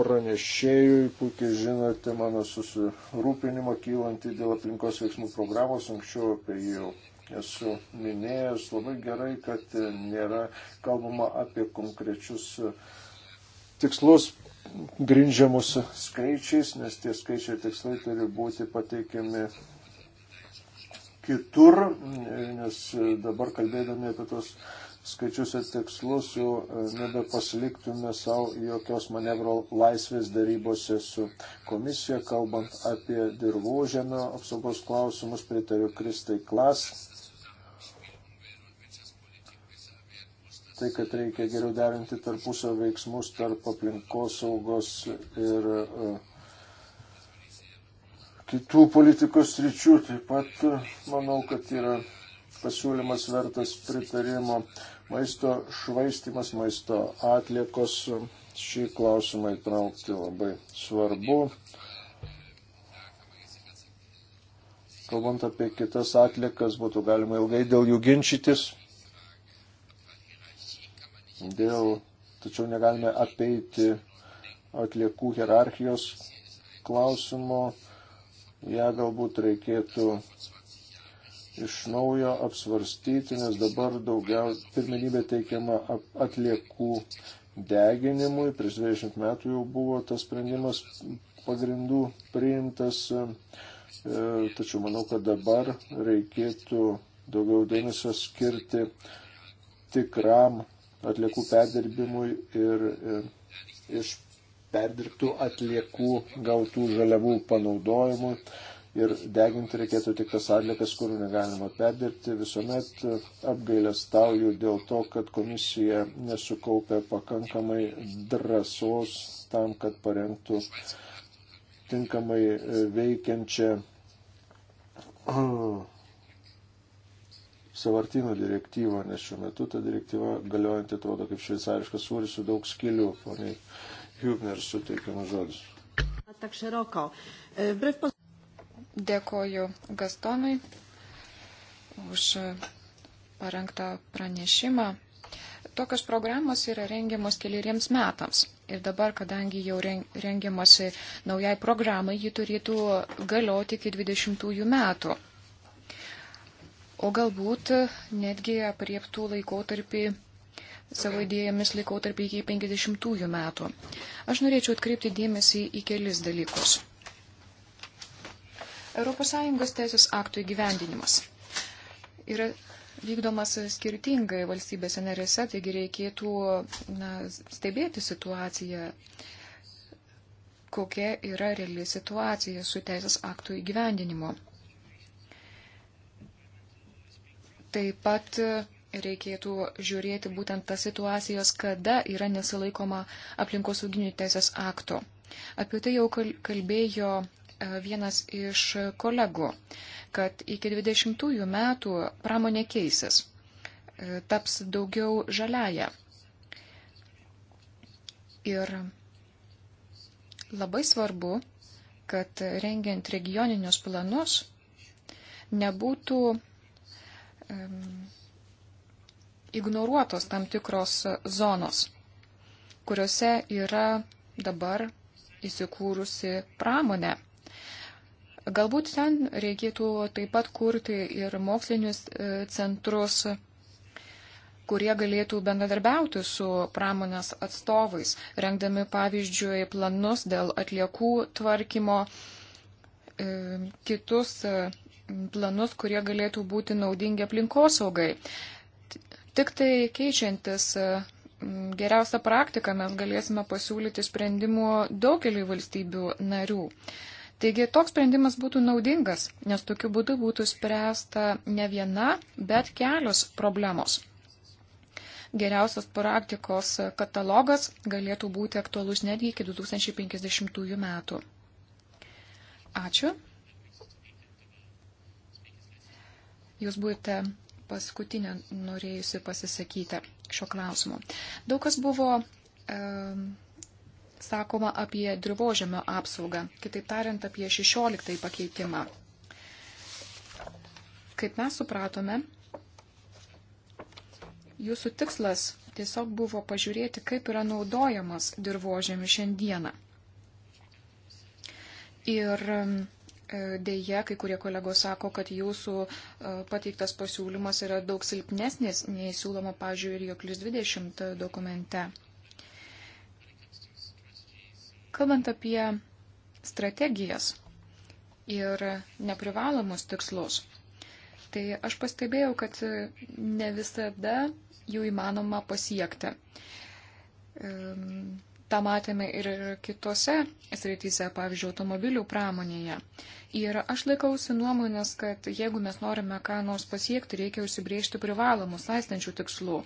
pranešėjui, puikiai žinote mano susirūpinimą kylantį dėl aplinkos veiksmų programos, anksčiau apie jį jau esu minėjęs. Labai gerai, kad nėra kalbama apie konkrečius e, tikslus grindžiamus skaičiais, nes tie skaičiai tikslai turi būti pateikiami kitur, nes dabar kalbėdami apie tos skaičius ir tikslus jau e, nebepasiliktume savo jokios manevro laisvės darybose su komisija, kalbant apie dirbožėmio apsaugos klausimus, pritariu Kristai Klas, tai, kad reikia geriau derinti tarpusio veiksmus tarp aplinkos saugos ir e, kitų politikos ryčių. Taip pat e, manau, kad yra pasiūlymas vertas pritarimo maisto švaistimas, maisto atliekos. E, šį klausimą įtraukti labai svarbu. Kalbant apie kitas atlikas, būtų galima ilgai dėl jų ginčytis dėl, tačiau negalime apeiti atliekų hierarchijos klausimo, ją galbūt reikėtų iš naujo apsvarstyti, nes dabar daugiau pirmenybė teikiama atliekų deginimui. Prieš 20 metų jau buvo tas sprendimas pagrindų priimtas, e, tačiau manau, kad dabar reikėtų daugiau dėmesio skirti tikram atliekų perdirbimui ir e, iš perdirbtų atliekų gautų žaliavų panaudojimui. Ir deginti reikėtų tik tas atliekas, kurių negalima perdirbti. Visuomet e, apgailestauju dėl to, kad komisija nesukaupė pakankamai drąsos tam, kad parengtų tinkamai e, veikiančią savartynų direktyvą, nes šiuo metu ta direktyva galiojanti atrodo kaip šveicariškas sūris su daug skilių. Pone Hübner suteikiamas žodis. E, Dėkoju Gastonui už parengtą pranešimą. Tokios programos yra rengiamos keliariems metams. Ir dabar, kadangi jau rengiamasi naujai programai, ji turėtų galioti iki 20 metų o galbūt netgi apriektų laikotarpį savo idėjomis laikotarpį iki 50-ųjų metų. Aš norėčiau atkreipti dėmesį į kelis dalykus. ES teisės aktų įgyvendinimas yra vykdomas skirtingai valstybėse narėse, taigi reikėtų na, stebėti situaciją, kokia yra reali situacija su teisės aktų įgyvendinimu. Taip pat reikėtų žiūrėti būtent tas situacijas, kada yra nesilaikoma aplinkosauginių teisės akto. Apie tai jau kalbėjo e, vienas iš kolegų, kad iki 20 metų pramonė keisis, e, taps daugiau žaliaja. Ir labai svarbu, kad rengiant regioninius planus nebūtų ignoruotos tam tikros zonos, kuriuose yra dabar įsikūrusi pramonė. Galbūt ten reikėtų taip pat kurti ir mokslinius e, centrus, kurie galėtų bendradarbiauti su pramonės atstovais, rengdami pavyzdžiui planus dėl atliekų tvarkymo, e, kitus e, planus, kurie galėtų būti naudingi aplinkosaugai. Tik tai keičiantis e, geriausią praktiką mes galėsime pasiūlyti sprendimų daugeliu valstybių narių. Taigi toks sprendimas būtų naudingas, nes tokiu būdu būtų spręsta ne viena, bet kelios problemos. Geriausios praktikos katalogas galėtų būti aktualus netgi iki 2050 metų. Ačiū. Jūs būite paskutinė norėjusi pasisakyti šio klausimu. Daug kas buvo e, sakoma apie dirbožėmio apsaugą, kitaip tariant, apie 16 pakeitimą. Kaip mes supratome, jūsų tikslas tiesiog buvo pažiūrėti, kaip yra naudojamas dirbožėmis šiandieną. Ir e, Deja, kai kurie kolegos sako, kad jūsų e, pateiktas pasiūlymas yra daug silpnesnis nei siūloma, pažiūrėjau, ir Joklis 20 dokumente. Kalbant apie strategijas ir neprivalomus tikslus, tai aš pastebėjau, kad ne visada jų įmanoma pasiekti. Um, tą matėme ir kitose srityse, pavyzdžiui, automobilių pramonėje. Ir aš laikausi nuomonės, kad jeigu mes norime ką nors pasiekti, reikia užsibriežti privalomus laistančių tikslų.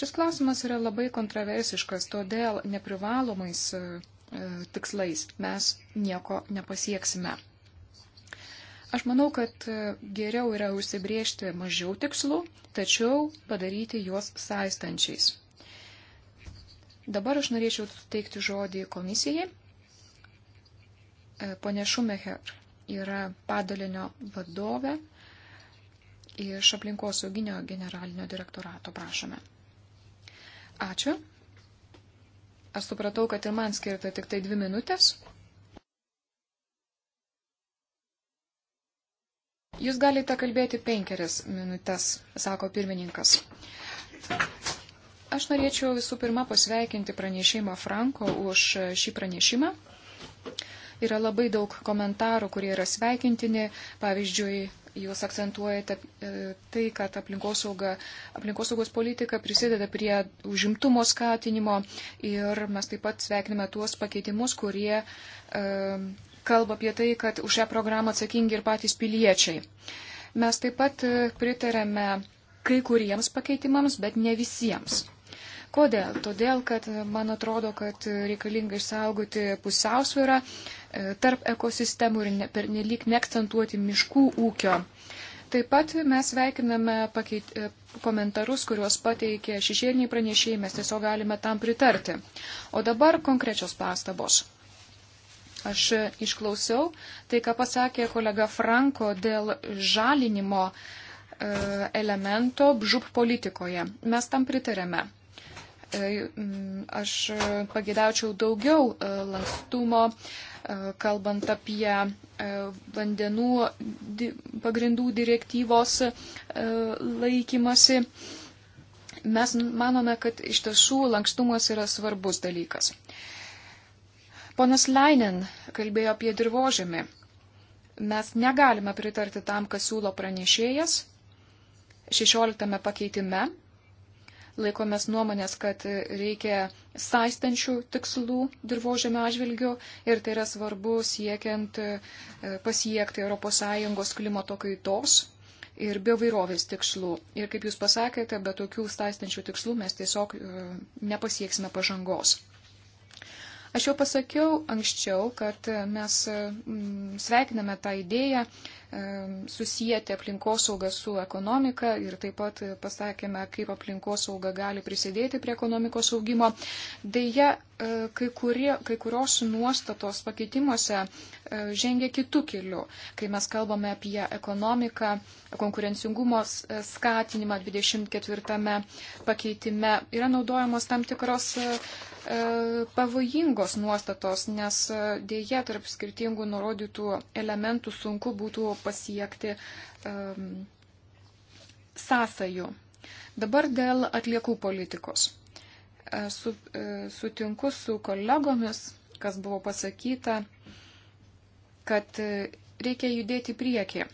Šis klausimas yra labai kontroversiškas, todėl neprivalomais e, tikslais mes nieko nepasieksime. Aš manau, kad e, geriau yra užsibriežti mažiau tikslų, tačiau padaryti juos saistančiais. Dabar aš norėčiau teikti žodį komisijai. E, Pone Šumecher yra padalinio vadovė iš aplinkosauginio generalinio direktorato. Prašome. Ačiū. Aš supratau, kad ir man skirta tik tai dvi minutės. Jūs galite kalbėti penkeris minutės, sako pirmininkas. Aš norėčiau visų pirma pasveikinti pranešimą Franko už šį pranešimą. Yra labai daug komentarų, kurie yra sveikintini. Pavyzdžiui, jūs akcentuojate e, tai, kad aplinkosauga, aplinkosaugos politika prisideda prie užimtumo skatinimo ir mes taip pat sveikiname tuos pakeitimus, kurie e, kalba apie tai, kad už šią programą atsakingi ir patys piliečiai. Mes taip pat e, pritarėme kai kuriems pakeitimams, bet ne visiems. Kodėl? Todėl, kad man atrodo, kad reikalinga išsaugoti pusiausvyrą e, tarp ekosistemų ir pernelyg neakcentuoti miškų ūkio. Taip pat mes veikiname pakeit, e, komentarus, kuriuos pateikė šešėliniai pranešėjai, mes tiesiog galime tam pritarti. O dabar konkrečios pastabos. Aš išklausiau tai, ką pasakė kolega Franko dėl žalinimo e, elemento bžup politikoje. Mes tam pritarėme. E, mm, aš e, pagėdaučiau daugiau e, lankstumo, kalbant apie vandenų pagrindų direktyvos laikymasi. Mes manome, kad iš tiesų lankstumas yra svarbus dalykas. Ponas Leinin kalbėjo apie dirbožėmį. Mes negalime pritarti tam, kas siūlo pranešėjas 16 pakeitime laikomės nuomonės, kad reikia saistančių tikslų dirbožėmio atžvilgių ir tai yra svarbu siekiant e, pasiekti ES klimato kaitos ir biovairovės tikslų. Ir kaip jūs pasakėte, be tokių staistančių tikslų mes tiesiog e, nepasieksime pažangos. Aš jau pasakiau anksčiau, kad mes sveikiname tą idėją susijęti aplinkosaugą su ekonomika ir taip pat pasakėme, kaip aplinkosauga gali prisidėti prie ekonomikos augimo. Deja, e, kai, kurie, kai kurios nuostatos pakeitimuose e, žengia kitų kelių. Kai mes kalbame apie ekonomiką, konkurencingumo e, skatinimą 24 pakeitime, yra naudojamos tam tikros pavojingos nuostatos, nes dėje tarp skirtingų nurodytų elementų sunku būtų pasiekti um, sąsajų. Dabar dėl atliekų politikos. E, su, e, sutinku su kolegomis, kas buvo pasakyta, kad e, reikia judėti priekį.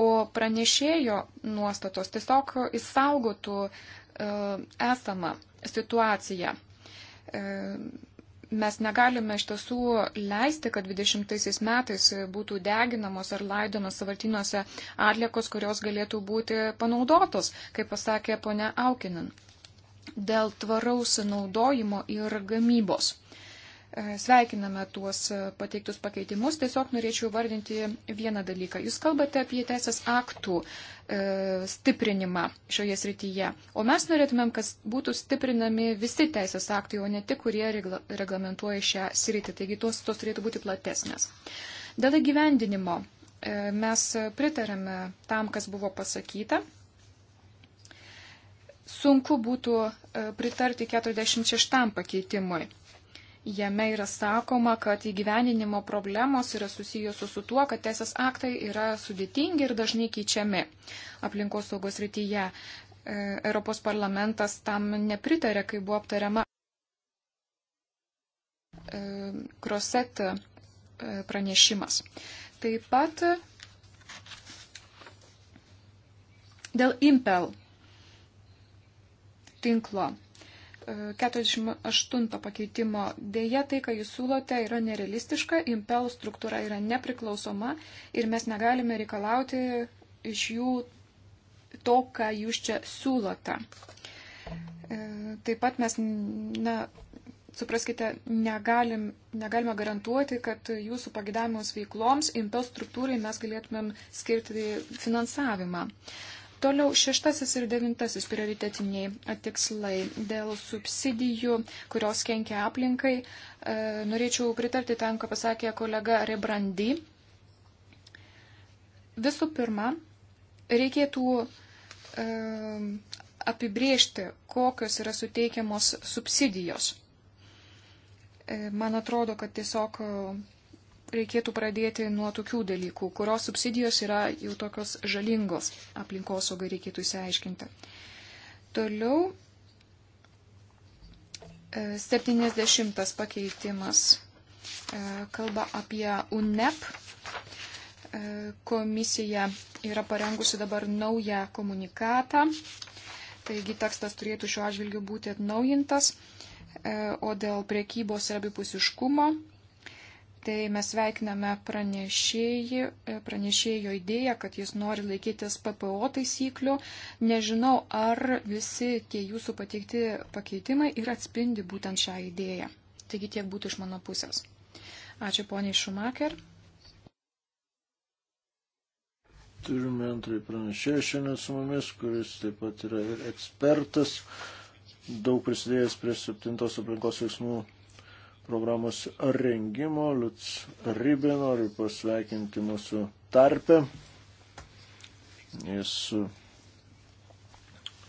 O pranešėjo nuostatos tiesiog įsaugotų esamą situaciją mes negalime iš tiesų leisti, kad 20 metais būtų deginamos ar laidomos savartinuose atliekos, kurios galėtų būti panaudotos, kaip pasakė ponia Aukinin, dėl tvaraus naudojimo ir gamybos. E, sveikiname tuos e, pateiktus pakeitimus. Tiesiog norėčiau vardinti vieną dalyką. Jūs kalbate apie teisės aktų e, stiprinimą šioje srityje, o mes norėtumėm, kad būtų stiprinami visi teisės aktai, o ne tik, kurie reglamentuoja šią sritį. Taigi tos, tos turėtų būti platesnės. Dėl įgyvendinimo mes pritarėme tam, kas buvo pasakyta sunku būtų pritarti 46 pakeitimui. Jame yra sakoma, kad įgyveninimo problemos yra susijusios su tuo, kad teisės aktai yra sudėtingi ir dažnai keičiami aplinkos saugos rytyje. E, Europos parlamentas tam nepritarė, kai buvo aptariama Kroset e, e, pranešimas. Taip pat dėl Impel tinklo 48 pakeitimo. Deja, tai, ką jūs siūlote, yra nerealistiška, impel struktūra yra nepriklausoma ir mes negalime reikalauti iš jų to, ką jūs čia siūlote. Taip pat mes, na, supraskite, negalim, negalime garantuoti, kad jūsų pagidavimos veikloms impel struktūrai mes galėtumėm skirti finansavimą. Uh, Toliau šeštasis ir devintasis prioritetiniai tikslai dėl subsidijų, kurios kenkia aplinkai. E, norėčiau pritarti tam, ką pasakė kolega Rebrandy. Visų pirma, reikėtų e, apibriežti, kokios yra suteikiamos subsidijos. E, man atrodo, kad tiesiog reikėtų pradėti nuo tokių dalykų, kurios subsidijos yra jau tokios žalingos aplinkosaugai reikėtų įsiaiškinti. Toliau 70 e, pakeitimas e, kalba apie UNEP. E, komisija yra parengusi dabar naują komunikatą, taigi tekstas turėtų šiuo atžvilgiu būti atnaujintas, o dėl priekybos ir abipusiškumo Tai mes sveikiname e, pranešėjo idėją, kad jis nori laikytis PPO taisyklių. Nežinau, ar visi tie jūsų pateikti pakeitimai ir atspindi būtent šią idėją. Taigi tiek būtų iš mano pusės. Ačiū poniai Šumaker. Turime antrąjį pranešėją šiandien su mumis, kuris taip pat yra ir ekspertas, daug prisidėjęs prie septintos aplinkos veiksmų programos rengimo. Liuts Rybė noriu pasveikinti mūsų tarpę. Jis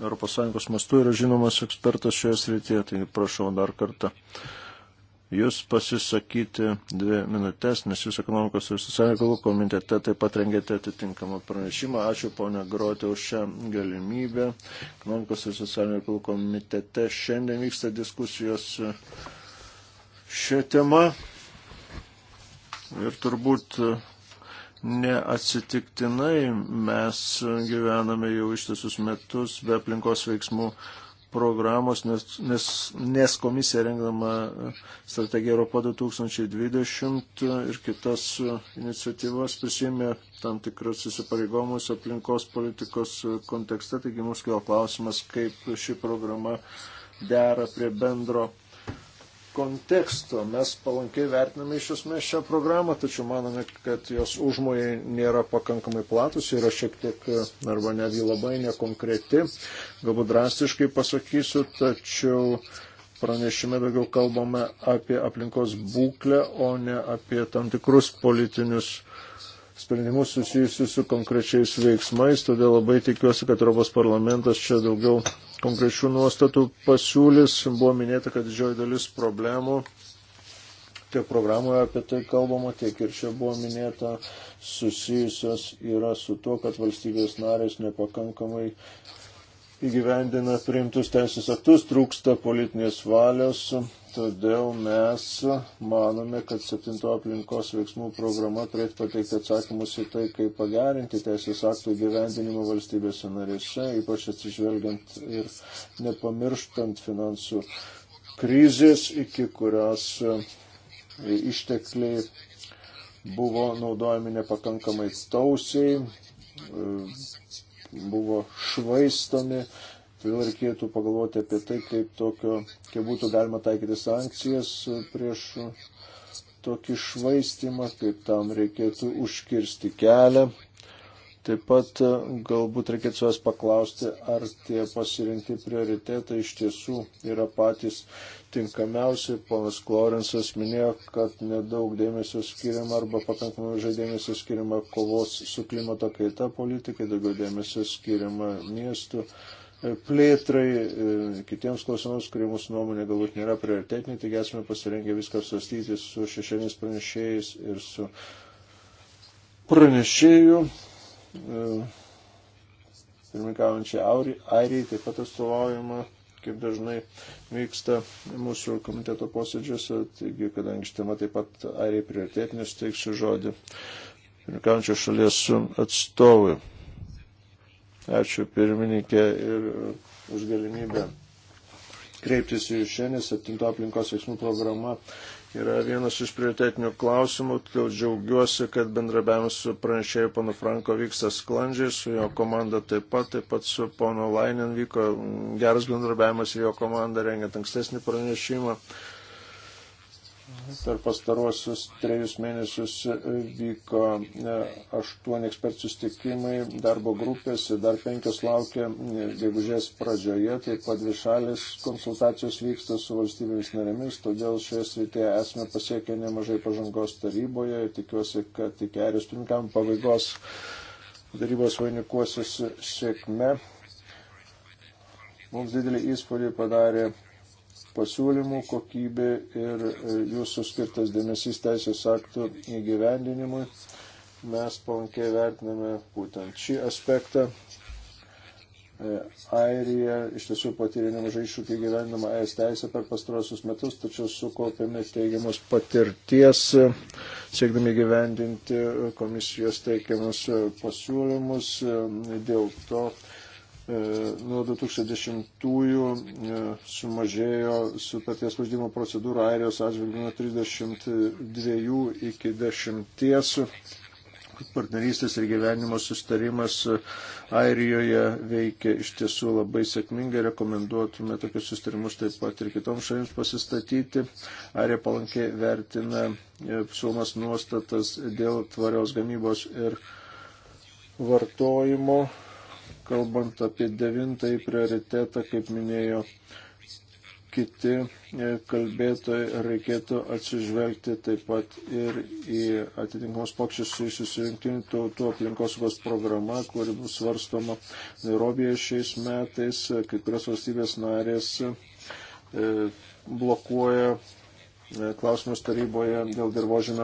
ES mastu yra žinomas ekspertas šioje srityje, taigi prašau dar kartą jūs pasisakyti dvi minutės, nes jūs ekonomikos ir socialinių komitete taip pat rengėte atitinkamą pranešimą. Ačiū ponia Grotė už šią galimybę. Ekonomikos ir socialinių reikalų komitete šiandien vyksta diskusijos šią temą ir turbūt neatsitiktinai mes gyvename jau ištisus metus be aplinkos veiksmų programos, nes, nes, nes komisija rengdama strategiją Europo 2020 ir kitas iniciatyvas prisėmė tam tikras įsipareigomus aplinkos politikos kontekste. Taigi mums kilo klausimas, kaip ši programa dera prie bendro konteksto. Mes palankiai vertiname iš esmės šią programą, tačiau manome, kad jos užmojai nėra pakankamai platus, yra šiek tiek e, arba netgi labai nekonkreti. Galbūt drastiškai pasakysiu, tačiau pranešime daugiau kalbame apie aplinkos būklę, o ne apie tam tikrus politinius sprendimus susijusius su konkrečiais veiksmais, todėl labai tikiuosi, kad Europos parlamentas čia daugiau konkrečių nuostatų pasiūlys. Buvo minėta, kad didžioji dalis problemų tiek programoje apie tai kalbama, tiek ir čia buvo minėta, susijusios yra su tuo, kad valstybės narės nepakankamai įgyvendina priimtus teisės aktus, trūksta politinės valios, todėl mes manome, kad septinto aplinkos veiksmų programa turėtų pateikti atsakymus į tai, kaip pagerinti teisės aktų įgyvendinimą valstybėse narėse, ypač atsižvelgiant ir nepamirštant finansų krizės, iki kurios e, ištekliai buvo naudojami nepakankamai tausiai e, buvo švaistomi. Todėl reikėtų pagalvoti apie tai, kaip, tokio, kaip būtų galima taikyti sankcijas prieš tokį švaistimą, kaip tam reikėtų užkirsti kelią. Taip pat e, galbūt reikėtų savęs paklausti, ar tie pasirinkti prioritetai iš tiesų yra patys tinkamiausi. Ponas Klorensas minėjo, kad nedaug dėmesio skiriama arba pakankamai mažai dėmesio skiriama kovos su klimato kaita politikai, daugiau dėmesio skiriama miestų e, plėtrai, e, kitiems klausimams, kurie mūsų nuomonė galbūt nėra prioritetiniai, taigi esame pasirengę viską svarstyti su šešėmis pranešėjais ir su pranešėjų pirmikaujančiai Airijai, taip pat atstovaujama, kaip dažnai vyksta mūsų komiteto posėdžiuose, taigi, kadangi ši tema taip pat Airijai prioritėtinis, teiksiu žodį pirmikaujančios šalies atstovui. Ačiū pirmininkė ir uh, už galimybę kreiptis į šiandien 7 aplinkos veiksmų programa yra vienas iš prioritetinių klausimų, todėl džiaugiuosi, kad bendrabiavimas su pranešėju ponu Franko vyksta sklandžiai, su jo komanda taip pat, taip pat su ponu Lainin vyko geras bendrabiavimas ir jo komanda rengiant ankstesnį pranešimą. Per pastaruosius trejus mėnesius vyko e, aštuoni ekspertų sustikimai darbo grupėse, dar penkios laukia e, gegužės pradžioje, taip pat dvi šalis konsultacijos vyksta su valstybėmis narėmis, todėl šioje srityje esame pasiekę nemažai pažangos taryboje, tikiuosi, kad iki eris trunkam pabaigos darybos vainikuosis sėkme. Mums didelį įspūdį padarė pasiūlymų kokybė ir e, jūsų skirtas dėmesys teisės aktų įgyvendinimui. Mes palankiai vertiname būtent šį aspektą. E, Airija iš tiesų patyrė nemažai iššūkį gyvenimą ES teisę per pastarosius metus, tačiau sukaupėme teigiamus patirties, e, siekdami gyvendinti komisijos teikiamus pasiūlymus. Dėl to E, nuo 2010-ųjų e, sumažėjo sutarties pažydimo procedūra Airijos atžvilgių nuo 32 iki 10. Partnerystės ir gyvenimo sustarimas Airijoje veikia iš tiesų labai sėkmingai, rekomenduotume tokius sustarimus taip pat ir kitoms šalims pasistatyti. Airija palankiai vertina e, suomas nuostatas dėl tvarios gamybos ir vartojimo kalbant apie devintąjį prioritetą, kaip minėjo kiti e, kalbėtojai, reikėtų atsižvelgti taip pat ir į atitinkamus pokščius susijusius rinktinių tautų aplinkosaugos programa, kuri bus svarstoma Nairobėje šiais metais. Kai kurios valstybės narės e, blokuoja E, klausimus taryboje dėl dirbožėmio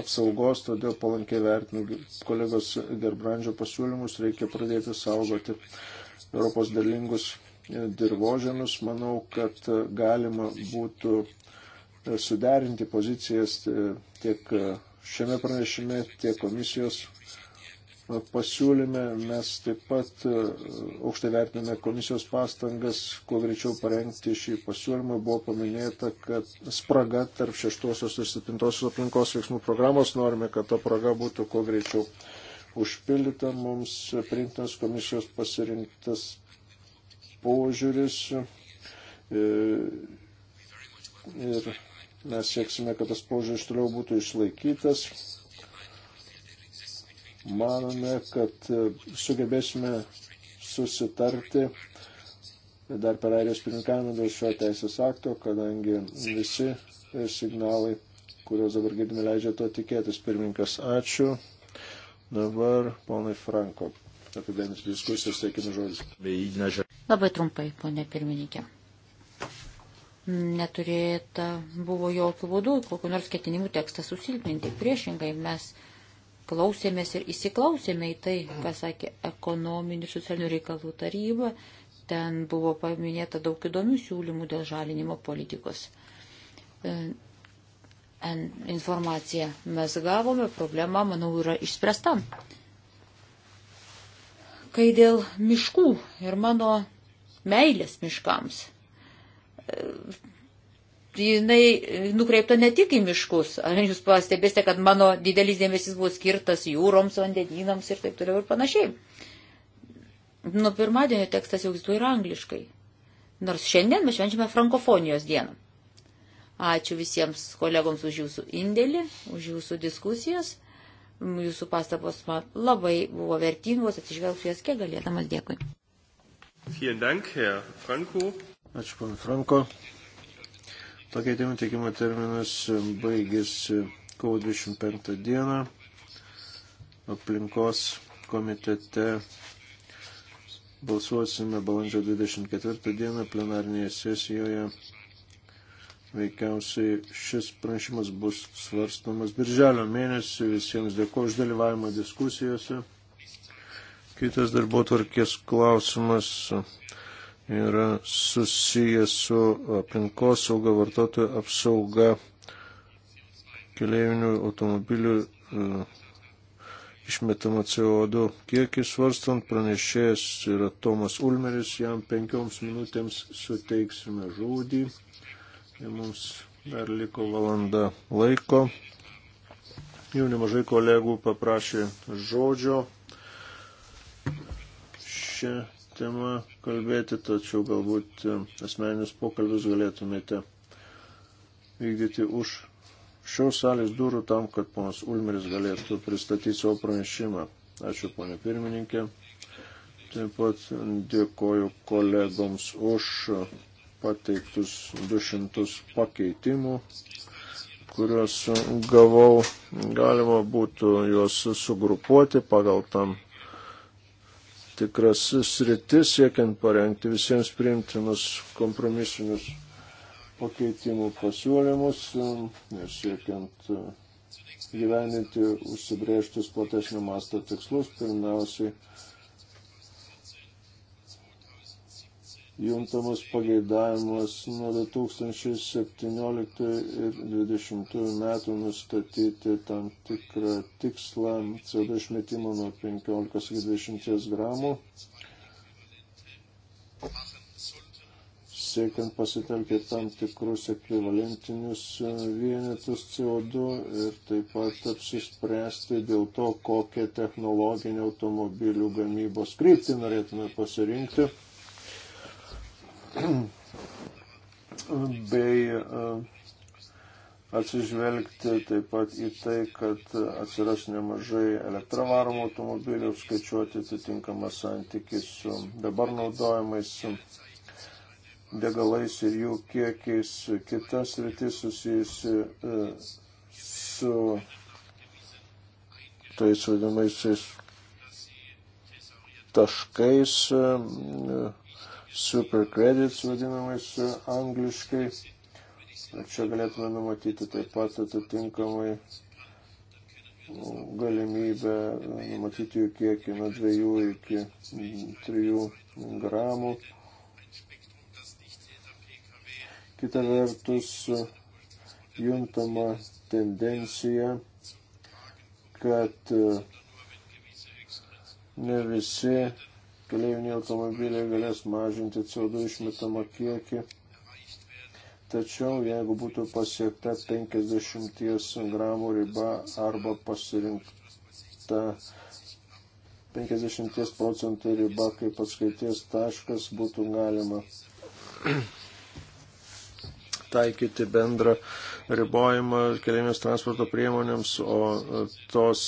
apsaugos, todėl palankiai vertinu kolegos Gerbrandžio pasiūlymus, reikia pradėti saugoti Europos derlingus e, dirbožėmius. Manau, kad e, galima būtų suderinti pozicijas tiek šiame pranešime, tiek komisijos pasiūlyme mes taip pat e, aukštai vertiname komisijos pastangas, kuo greičiau parengti šį pasiūlymą. Buvo paminėta, kad spraga tarp šeštosios ir septintosios aplinkos veiksmų programos norime, kad ta spraga būtų kuo greičiau užpildyta. Mums priimtas komisijos pasirinktas požiūris. E, ir mes sieksime, kad tas požiūris toliau būtų išlaikytas manome, kad e, sugebėsime susitarti dar per airijos pirmininkavimą dėl šio teisės akto, kadangi visi signalai, kuriuos dabar girdime, leidžia to tikėtis. Pirmininkas, ačiū. Dabar ponai Franko. Apibendrinti diskusijas, teikime žodžius. Labai trumpai, ponė pirmininkė. Neturėta buvo jokių būdų, kokiu nors ketinimu tekstą susilpninti. Priešingai mes klausėmės ir įsiklausėme į tai, ką sakė ekonominių socialinių reikalų taryba. Ten buvo paminėta daug įdomių siūlymų dėl žalinimo politikos. E, informaciją mes gavome, problema, manau, yra išspręsta. Kai dėl miškų ir mano meilės miškams e, jinai e, nukreipta ne tik į miškus. Ar jūs pastebėsite, kad mano didelis dėmesys buvo skirtas jūroms, vandenynams ir taip toliau ir panašiai. Nuo pirmadienio tekstas jau egzistuoja ir angliškai. Nors šiandien mes švenčiame frankofonijos dieną. Ačiū visiems kolegoms už jūsų indėlį, už jūsų diskusijas. Jūsų pastabos man labai buvo vertingos, atsižvelgsiu jas kiek galėdamas. Dėkui. Dank, Ačiū, pana Franko. Pakeitimų teikimo terminas baigėsi kovo 25 dieną. Aplinkos komitete balsuosime balandžio 24 dieną plenarinėje sesijoje. Veikiausiai šis pranešimas bus svarstamas birželio mėnesį. Visiems dėkuoju už dalyvavimą diskusijose. Kitas darbo tvarkės klausimas yra susijęs su aplinkos sauga, vartotojų apsauga, keliaivinių automobilių e, išmetamo CO2 kiekį svarstant, pranešėjas yra Tomas Ulmeris, jam penkioms minutėms suteiksime žodį. Ir mums dar liko valanda laiko. Jau nemažai kolegų paprašė žodžio šią tema kalbėti, tačiau galbūt e, asmeninius pokalbius galėtumėte vykdyti už šios salės durų tam, kad ponas Ulmeris galėtų pristatyti savo pranešimą. Ačiū, ponė pirmininkė. Taip pat dėkoju kolegoms už pateiktus 200 pakeitimų, kuriuos gavau. Galima būtų juos sugrupuoti pagal tam tikras sritis, siekiant parengti visiems priimtinus kompromisinius pakeitimų pasiūlymus, siekiant e, gyveninti užsibrėžtus platesnio masto tikslus, pirmiausiai juntamas pageidavimas nuo 2017 ir 2020 metų nustatyti tam tikrą tikslą CO2 išmetimo nuo 15 iki 20 gramų, siekiant pasitelkti tam tikrus ekvivalentinius vienetus CO2 ir taip pat apsispręsti dėl to, kokią technologinę automobilių gamybos kryptį norėtume pasirinkti bei e, atsižvelgti taip pat į tai, kad atsiras nemažai elektravaromų automobilių, skaičiuoti atitinkamą santykį su dabar naudojamais degalais ir jų kiekiais. Kitas rytis susijusi e, su tais vadinamaisiais taškais e, supercredits vadinamais e, angliškai. Ir čia galėtume numatyti taip pat atitinkamai mm, galimybę e, numatyti jų kiekį nuo 2 iki 3 mm, gramų. Kita vertus, e, juntama tendencija, kad ne visi keleiviniai automobiliai galės mažinti CO2 išmetamą kiekį. Tačiau jeigu būtų pasiekta 50 gramų riba arba pasirinkta 50 procentų riba kaip atskaities taškas, būtų galima taikyti bendrą ribojimą keliamis transporto priemonėms, o tos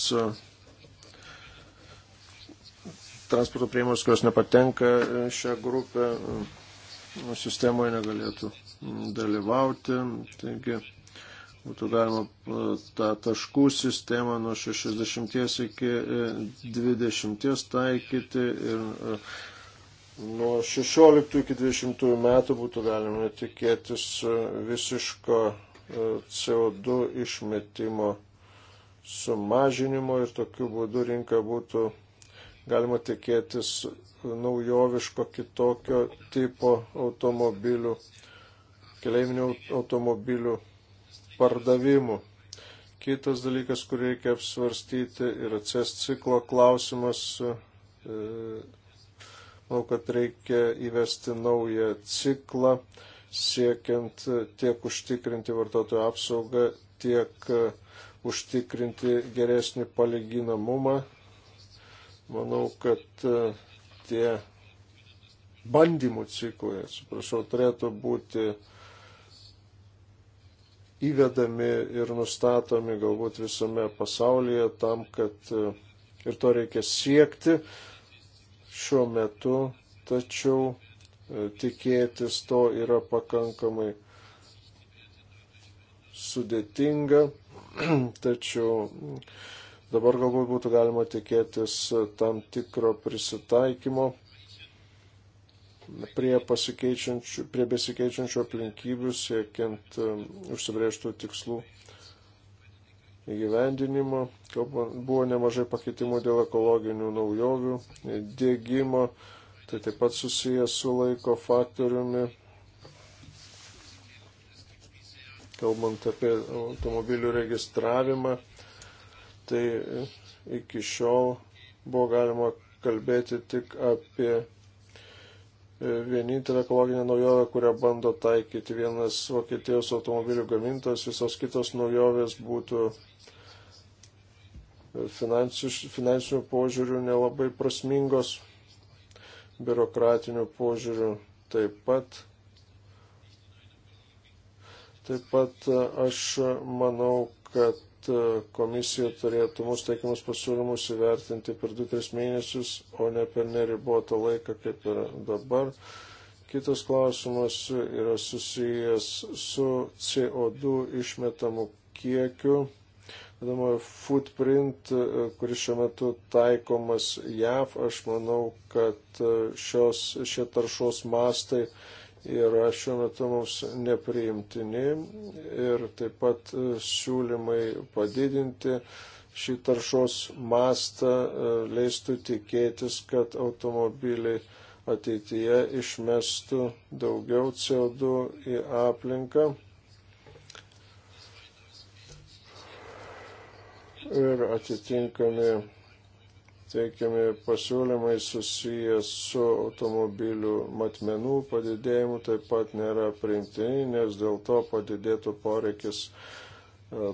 transporto priemonės, kurios nepatenka e, šią grupę e, sistemoje negalėtų dalyvauti. Taigi būtų galima e, tą taškų sistemą nuo 60 iki 20 taikyti ir nuo 16 iki 20 metų būtų galima tikėtis visiško CO2 išmetimo sumažinimo ir tokiu būdu rinka būtų galima tikėtis naujoviško kitokio tipo automobilių, keleivinių automobilių pardavimų. Kitas dalykas, kurį reikia apsvarstyti, yra CES ciklo klausimas. E, manau, kad reikia įvesti naują ciklą, siekiant tiek užtikrinti vartotojų apsaugą, tiek užtikrinti geresnį palyginamumą Manau, kad e, tie bandymų ciklai, atsiprašau, turėtų būti įvedami ir nustatomi galbūt visame pasaulyje tam, kad e, ir to reikia siekti šiuo metu, tačiau e, tikėtis to yra pakankamai sudėtinga, tačiau Dabar galbūt būtų galima tikėtis tam tikro prisitaikymo prie, prie besikeičiančių aplinkybių, siekiant um, užsibrėžtų tikslų įgyvendinimo. Buvo nemažai pakeitimų dėl ekologinių naujovių, dėgymo, tai taip pat susijęs su laiko faktoriumi. Kalbant apie automobilių registravimą, tai e, iki šiol buvo galima kalbėti tik apie e, vienintelę ekologinę naujovę, kurią bando taikyti vienas Vokietijos automobilių gamintojas, visos kitos naujovės būtų e, finansinių požiūrių nelabai prasmingos, biurokratinių požiūrių taip pat. Taip pat aš manau, kad E, komisija turėtų mūsų teikiamus pasiūlymus įvertinti per 2-3 mėnesius, o ne per neribotą laiką kaip ir dabar. Kitas klausimas yra susijęs su CO2 išmetamu kiekiu, vadinamojo footprint, e, kuris šiuo metu taikomas JAV. Aš manau, kad e, šios, šie taršos mastai yra šiuo metu mums nepriimtini ir taip pat e, siūlymai padidinti šį taršos mastą e, leistų tikėtis, kad automobiliai ateityje išmestų daugiau CO2 į aplinką. Ir atitinkami teikiami pasiūlymai susijęs su automobilių matmenų padidėjimu taip pat nėra priimtini, nes dėl to padidėtų poreikis e,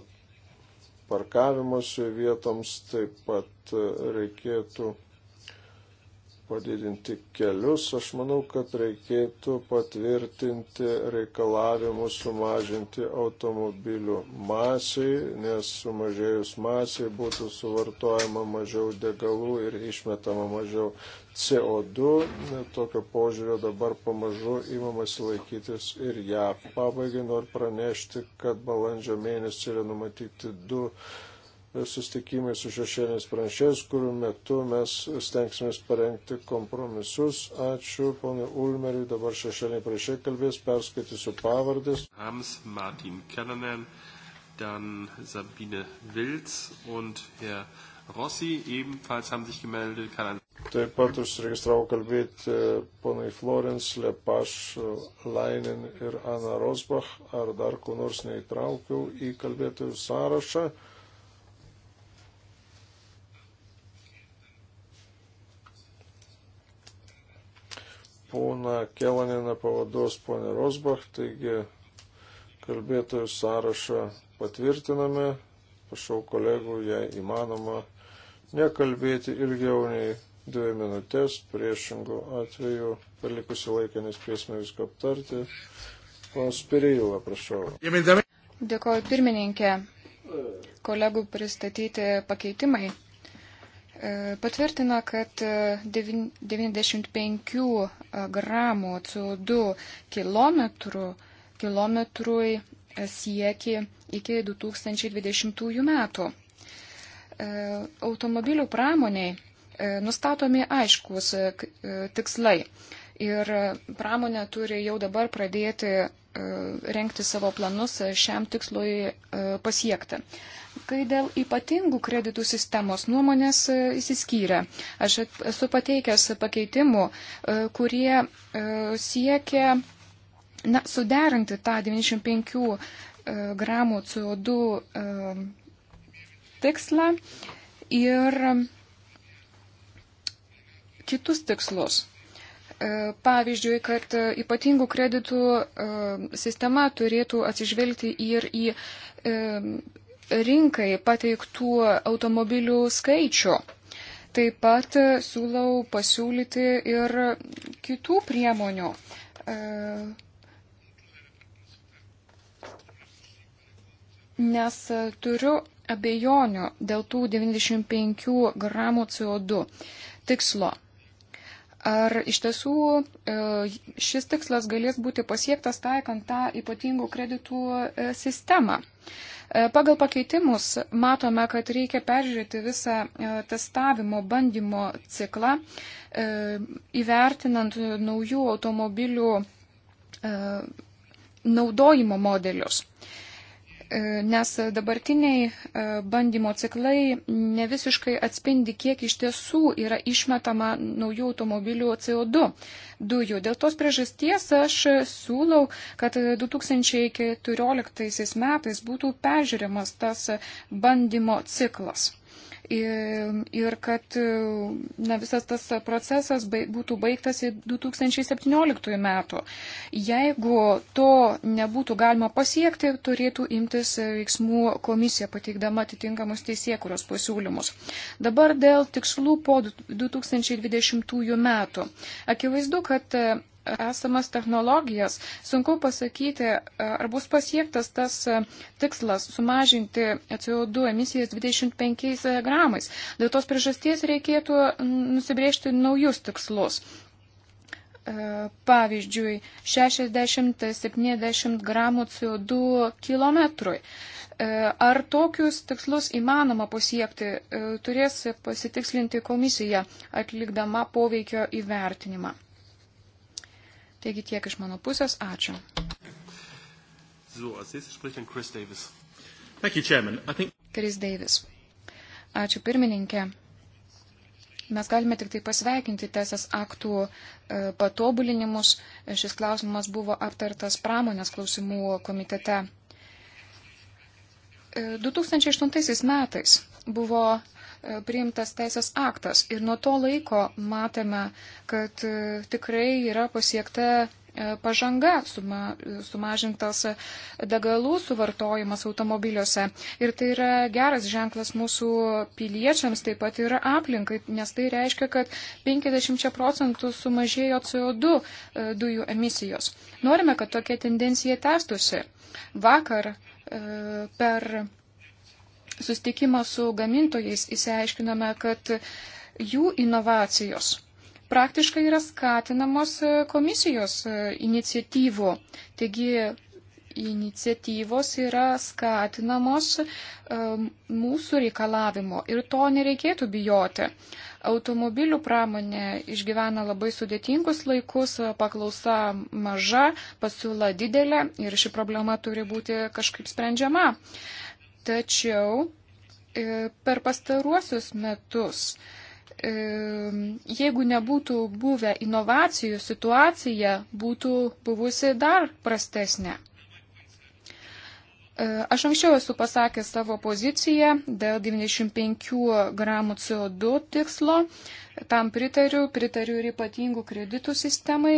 parkavimosi vietoms, taip pat e, reikėtų padidinti kelius, aš manau, kad reikėtų patvirtinti reikalavimus sumažinti automobilių masiai, nes sumažėjus masiai būtų suvartojama mažiau degalų ir išmetama mažiau CO2. Tokio požiūrio dabar pamažu įmamasi laikytis ir ją. Pabaigai noriu pranešti, kad balandžio mėnesį yra numatyti du sustikimai su šešėlės pranešėjais, kurių metu mes stengsimės parengti kompromisus. Ačiū, ponai Ulmeriui, dabar šešėlė pranešėjai kalbės, perskaitysiu pavardės. Hams Martin Kellenen, dann Sabine Wilz und Herr Rossi, ebenfalls haben sich gemeldet. Kann... Taip pat užsiregistravo kalbėti eh, ponai Florence, Lepaš, Lainin ir Ana Rosbach, ar dar kuo nors neįtraukiau į kalbėtojų sąrašą. pona Kelanina pavaduos ponė Rosbach, taigi kalbėtojų sąrašą patvirtiname. Prašau kolegų, jei įmanoma, nekalbėti ilgiau nei dvi minutės, priešingų atveju per likusį laiką nespėsime visko aptarti. Ponas Pireilą, prašau. Dėkoju pirmininkė. Kolegų pristatyti pakeitimai E, patvirtina, kad 95 e, e, gramų CO2 kilometrų, kilometrui sieki iki 2020 metų. Automobilių pramoniai nustatomi aiškus tikslai ir pramonė turi jau dabar pradėti e, renkti savo planus šiam tikslui e, pasiekti. Kai dėl ypatingų kreditų sistemos nuomonės įsiskyrė, e, aš esu pateikęs pakeitimų, kurie siekia na, suderinti tą 95 gramų CO2 tikslą ir kitus tikslus. E, pavyzdžiui, kad e, ypatingų kreditų e, sistema turėtų atsižvelgti ir į rinkai pateiktų automobilių skaičių. Taip pat siūlau pasiūlyti ir kitų priemonių. Nes turiu abejonių dėl tų 95 gramų CO2 tikslo. Ar iš tiesų e, šis tikslas galės būti pasiektas taikant tą ypatingų kreditų e, sistemą? E, pagal pakeitimus matome, kad reikia peržiūrėti visą testavimo bandymo ciklą, įvertinant naujų automobilių naudojimo modelius. E, nes dabartiniai e, bandymo ciklai ne visiškai atspindi, kiek iš tiesų yra išmetama naujų automobilių CO2 dujų. Dėl tos priežasties aš siūlau, kad 2014 metais būtų peržiūrimas tas bandymo ciklas ir, ir kad na, visas tas procesas baig, būtų baigtas 2017 metų. Jeigu to nebūtų galima pasiekti, turėtų imtis veiksmų komisija pateikdama atitinkamus teisėkuros pasiūlymus. Dabar dėl tikslų po 2020 metų. Akivaizdu, kad esamas technologijas. Sunku pasakyti, ar bus pasiektas tas e, tikslas sumažinti CO2 emisijas 25 e, gramais. Dėl tos priežasties reikėtų nusibriežti naujus tikslus e, pavyzdžiui, 60-70 gramų CO2 kilometrui. Ar tokius tikslus įmanoma pasiekti, turės pasitikslinti komisija atlikdama poveikio įvertinimą. Taigi tiek iš mano pusės. Ačiū. Chris Davis. Ačiū pirmininkė. Mes galime tik tai pasveikinti teisės aktų e, patobulinimus. Šis klausimas buvo aptartas pramonės klausimų komitete. 2008 e, metais buvo priimtas teisės aktas. Ir nuo to laiko matėme, kad e, tikrai yra pasiekta e, pažanga, suma, sumažintas degalų suvartojimas automobiliuose. Ir tai yra geras ženklas mūsų piliečiams, taip pat ir aplinkai, nes tai reiškia, kad 50 procentų sumažėjo CO2 e, dujų emisijos. Norime, kad tokia tendencija tęstusi. Vakar per sustikimą su gamintojais įsiaiškinome, kad jų inovacijos praktiškai yra skatinamos komisijos e, iniciatyvų. Taigi iniciatyvos yra skatinamos e, mūsų reikalavimo ir to nereikėtų bijoti. Automobilių pramonė išgyvena labai sudėtingus laikus, e, paklausa maža, pasiūla didelė ir ši problema turi būti kažkaip sprendžiama. Tačiau e, per pastaruosius metus, e, jeigu nebūtų buvę inovacijų, situacija būtų buvusi dar prastesnė. E, aš anksčiau esu pasakęs savo poziciją dėl 95 gramų CO2 tikslo. Tam pritariu, pritariu ir ypatingų kreditų sistemai,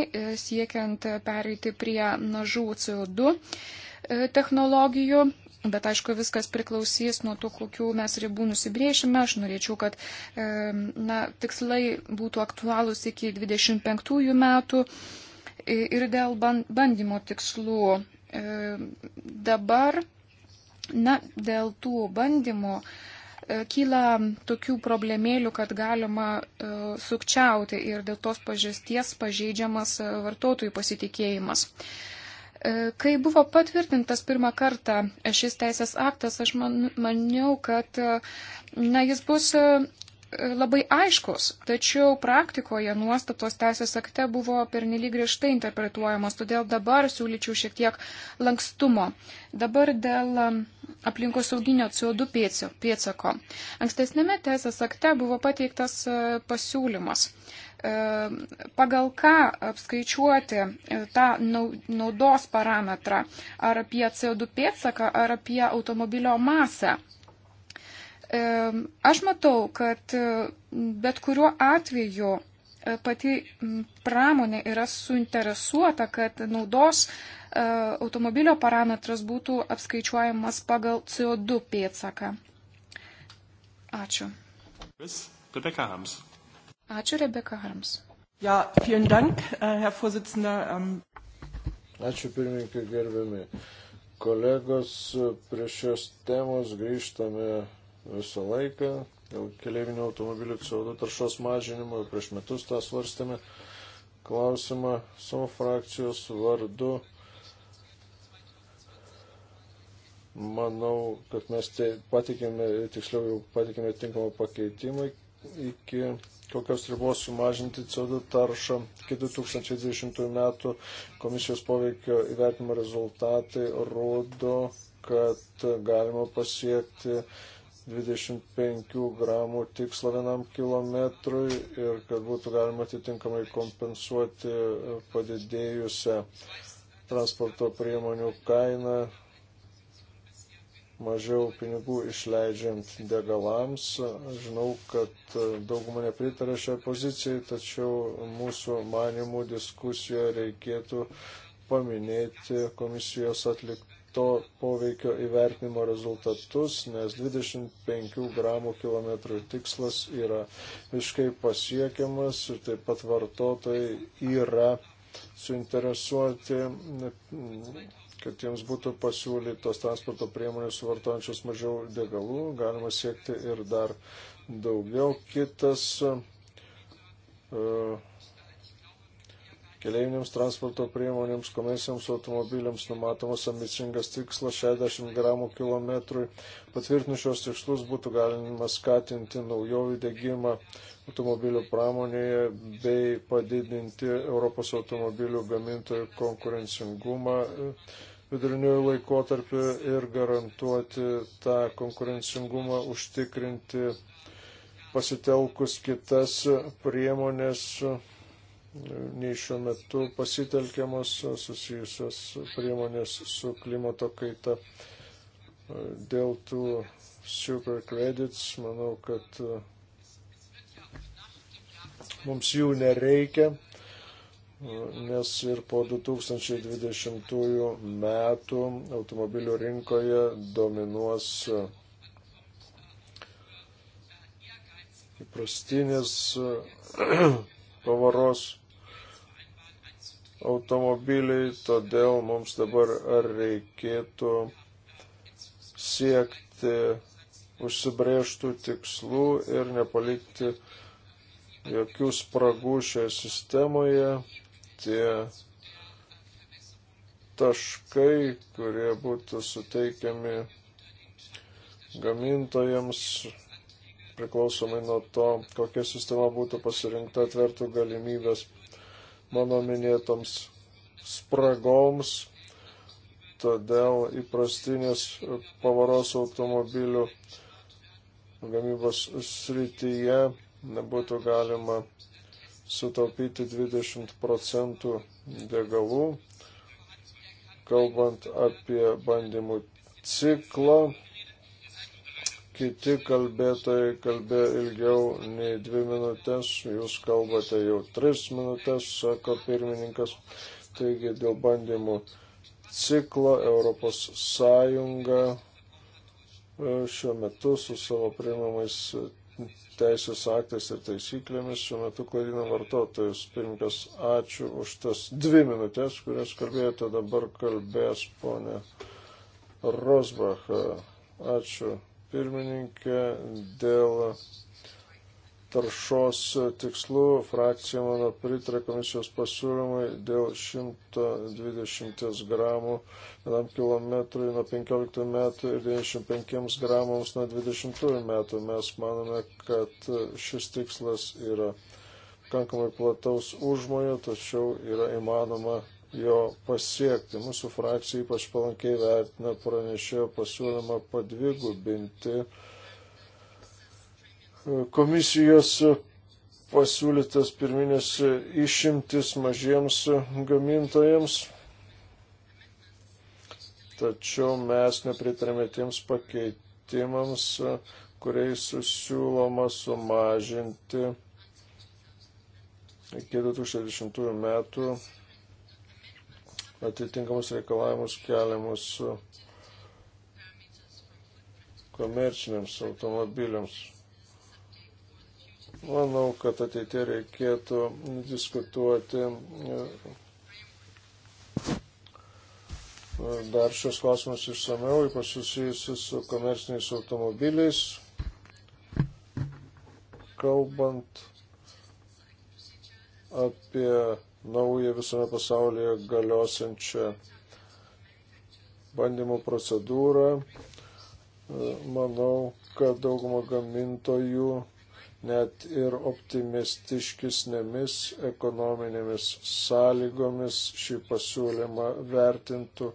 siekiant pereiti prie mažų CO2 technologijų Bet aišku, viskas priklausys nuo to, kokių mes ribų nusibriešime. Aš norėčiau, kad na, tikslai būtų aktualūs iki 25 metų ir dėl bandymo tikslų. Dabar, na, dėl tų bandymų e, kyla tokių problemėlių, kad galima e, sukčiauti ir dėl tos pažasties pažeidžiamas e, vartotojų pasitikėjimas. E, kai buvo patvirtintas pirmą kartą šis teisės aktas, aš man, maniau, kad e, na, jis bus e, labai aiškus, tačiau praktikoje nuostatos teisės akte buvo pernelyg griežtai interpretuojamos, todėl dabar siūlyčiau šiek tiek lankstumo. Dabar dėl um, aplinkos sauginio CO2 pėtsako. Ankstesnėme teisės akte buvo pateiktas e, pasiūlymas, e, pagal ką apskaičiuoti e, tą naudos parametrą, ar apie CO2 pėtsaką, ar apie automobilio masę. Aš matau, kad e, bet kuriuo atveju e, pati pramonė yra suinteresuota, kad naudos e, automobilio parametras būtų apskaičiuojamas pagal CO2 pėtsaką. Ačiū. Rebecca Harms. Ačiū, Rebecca Harms. Ja, vielen Dank, äh, Herr Vorsitzender. Ähm, Ačiū, pirmininkai, gerbiami kolegos. Prie šios temos grįžtame visą laiką dėl keliaivinių automobilių CO2 taršos mažinimo. Prieš metus tą svarstėme klausimą savo frakcijos vardu. Manau, kad mes tai patikėme, tiksliau jau patikėme tinkamą pakeitimą iki kokios ribos sumažinti CO2 taršą. Iki 2020 metų komisijos poveikio įvertimo rezultatai rodo, kad galima pasiekti 25 gramų tikslo vienam kilometrui ir kad būtų galima atitinkamai kompensuoti padidėjusią transporto priemonių kainą, mažiau pinigų išleidžiant degalams. Žinau, kad dauguma nepritarė šiai pozicijai, tačiau mūsų manimų diskusijoje reikėtų paminėti komisijos atliktą to poveikio įvertinimo rezultatus, nes 25 gramų kilometrų tikslas yra visiškai pasiekiamas ir taip pat vartotojai yra suinteresuoti, kad jiems būtų pasiūlytos transporto priemonės suvartojančios mažiau degalų, galima siekti ir dar daugiau. Kitas uh, Keleiviniams transporto priemonėms, komersiams automobiliams numatomas ambicingas tikslas 60 gramų kilometrui. Patvirtinus šios tikslus būtų galima skatinti naujovių dėgymą automobilių pramonėje bei padidinti Europos automobilių gamintojų konkurencingumą viduriniojų laikotarpių ir garantuoti tą konkurencingumą užtikrinti pasitelkus kitas priemonės nei šiuo metu pasitelkiamos susijusios priemonės su klimato kaita. Dėl tų super credits, manau, kad e, mums jų nereikia, e, nes ir po 2020 metų automobilių rinkoje dominuos e, įprastinės pavaros automobiliai, todėl mums dabar reikėtų siekti užsibrėžtų tikslų ir nepalikti jokių spragų šioje sistemoje. Tie taškai, kurie būtų suteikiami gamintojams, priklausomai nuo to, kokia sistema būtų pasirinkta, atvertų galimybės mano minėtoms spragoms, todėl įprastinės pavaros automobilių gamybos srityje nebūtų galima sutaupyti 20 procentų degalų. Kalbant apie bandymų ciklą, kiti kalbėtojai kalbėjo ilgiau nei dvi minutės, jūs kalbate jau tris minutės, sako pirmininkas. Taigi dėl bandymų ciklo Europos Sąjunga e, šiuo metu su savo priimamais teisės aktais ir taisyklėmis šiuo metu klaidina vartotojus. Pirmininkas, ačiū už tas dvi minutės, kurias kalbėjote, dabar kalbės ponė Rosbach. Ačiū pirmininkė, dėl taršos tikslų frakcija mano pritarė komisijos pasiūlymui dėl 120 gramų vienam kilometrui nuo 15 metų ir 95 gramams nuo 20 metų. Mes manome, kad šis tikslas yra pakankamai plataus užmojo, tačiau yra įmanoma jo pasiekti. Mūsų frakcija ypač palankiai vertina pranešėjo pasiūlymą padvigubinti e, komisijos pasiūlytas pirminės išimtis mažiems gamintojams. Tačiau mes nepritarėme tiems pakeitimams, kuriais siūloma sumažinti iki 2010 metų atitinkamus reikalavimus keliamus komerciniams automobiliams. Manau, kad ateitie reikėtų diskutuoti e, dar šios klausimus išsameu, ypač susijusius su komerciniais automobiliais. Kalbant apie naują visame pasaulyje galiosančią bandymų procedūrą. Manau, kad dauguma gamintojų net ir optimistiškisnėmis ekonominėmis sąlygomis šį pasiūlymą vertintų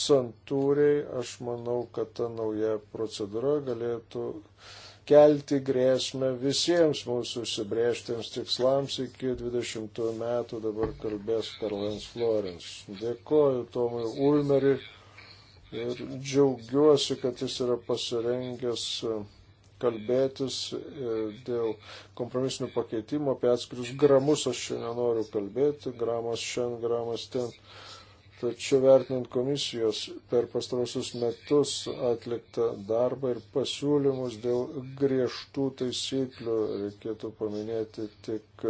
santūriai. Aš manau, kad ta nauja procedūra galėtų uh, kelti grėsmę visiems mūsų užsibrėžtiems tikslams iki 20 metų, dabar kalbės Karlens Florens. Dėkoju Tomui Ulmeriui ir džiaugiuosi, kad jis yra pasirengęs kalbėtis e, dėl kompromisinių pakeitimų apie atskirius gramus, aš čia nenoriu kalbėti, gramas šiandien, gramas ten. Tačiau vertinant komisijos per pastarosius metus atliktą darbą ir pasiūlymus dėl griežtų taisyklių reikėtų paminėti tik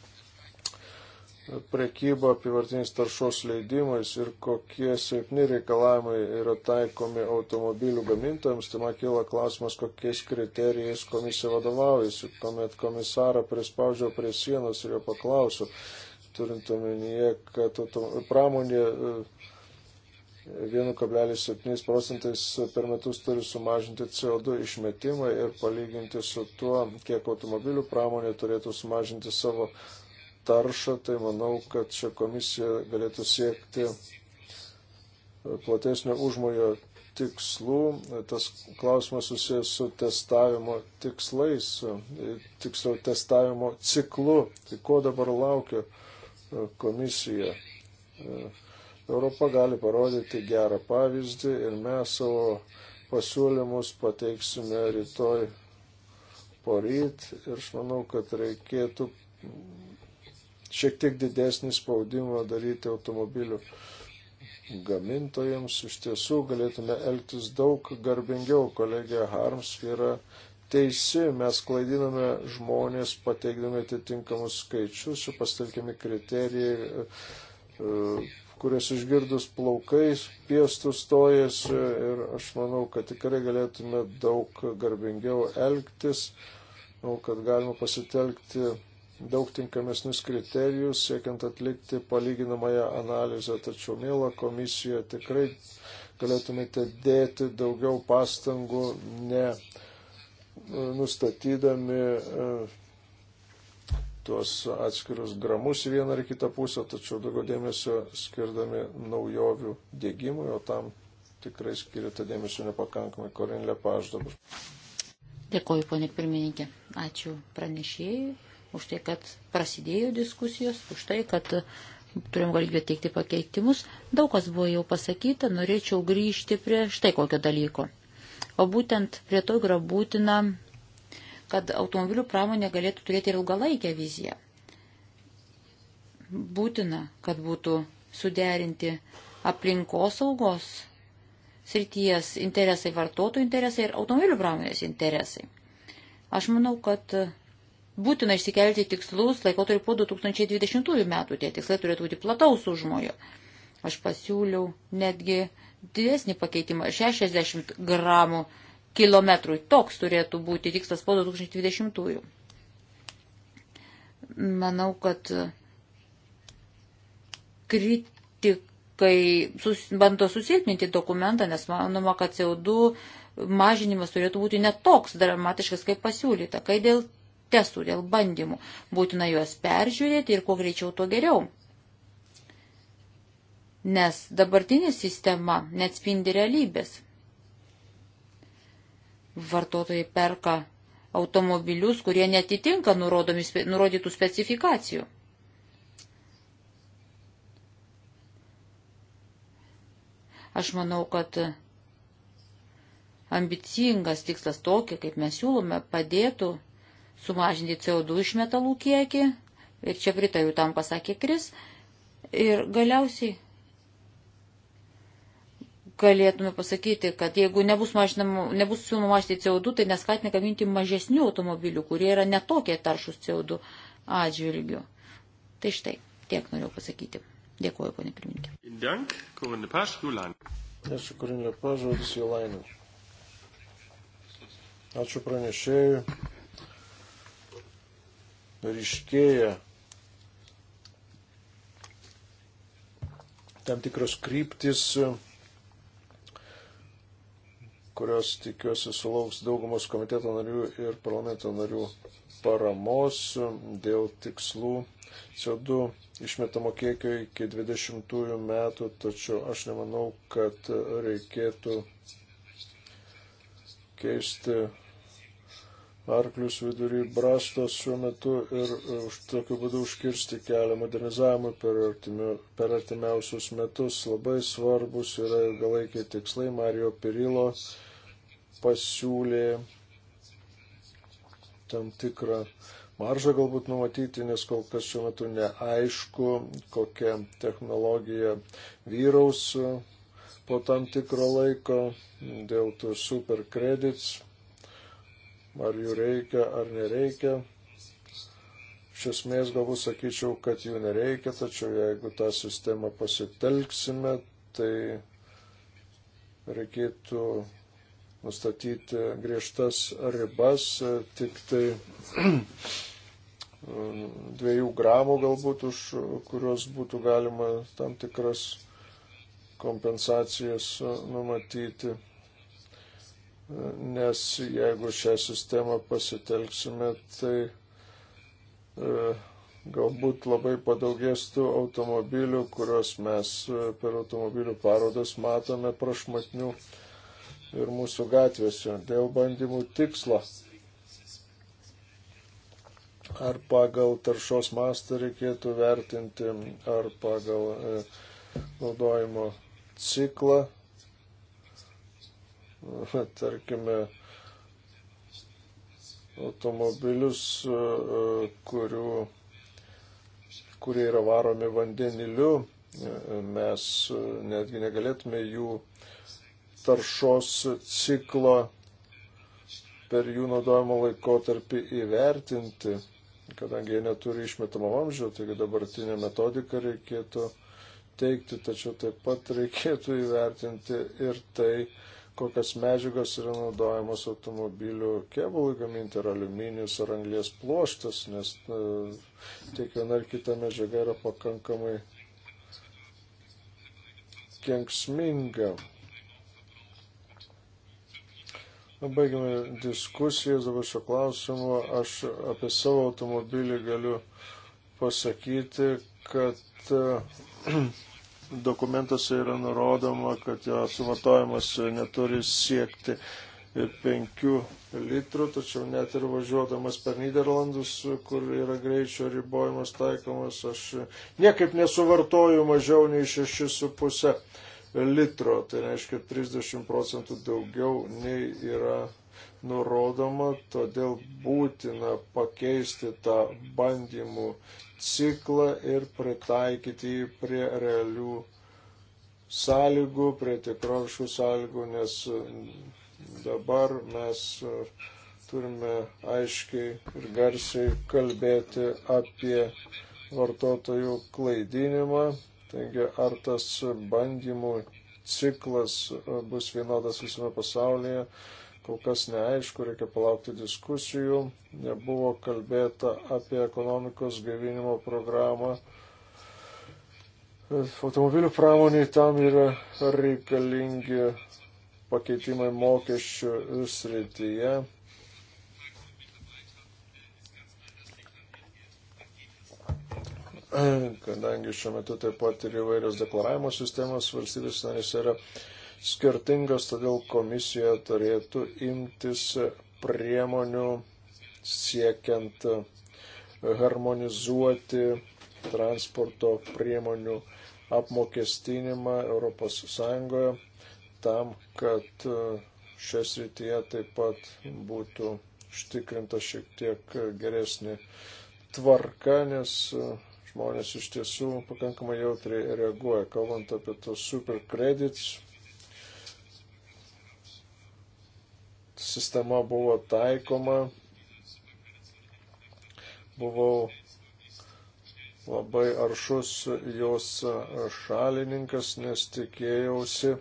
prekybą apivartiniais taršos leidimais ir kokie silpni reikalavimai yra taikomi automobilių gamintojams, tai man kyla klausimas, kokiais kriterijais komisija vadovaujasi, kuomet komisarą prispaudžiau prie sienos ir jo paklausiau, turint omenyje, kad pramonė 1,7 e, procentais per metus turi sumažinti CO2 išmetimą ir palyginti su tuo, kiek automobilių pramonė turėtų sumažinti savo taršą, tai manau, kad šią komisiją galėtų siekti e, platesnio užmojo tikslų. Tas klausimas susijęs su testavimo tikslais, e, tiksliau testavimo ciklu. Tai ko dabar laukia komisija. Europa gali parodyti gerą pavyzdį ir mes savo pasiūlymus pateiksime rytoj poryt ir aš manau, kad reikėtų šiek tiek didesnį spaudimą daryti automobilių gamintojams. Iš tiesų galėtume elgtis daug garbingiau. Kolegė Harms yra teisi, mes klaidiname žmonės pateikdami atitinkamus skaičius, pasitelkiami kriterijai, e, kurias išgirdus plaukais, piestų stojasi ir aš manau, kad tikrai galėtume daug garbingiau elgtis, manau, kad galima pasitelkti daug tinkamesnius kriterijus, siekiant atlikti palyginamąją analizę, tačiau mėla komisija tikrai galėtumėte dėti daugiau pastangų ne nustatydami e, tuos atskirus gramus į vieną ar kitą pusę, tačiau daugiau dėmesio skirdami naujovių dėgymui, o tam tikrai skiriate dėmesio nepakankamai. Korin Lepaž dabar. Dėkoju, ponė pirmininkė. Ačiū pranešėjai už tai, kad prasidėjo diskusijos, už tai, kad turim galimybę teikti pakeitimus. Daug kas buvo jau pasakyta, norėčiau grįžti prie štai kokio dalyko. O būtent prie to yra būtina, kad automobilių pramonė galėtų turėti ir ilgalaikę viziją. Būtina, kad būtų suderinti aplinkosaugos srities interesai, vartotojų interesai ir automobilių pramonės interesai. Aš manau, kad būtina išsikelti tikslus laikotarpį po 2020 metų. Tie tikslai turėtų būti plataus užmojo. Aš pasiūliau netgi didesnį pakeitimą - 60 gramų kilometrui. Toks turėtų būti tikslas po 2020. -ųjų. Manau, kad kritikai sus, bando susilpninti dokumentą, nes manoma, kad CO2 mažinimas turėtų būti netoks dramatiškas, kaip pasiūlyta, kai dėl testų, dėl bandymų būtina juos peržiūrėti ir kuo greičiau, tuo geriau nes dabartinė sistema neatspindi realybės. Vartotojai perka automobilius, kurie netitinka nurodomi, nurodytų specifikacijų. Aš manau, kad ambicingas tikslas tokį, kaip mes siūlome, padėtų sumažinti CO2 išmetalų kiekį. Ir čia pritariu tam pasakė Kris. Ir galiausiai galėtume pasakyti, kad jeigu nebus, mažinam, nebus siūloma mažinti CO2, tai neskatina gaminti mažesnių automobilių, kurie yra netokie taršus CO2 atžvilgių. Tai štai, tiek norėjau pasakyti. Dėkuoju, ponė pirmininkė. Dank, Korinne Paš, Julan. Ačiū, Korinne Paš, žodis Julanai. Ačiū pranešėjui. Ryškėja tam tikros kryptis kurios tikiuosi sulauks daugumos komiteto narių ir parlamento narių paramos dėl tikslų CO2 išmetamo kiekio iki 20 metų, tačiau aš nemanau, kad reikėtų keisti arklius vidury brastos šiuo metu ir e, už tokiu būdu užkirsti kelią modernizavimui per, artimi, per artimiausius metus. Labai svarbus yra ilgalaikiai tikslai Mario Pirilo pasiūlė tam tikrą maržą galbūt numatyti, nes kol kas šiuo metu neaišku, kokia technologija vyraus po tam tikro laiko dėl tų superkredits, ar jų reikia ar nereikia. Iš esmės galbūt sakyčiau, kad jų nereikia, tačiau jeigu tą sistemą pasitelksime, tai reikėtų nustatyti griežtas ribas, e, tik tai um, dviejų gramų galbūt, už kuriuos būtų galima tam tikras kompensacijas e, numatyti. E, nes jeigu šią sistemą pasitelksime, tai galbūt labai padaugės tų automobilių, kuriuos mes per automobilių parodas matome prašmatnių ir mūsų gatvėse dėl bandymų tikslo. Ar pagal taršos mastą reikėtų vertinti, ar pagal e, naudojimo ciklą, tarkime, automobilius, e, e, kurių, kurie yra varomi vandeniliu, e, mes netgi negalėtume jų uh, taršos ciklo per jų naudojimo laikotarpį įvertinti, kadangi jie neturi išmetamo amžio, taigi dabartinę metodiką reikėtų teikti, tačiau taip pat reikėtų įvertinti ir tai, kokias medžiagas yra naudojamos automobilių kėbului gaminti, ar aliuminis, ar anglės pluoštas, nes e, tiek viena ar kita medžiaga yra pakankamai kenksminga. Baigiame diskusijas dabar šio klausimu. Aš apie savo automobilį galiu pasakyti, kad dokumentuose yra nurodoma, kad jo suvartojimas neturi siekti 5 litrų, tačiau net ir važiuodamas per Niderlandus, kur yra greičio ribojimas taikomas, aš niekaip nesuvartoju mažiau nei 6,5 litro, tai reiškia 30 procentų daugiau nei yra nurodoma, todėl būtina pakeisti tą bandymų ciklą ir pritaikyti jį prie realių sąlygų, prie tikroviškų sąlygų, nes dabar mes turime aiškiai ir garsiai kalbėti apie vartotojų klaidinimą, Taigi, ar tas bandymų ciklas e, bus vienodas visame pasaulyje, kol kas neaišku, reikia palaukti diskusijų. Nebuvo kalbėta apie ekonomikos gaivinimo programą. E, automobilių pramoniai tam yra reikalingi pakeitimai mokesčių srityje kadangi šiuo metu taip pat ir įvairios deklaravimo sistemos valstybės narėse yra skirtingos, todėl komisija turėtų imtis priemonių siekiant harmonizuoti transporto priemonių apmokestinimą ES tam, kad šią srityje taip pat būtų užtikrinta šiek tiek geresnė tvarka, nes žmonės iš tiesų pakankamai jautriai reaguoja. Kalbant apie tos super credits, sistema buvo taikoma, buvau labai aršus jos šalininkas, nes tikėjausi,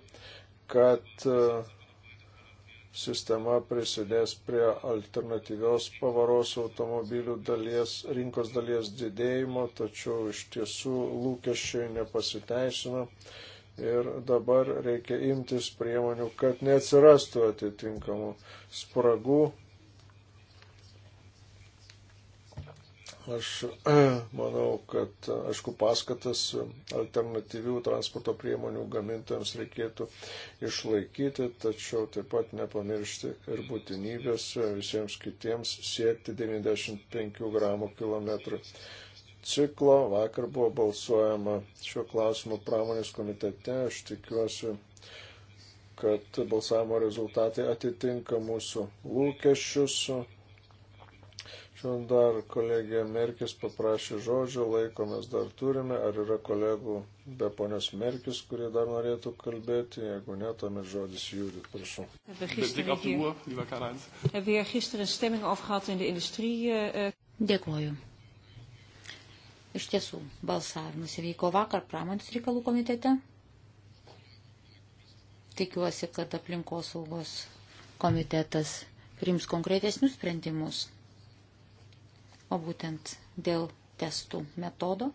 kad uh, sistema prisidės prie alternatyvios pavaros automobilių dalies, rinkos dalies didėjimo, tačiau iš tiesų lūkesčiai nepasiteisino ir dabar reikia imtis priemonių, kad neatsirastų atitinkamų spragų Aš manau, kad, aišku, paskatas alternatyvių transporto priemonių gamintojams reikėtų išlaikyti, tačiau taip pat nepamiršti ir būtinybės visiems kitiems siekti 95 gramų kilometrų ciklo. Vakar buvo balsuojama šiuo klausimu pramonės komitete. Aš tikiuosi, kad balsavimo rezultatai atitinka mūsų lūkesčius Šiandien dar kolegija Merkis paprašė žodžio, laiko mes dar turime. Ar yra kolegų be ponios Merkis, kurie dar norėtų kalbėti? Jeigu ne, tuomet žodis Judit, prašau. Eh, eh. Dėkuoju. Iš tiesų, balsavimas įvyko vakar pramonės reikalų komitete. Tikiuosi, kad aplinkosaugos komitetas priims konkretesnius sprendimus o būtent dėl testų metodo.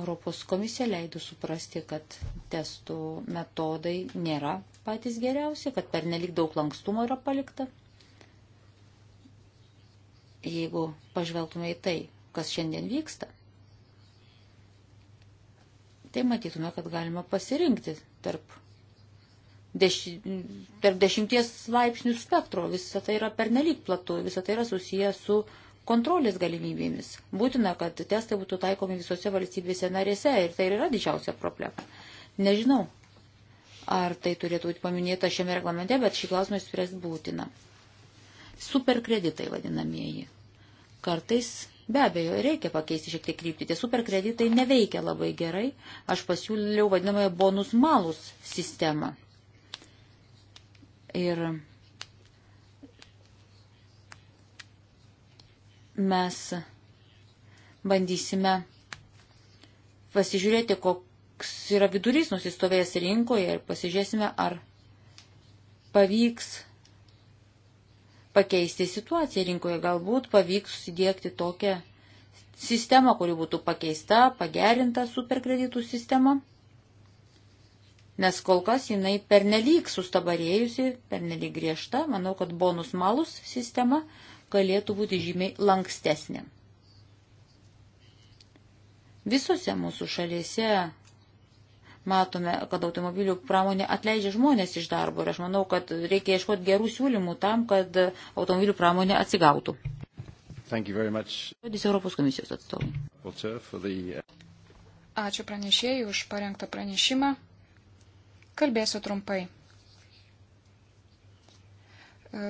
Europos komisija leido suprasti, kad testų metodai nėra patys geriausi, kad per nelik daug lankstumo yra palikta. Jeigu pažvelgtume į tai, kas šiandien vyksta, tai matytume, kad galima pasirinkti tarp deši, tarp dešimties laipsnių spektro. Visa tai yra pernelyg platu, visa tai yra susiję su kontrolės galimybėmis. Būtina, kad testai būtų taikomi visose valstybėse narėse ir tai yra didžiausia problema. Nežinau, ar tai turėtų būti paminėta šiame reglamente, bet šį klausimą išspręsti būtina. Superkreditai vadinamieji. Kartais Be abejo, reikia pakeisti šiek tiek kryptį. Tie superkreditai neveikia labai gerai. Aš pasiūliau vadinamąją bonus malus sistemą. Ir mes bandysime pasižiūrėti, koks yra vidurys nusistovėjęs rinkoje ir pasižiūrėsime, ar pavyks pakeisti situaciją rinkoje, galbūt pavyks sudėkti tokią sistemą, kuri būtų pakeista, pagerinta superkreditų sistema nes kol kas jinai pernelyg sustabarėjusi, pernelyg griežta, manau, kad bonus malus sistema galėtų būti žymiai lankstesnė. Visose mūsų šalyse matome, kad automobilių pramonė atleidžia žmonės iš darbo ir aš manau, kad reikia ieškoti gerų siūlymų tam, kad automobilių pramonė atsigautų. Žodis Europos komisijos atstovai. Uh, Ačiū pranešėjai už parengtą pranešimą. Kalbėsiu trumpai. E,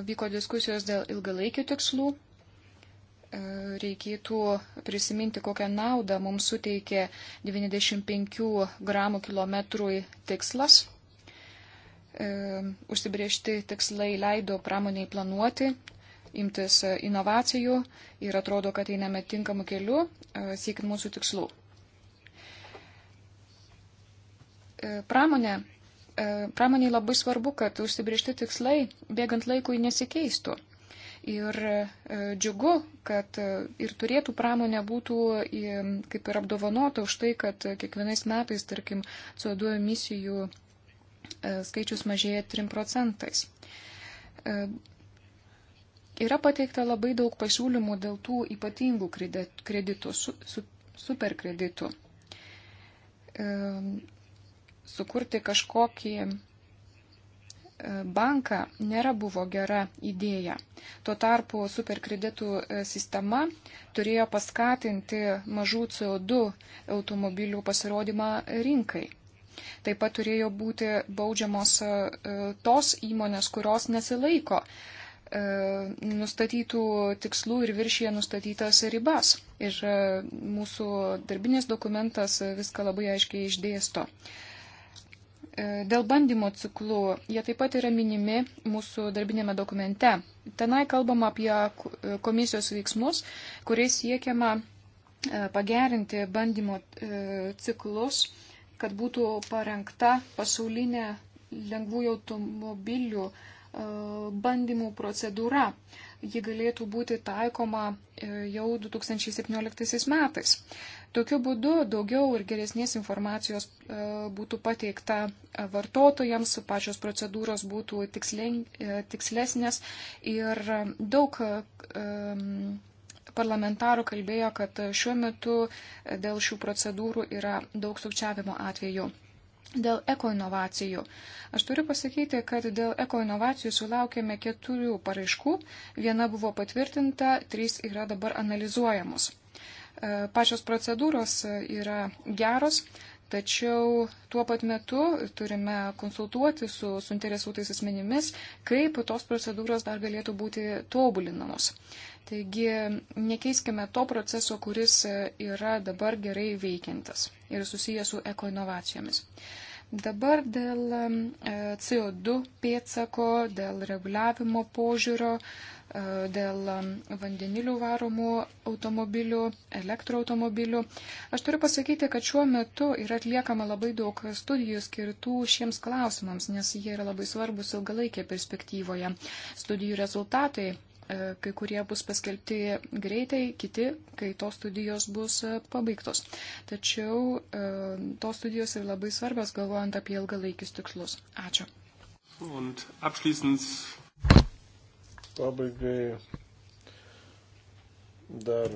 vyko diskusijos dėl ilgalaikių tikslų. E, reikėtų prisiminti, kokią naudą mums suteikė 95 gramų kilometrui tikslas. E, užsibriežti tikslai leido pramoniai planuoti, imtis inovacijų ir atrodo, kad einame tinkamu keliu, siekit mūsų tikslų. Pramonė E, pramoniai labai svarbu, kad užsibriežti tikslai bėgant laikui nesikeistų. Ir e, džiugu, kad e, ir turėtų pramonė būtų kaip ir apdovanota už tai, kad kiekvienais metais, tarkim, CO2 emisijų skaičius mažėja 3 procentais. Yra pateikta labai daug pasiūlymų dėl tų ypatingų kreditų, su, su, superkreditų sukurti kažkokį e, banką nėra buvo gera idėja. Tuo tarpu superkreditų e, sistema turėjo paskatinti mažų CO2 automobilių pasirodymą rinkai. Taip pat turėjo būti baudžiamos e, tos įmonės, kurios nesilaiko nustatytų tikslų ir viršyje nustatytas ribas. Ir mūsų darbinis dokumentas viską labai aiškiai išdėsto. E, dėl bandymo ciklų jie taip pat yra minimi mūsų darbinėme dokumente. Tenai kalbama apie komisijos veiksmus, kuriais siekiama e, pagerinti bandymo e, ciklus, kad būtų parengta pasaulinė lengvųjų automobilių bandymų procedūra ji galėtų būti taikoma e, jau 2017 metais. Tokiu būdu daugiau ir geresnės informacijos e, būtų pateikta e, vartotojams, pačios procedūros būtų tikslesnės ir daug parlamentarų kalbėjo, kad šiuo metu dėl šių procedūrų yra daug sukčiavimo atvejų. Dėl ekoinovacijų. Aš turiu pasakyti, kad dėl ekoinovacijų sulaukėme keturių paraiškų, viena buvo patvirtinta, trys yra dabar analizuojamos. E, pačios procedūros e, yra geros, Tačiau tuo pat metu turime konsultuoti su suinteresuotais asmenimis, kaip tos procedūros dar galėtų būti tobulinamos. Taigi nekeiskime to proceso, kuris yra dabar gerai veikiantas ir susijęs su ekoinovacijomis. Dabar dėl e, CO2 pėtsako, dėl reguliavimo požiūrio, dėl um, vandenilių varomų automobilių, elektroautomobilių. Aš turiu pasakyti, kad šiuo metu yra atliekama labai daug studijų skirtų šiems klausimams, nes jie yra labai svarbus ilgalaikėje perspektyvoje. Studijų rezultatai e, kai kurie bus paskelbti greitai, kiti, kai tos studijos bus e, pabaigtos. Tačiau e, tos studijos yra labai svarbios, galvojant apie ilgalaikius tikslus. Ačiū. Und abschließend Pabaigai dar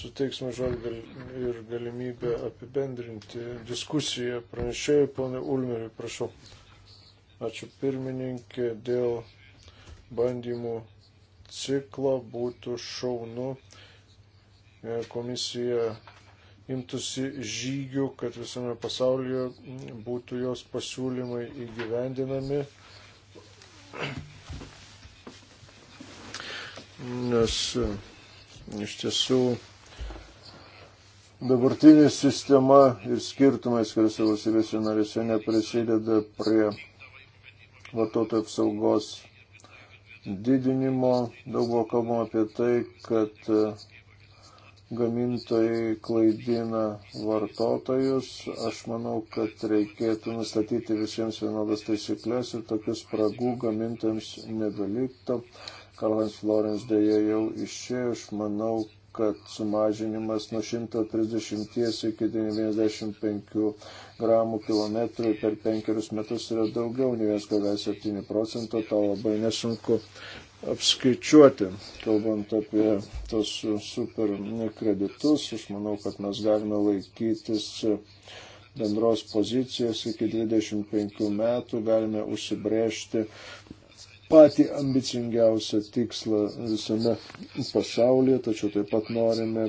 suteiksime žodį gal, ir galimybę apibendrinti diskusiją pranešėjai, ponai Ulmeriui, prašau. Ačiū pirmininkė dėl bandymų ciklo būtų šaunu. E, komisija imtųsi žygių, kad visame pasaulyje būtų jos pasiūlymai įgyvendinami nes e, iš tiesų dabartinė sistema ir skirtumai skiriasi valstybėse narėse neprisideda prie vartotojų apsaugos didinimo. Daug buvo kalbama apie tai, kad e, gamintojai klaidina vartotojus. Aš manau, kad reikėtų nustatyti visiems vienodas taisyklės ir tokius spragų gamintojams nedaliktų. Karlans Florens dėja jau išėjo, aš manau, kad sumažinimas nuo 130 iki 95 gramų kilometrų per penkerius metus yra daugiau nei 1,7 procento, to labai nesunku apskaičiuoti. Kalbant apie tos super kreditus, aš manau, kad mes galime laikytis bendros pozicijos iki 25 metų, galime užsibrėžti patį ambicingiausią tikslą visame pasaulyje, tačiau taip pat norime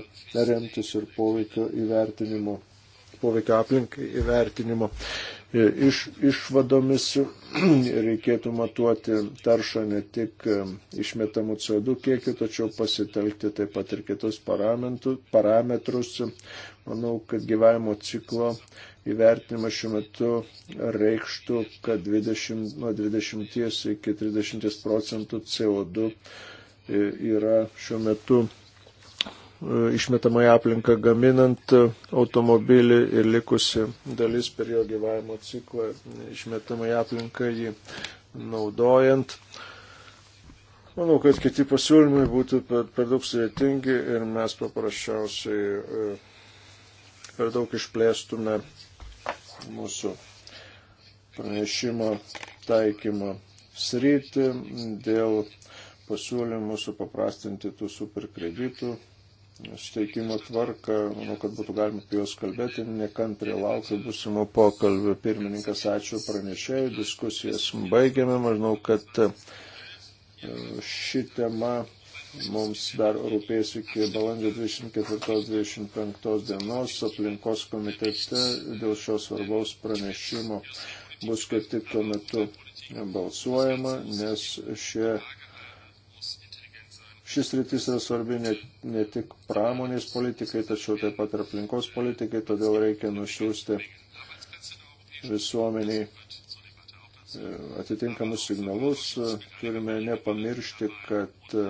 remtis ir poveikio įvertinimo, poveikio aplinkai įvertinimo. E, iš, išvadomis reikėtų matuoti taršą ne tik e, išmetamų CO2 kiekių, tačiau pasitelkti taip pat ir kitus parametrus. Manau, kad gyvavimo ciklo įvertinimas šiuo metu reikštų, kad 20, nuo 20 iki 30 procentų CO2 e, yra šiuo metu e, išmetamai aplinką gaminant automobilį ir likusi dalis per jo gyvavimo ciklą išmetamai aplinką jį naudojant. Manau, kad kiti pasiūlymai būtų per, per daug sudėtingi ir mes paprasčiausiai e, per daug išplėstume mūsų pranešimo taikymo sritį, dėl pasiūlymų supaprastinti tų superkreditų steikimo tvarką. Manau, kad būtų galima apie juos kalbėti. Nekantriai laukiu būsimų pokalbių. Pirmininkas, ačiū pranešėjai. Diskusijas baigiame. Manau, kad e, ši tema mums dar rūpės iki balandžio 24-25 dienos aplinkos komitete dėl šios svarbaus pranešimo bus kaip tik tuo metu balsuojama, nes šie, šis rytis yra svarbi ne, ne tik pramonės politikai, tačiau taip pat ir aplinkos politikai, todėl reikia nusiųsti visuomeniai e, atitinkamus signalus. Turime nepamiršti, kad e,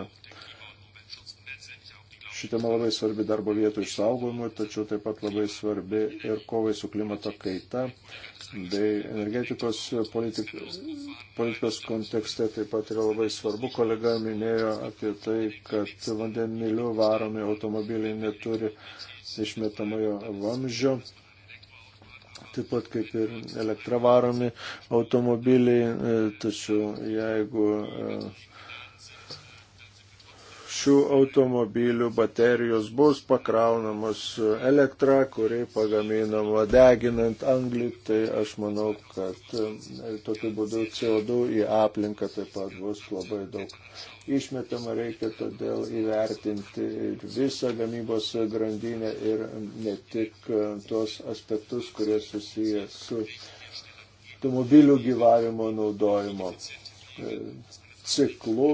Ši tema labai svarbi darbo vietų išsaugojimui, tačiau taip pat labai svarbi ir kovai su klimato kaita, bei energetikos politik, politikos kontekste taip pat yra labai svarbu. Kolega minėjo apie tai, kad vandeniliu varomi automobiliai neturi išmetamojo vamzdžio. Taip pat kaip ir elektravaromi automobiliai, e, tačiau jeigu e, šių automobilių baterijos bus pakraunamos elektra, kuri pagaminama deginant anglį, tai aš manau, kad e, tokiu būdu CO2 į aplinką taip pat bus labai daug išmetama, reikia todėl įvertinti ir visą gamybos grandinę ir ne tik e, tuos aspektus, kurie susiję su automobilių gyvavimo naudojimo e, ciklu,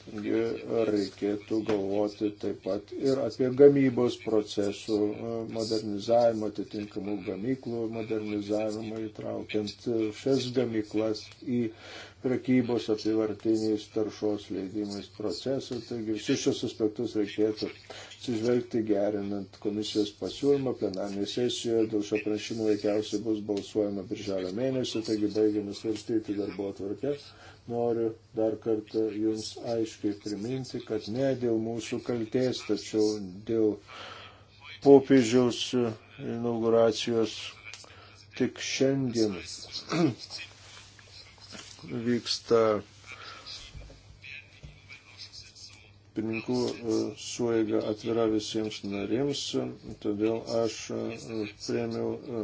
Taigi reikėtų galvoti taip pat ir apie gamybos procesų e, modernizavimą, atitinkamų gamyklų modernizavimą, įtraukiant e, šias gamyklas į prekybos apivartiniais taršos leidimais procesą. Taigi visus šios aspektus reikėtų atsižvelgti gerinant komisijos pasiūlymą. Plenarinėje sesijoje dėl šio pranešimo veikiausiai bus balsuojama birželio mėnesį, taigi baigiame svarstyti darbo atvarkę noriu dar kartą Jums aiškiai priminti, kad ne dėl mūsų kalties, tačiau dėl popiežiaus inauguracijos tik šiandien vyksta pirmininkų e, suėga atvira visiems narėms, todėl aš e, priemiau e,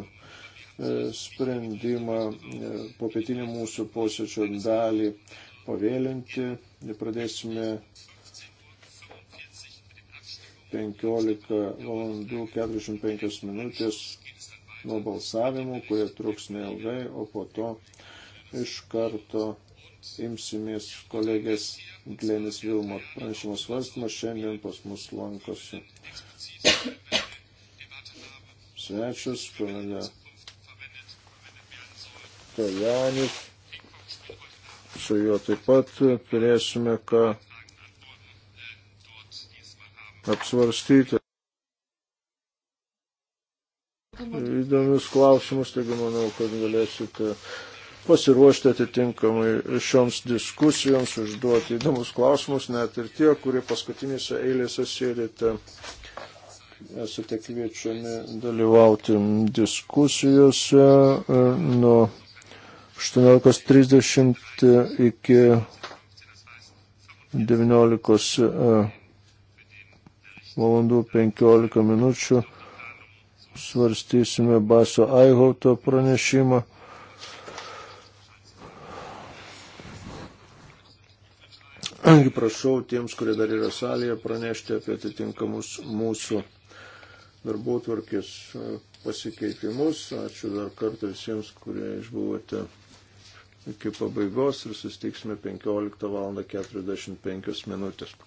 E, sprendimą e, popietinį mūsų posėdžio dalį pavėlinti. Pradėsime 15 valandų 45 minutės nuo balsavimų, kurie truks neilgai, o po to iš karto imsimės kolegės Glenis Vilmo pranešimo svarstymo. Šiandien pas mus lankosi svečias, kolega Stojanis. Su juo taip pat turėsime ką apsvarstyti. Įdomius klausimus, taigi manau, kad galėsite pasiruošti atitinkamai šioms diskusijoms, užduoti įdomus klausimus, net ir tie, kurie paskutinėse eilėse sėdite, esate kviečiami dalyvauti diskusijose nuo 18.30 iki 19 e, valandų 15 minučių svarstysime Baso Aihauto pranešimą. Prašau tiems, kurie dar yra salėje, pranešti apie atitinkamus mūsų darbotvarkės e, pasikeitimus. Ačiū dar kartą visiems, kurie išbuvote iki pabaigos ir sustiksime 15 val. 45 minutės.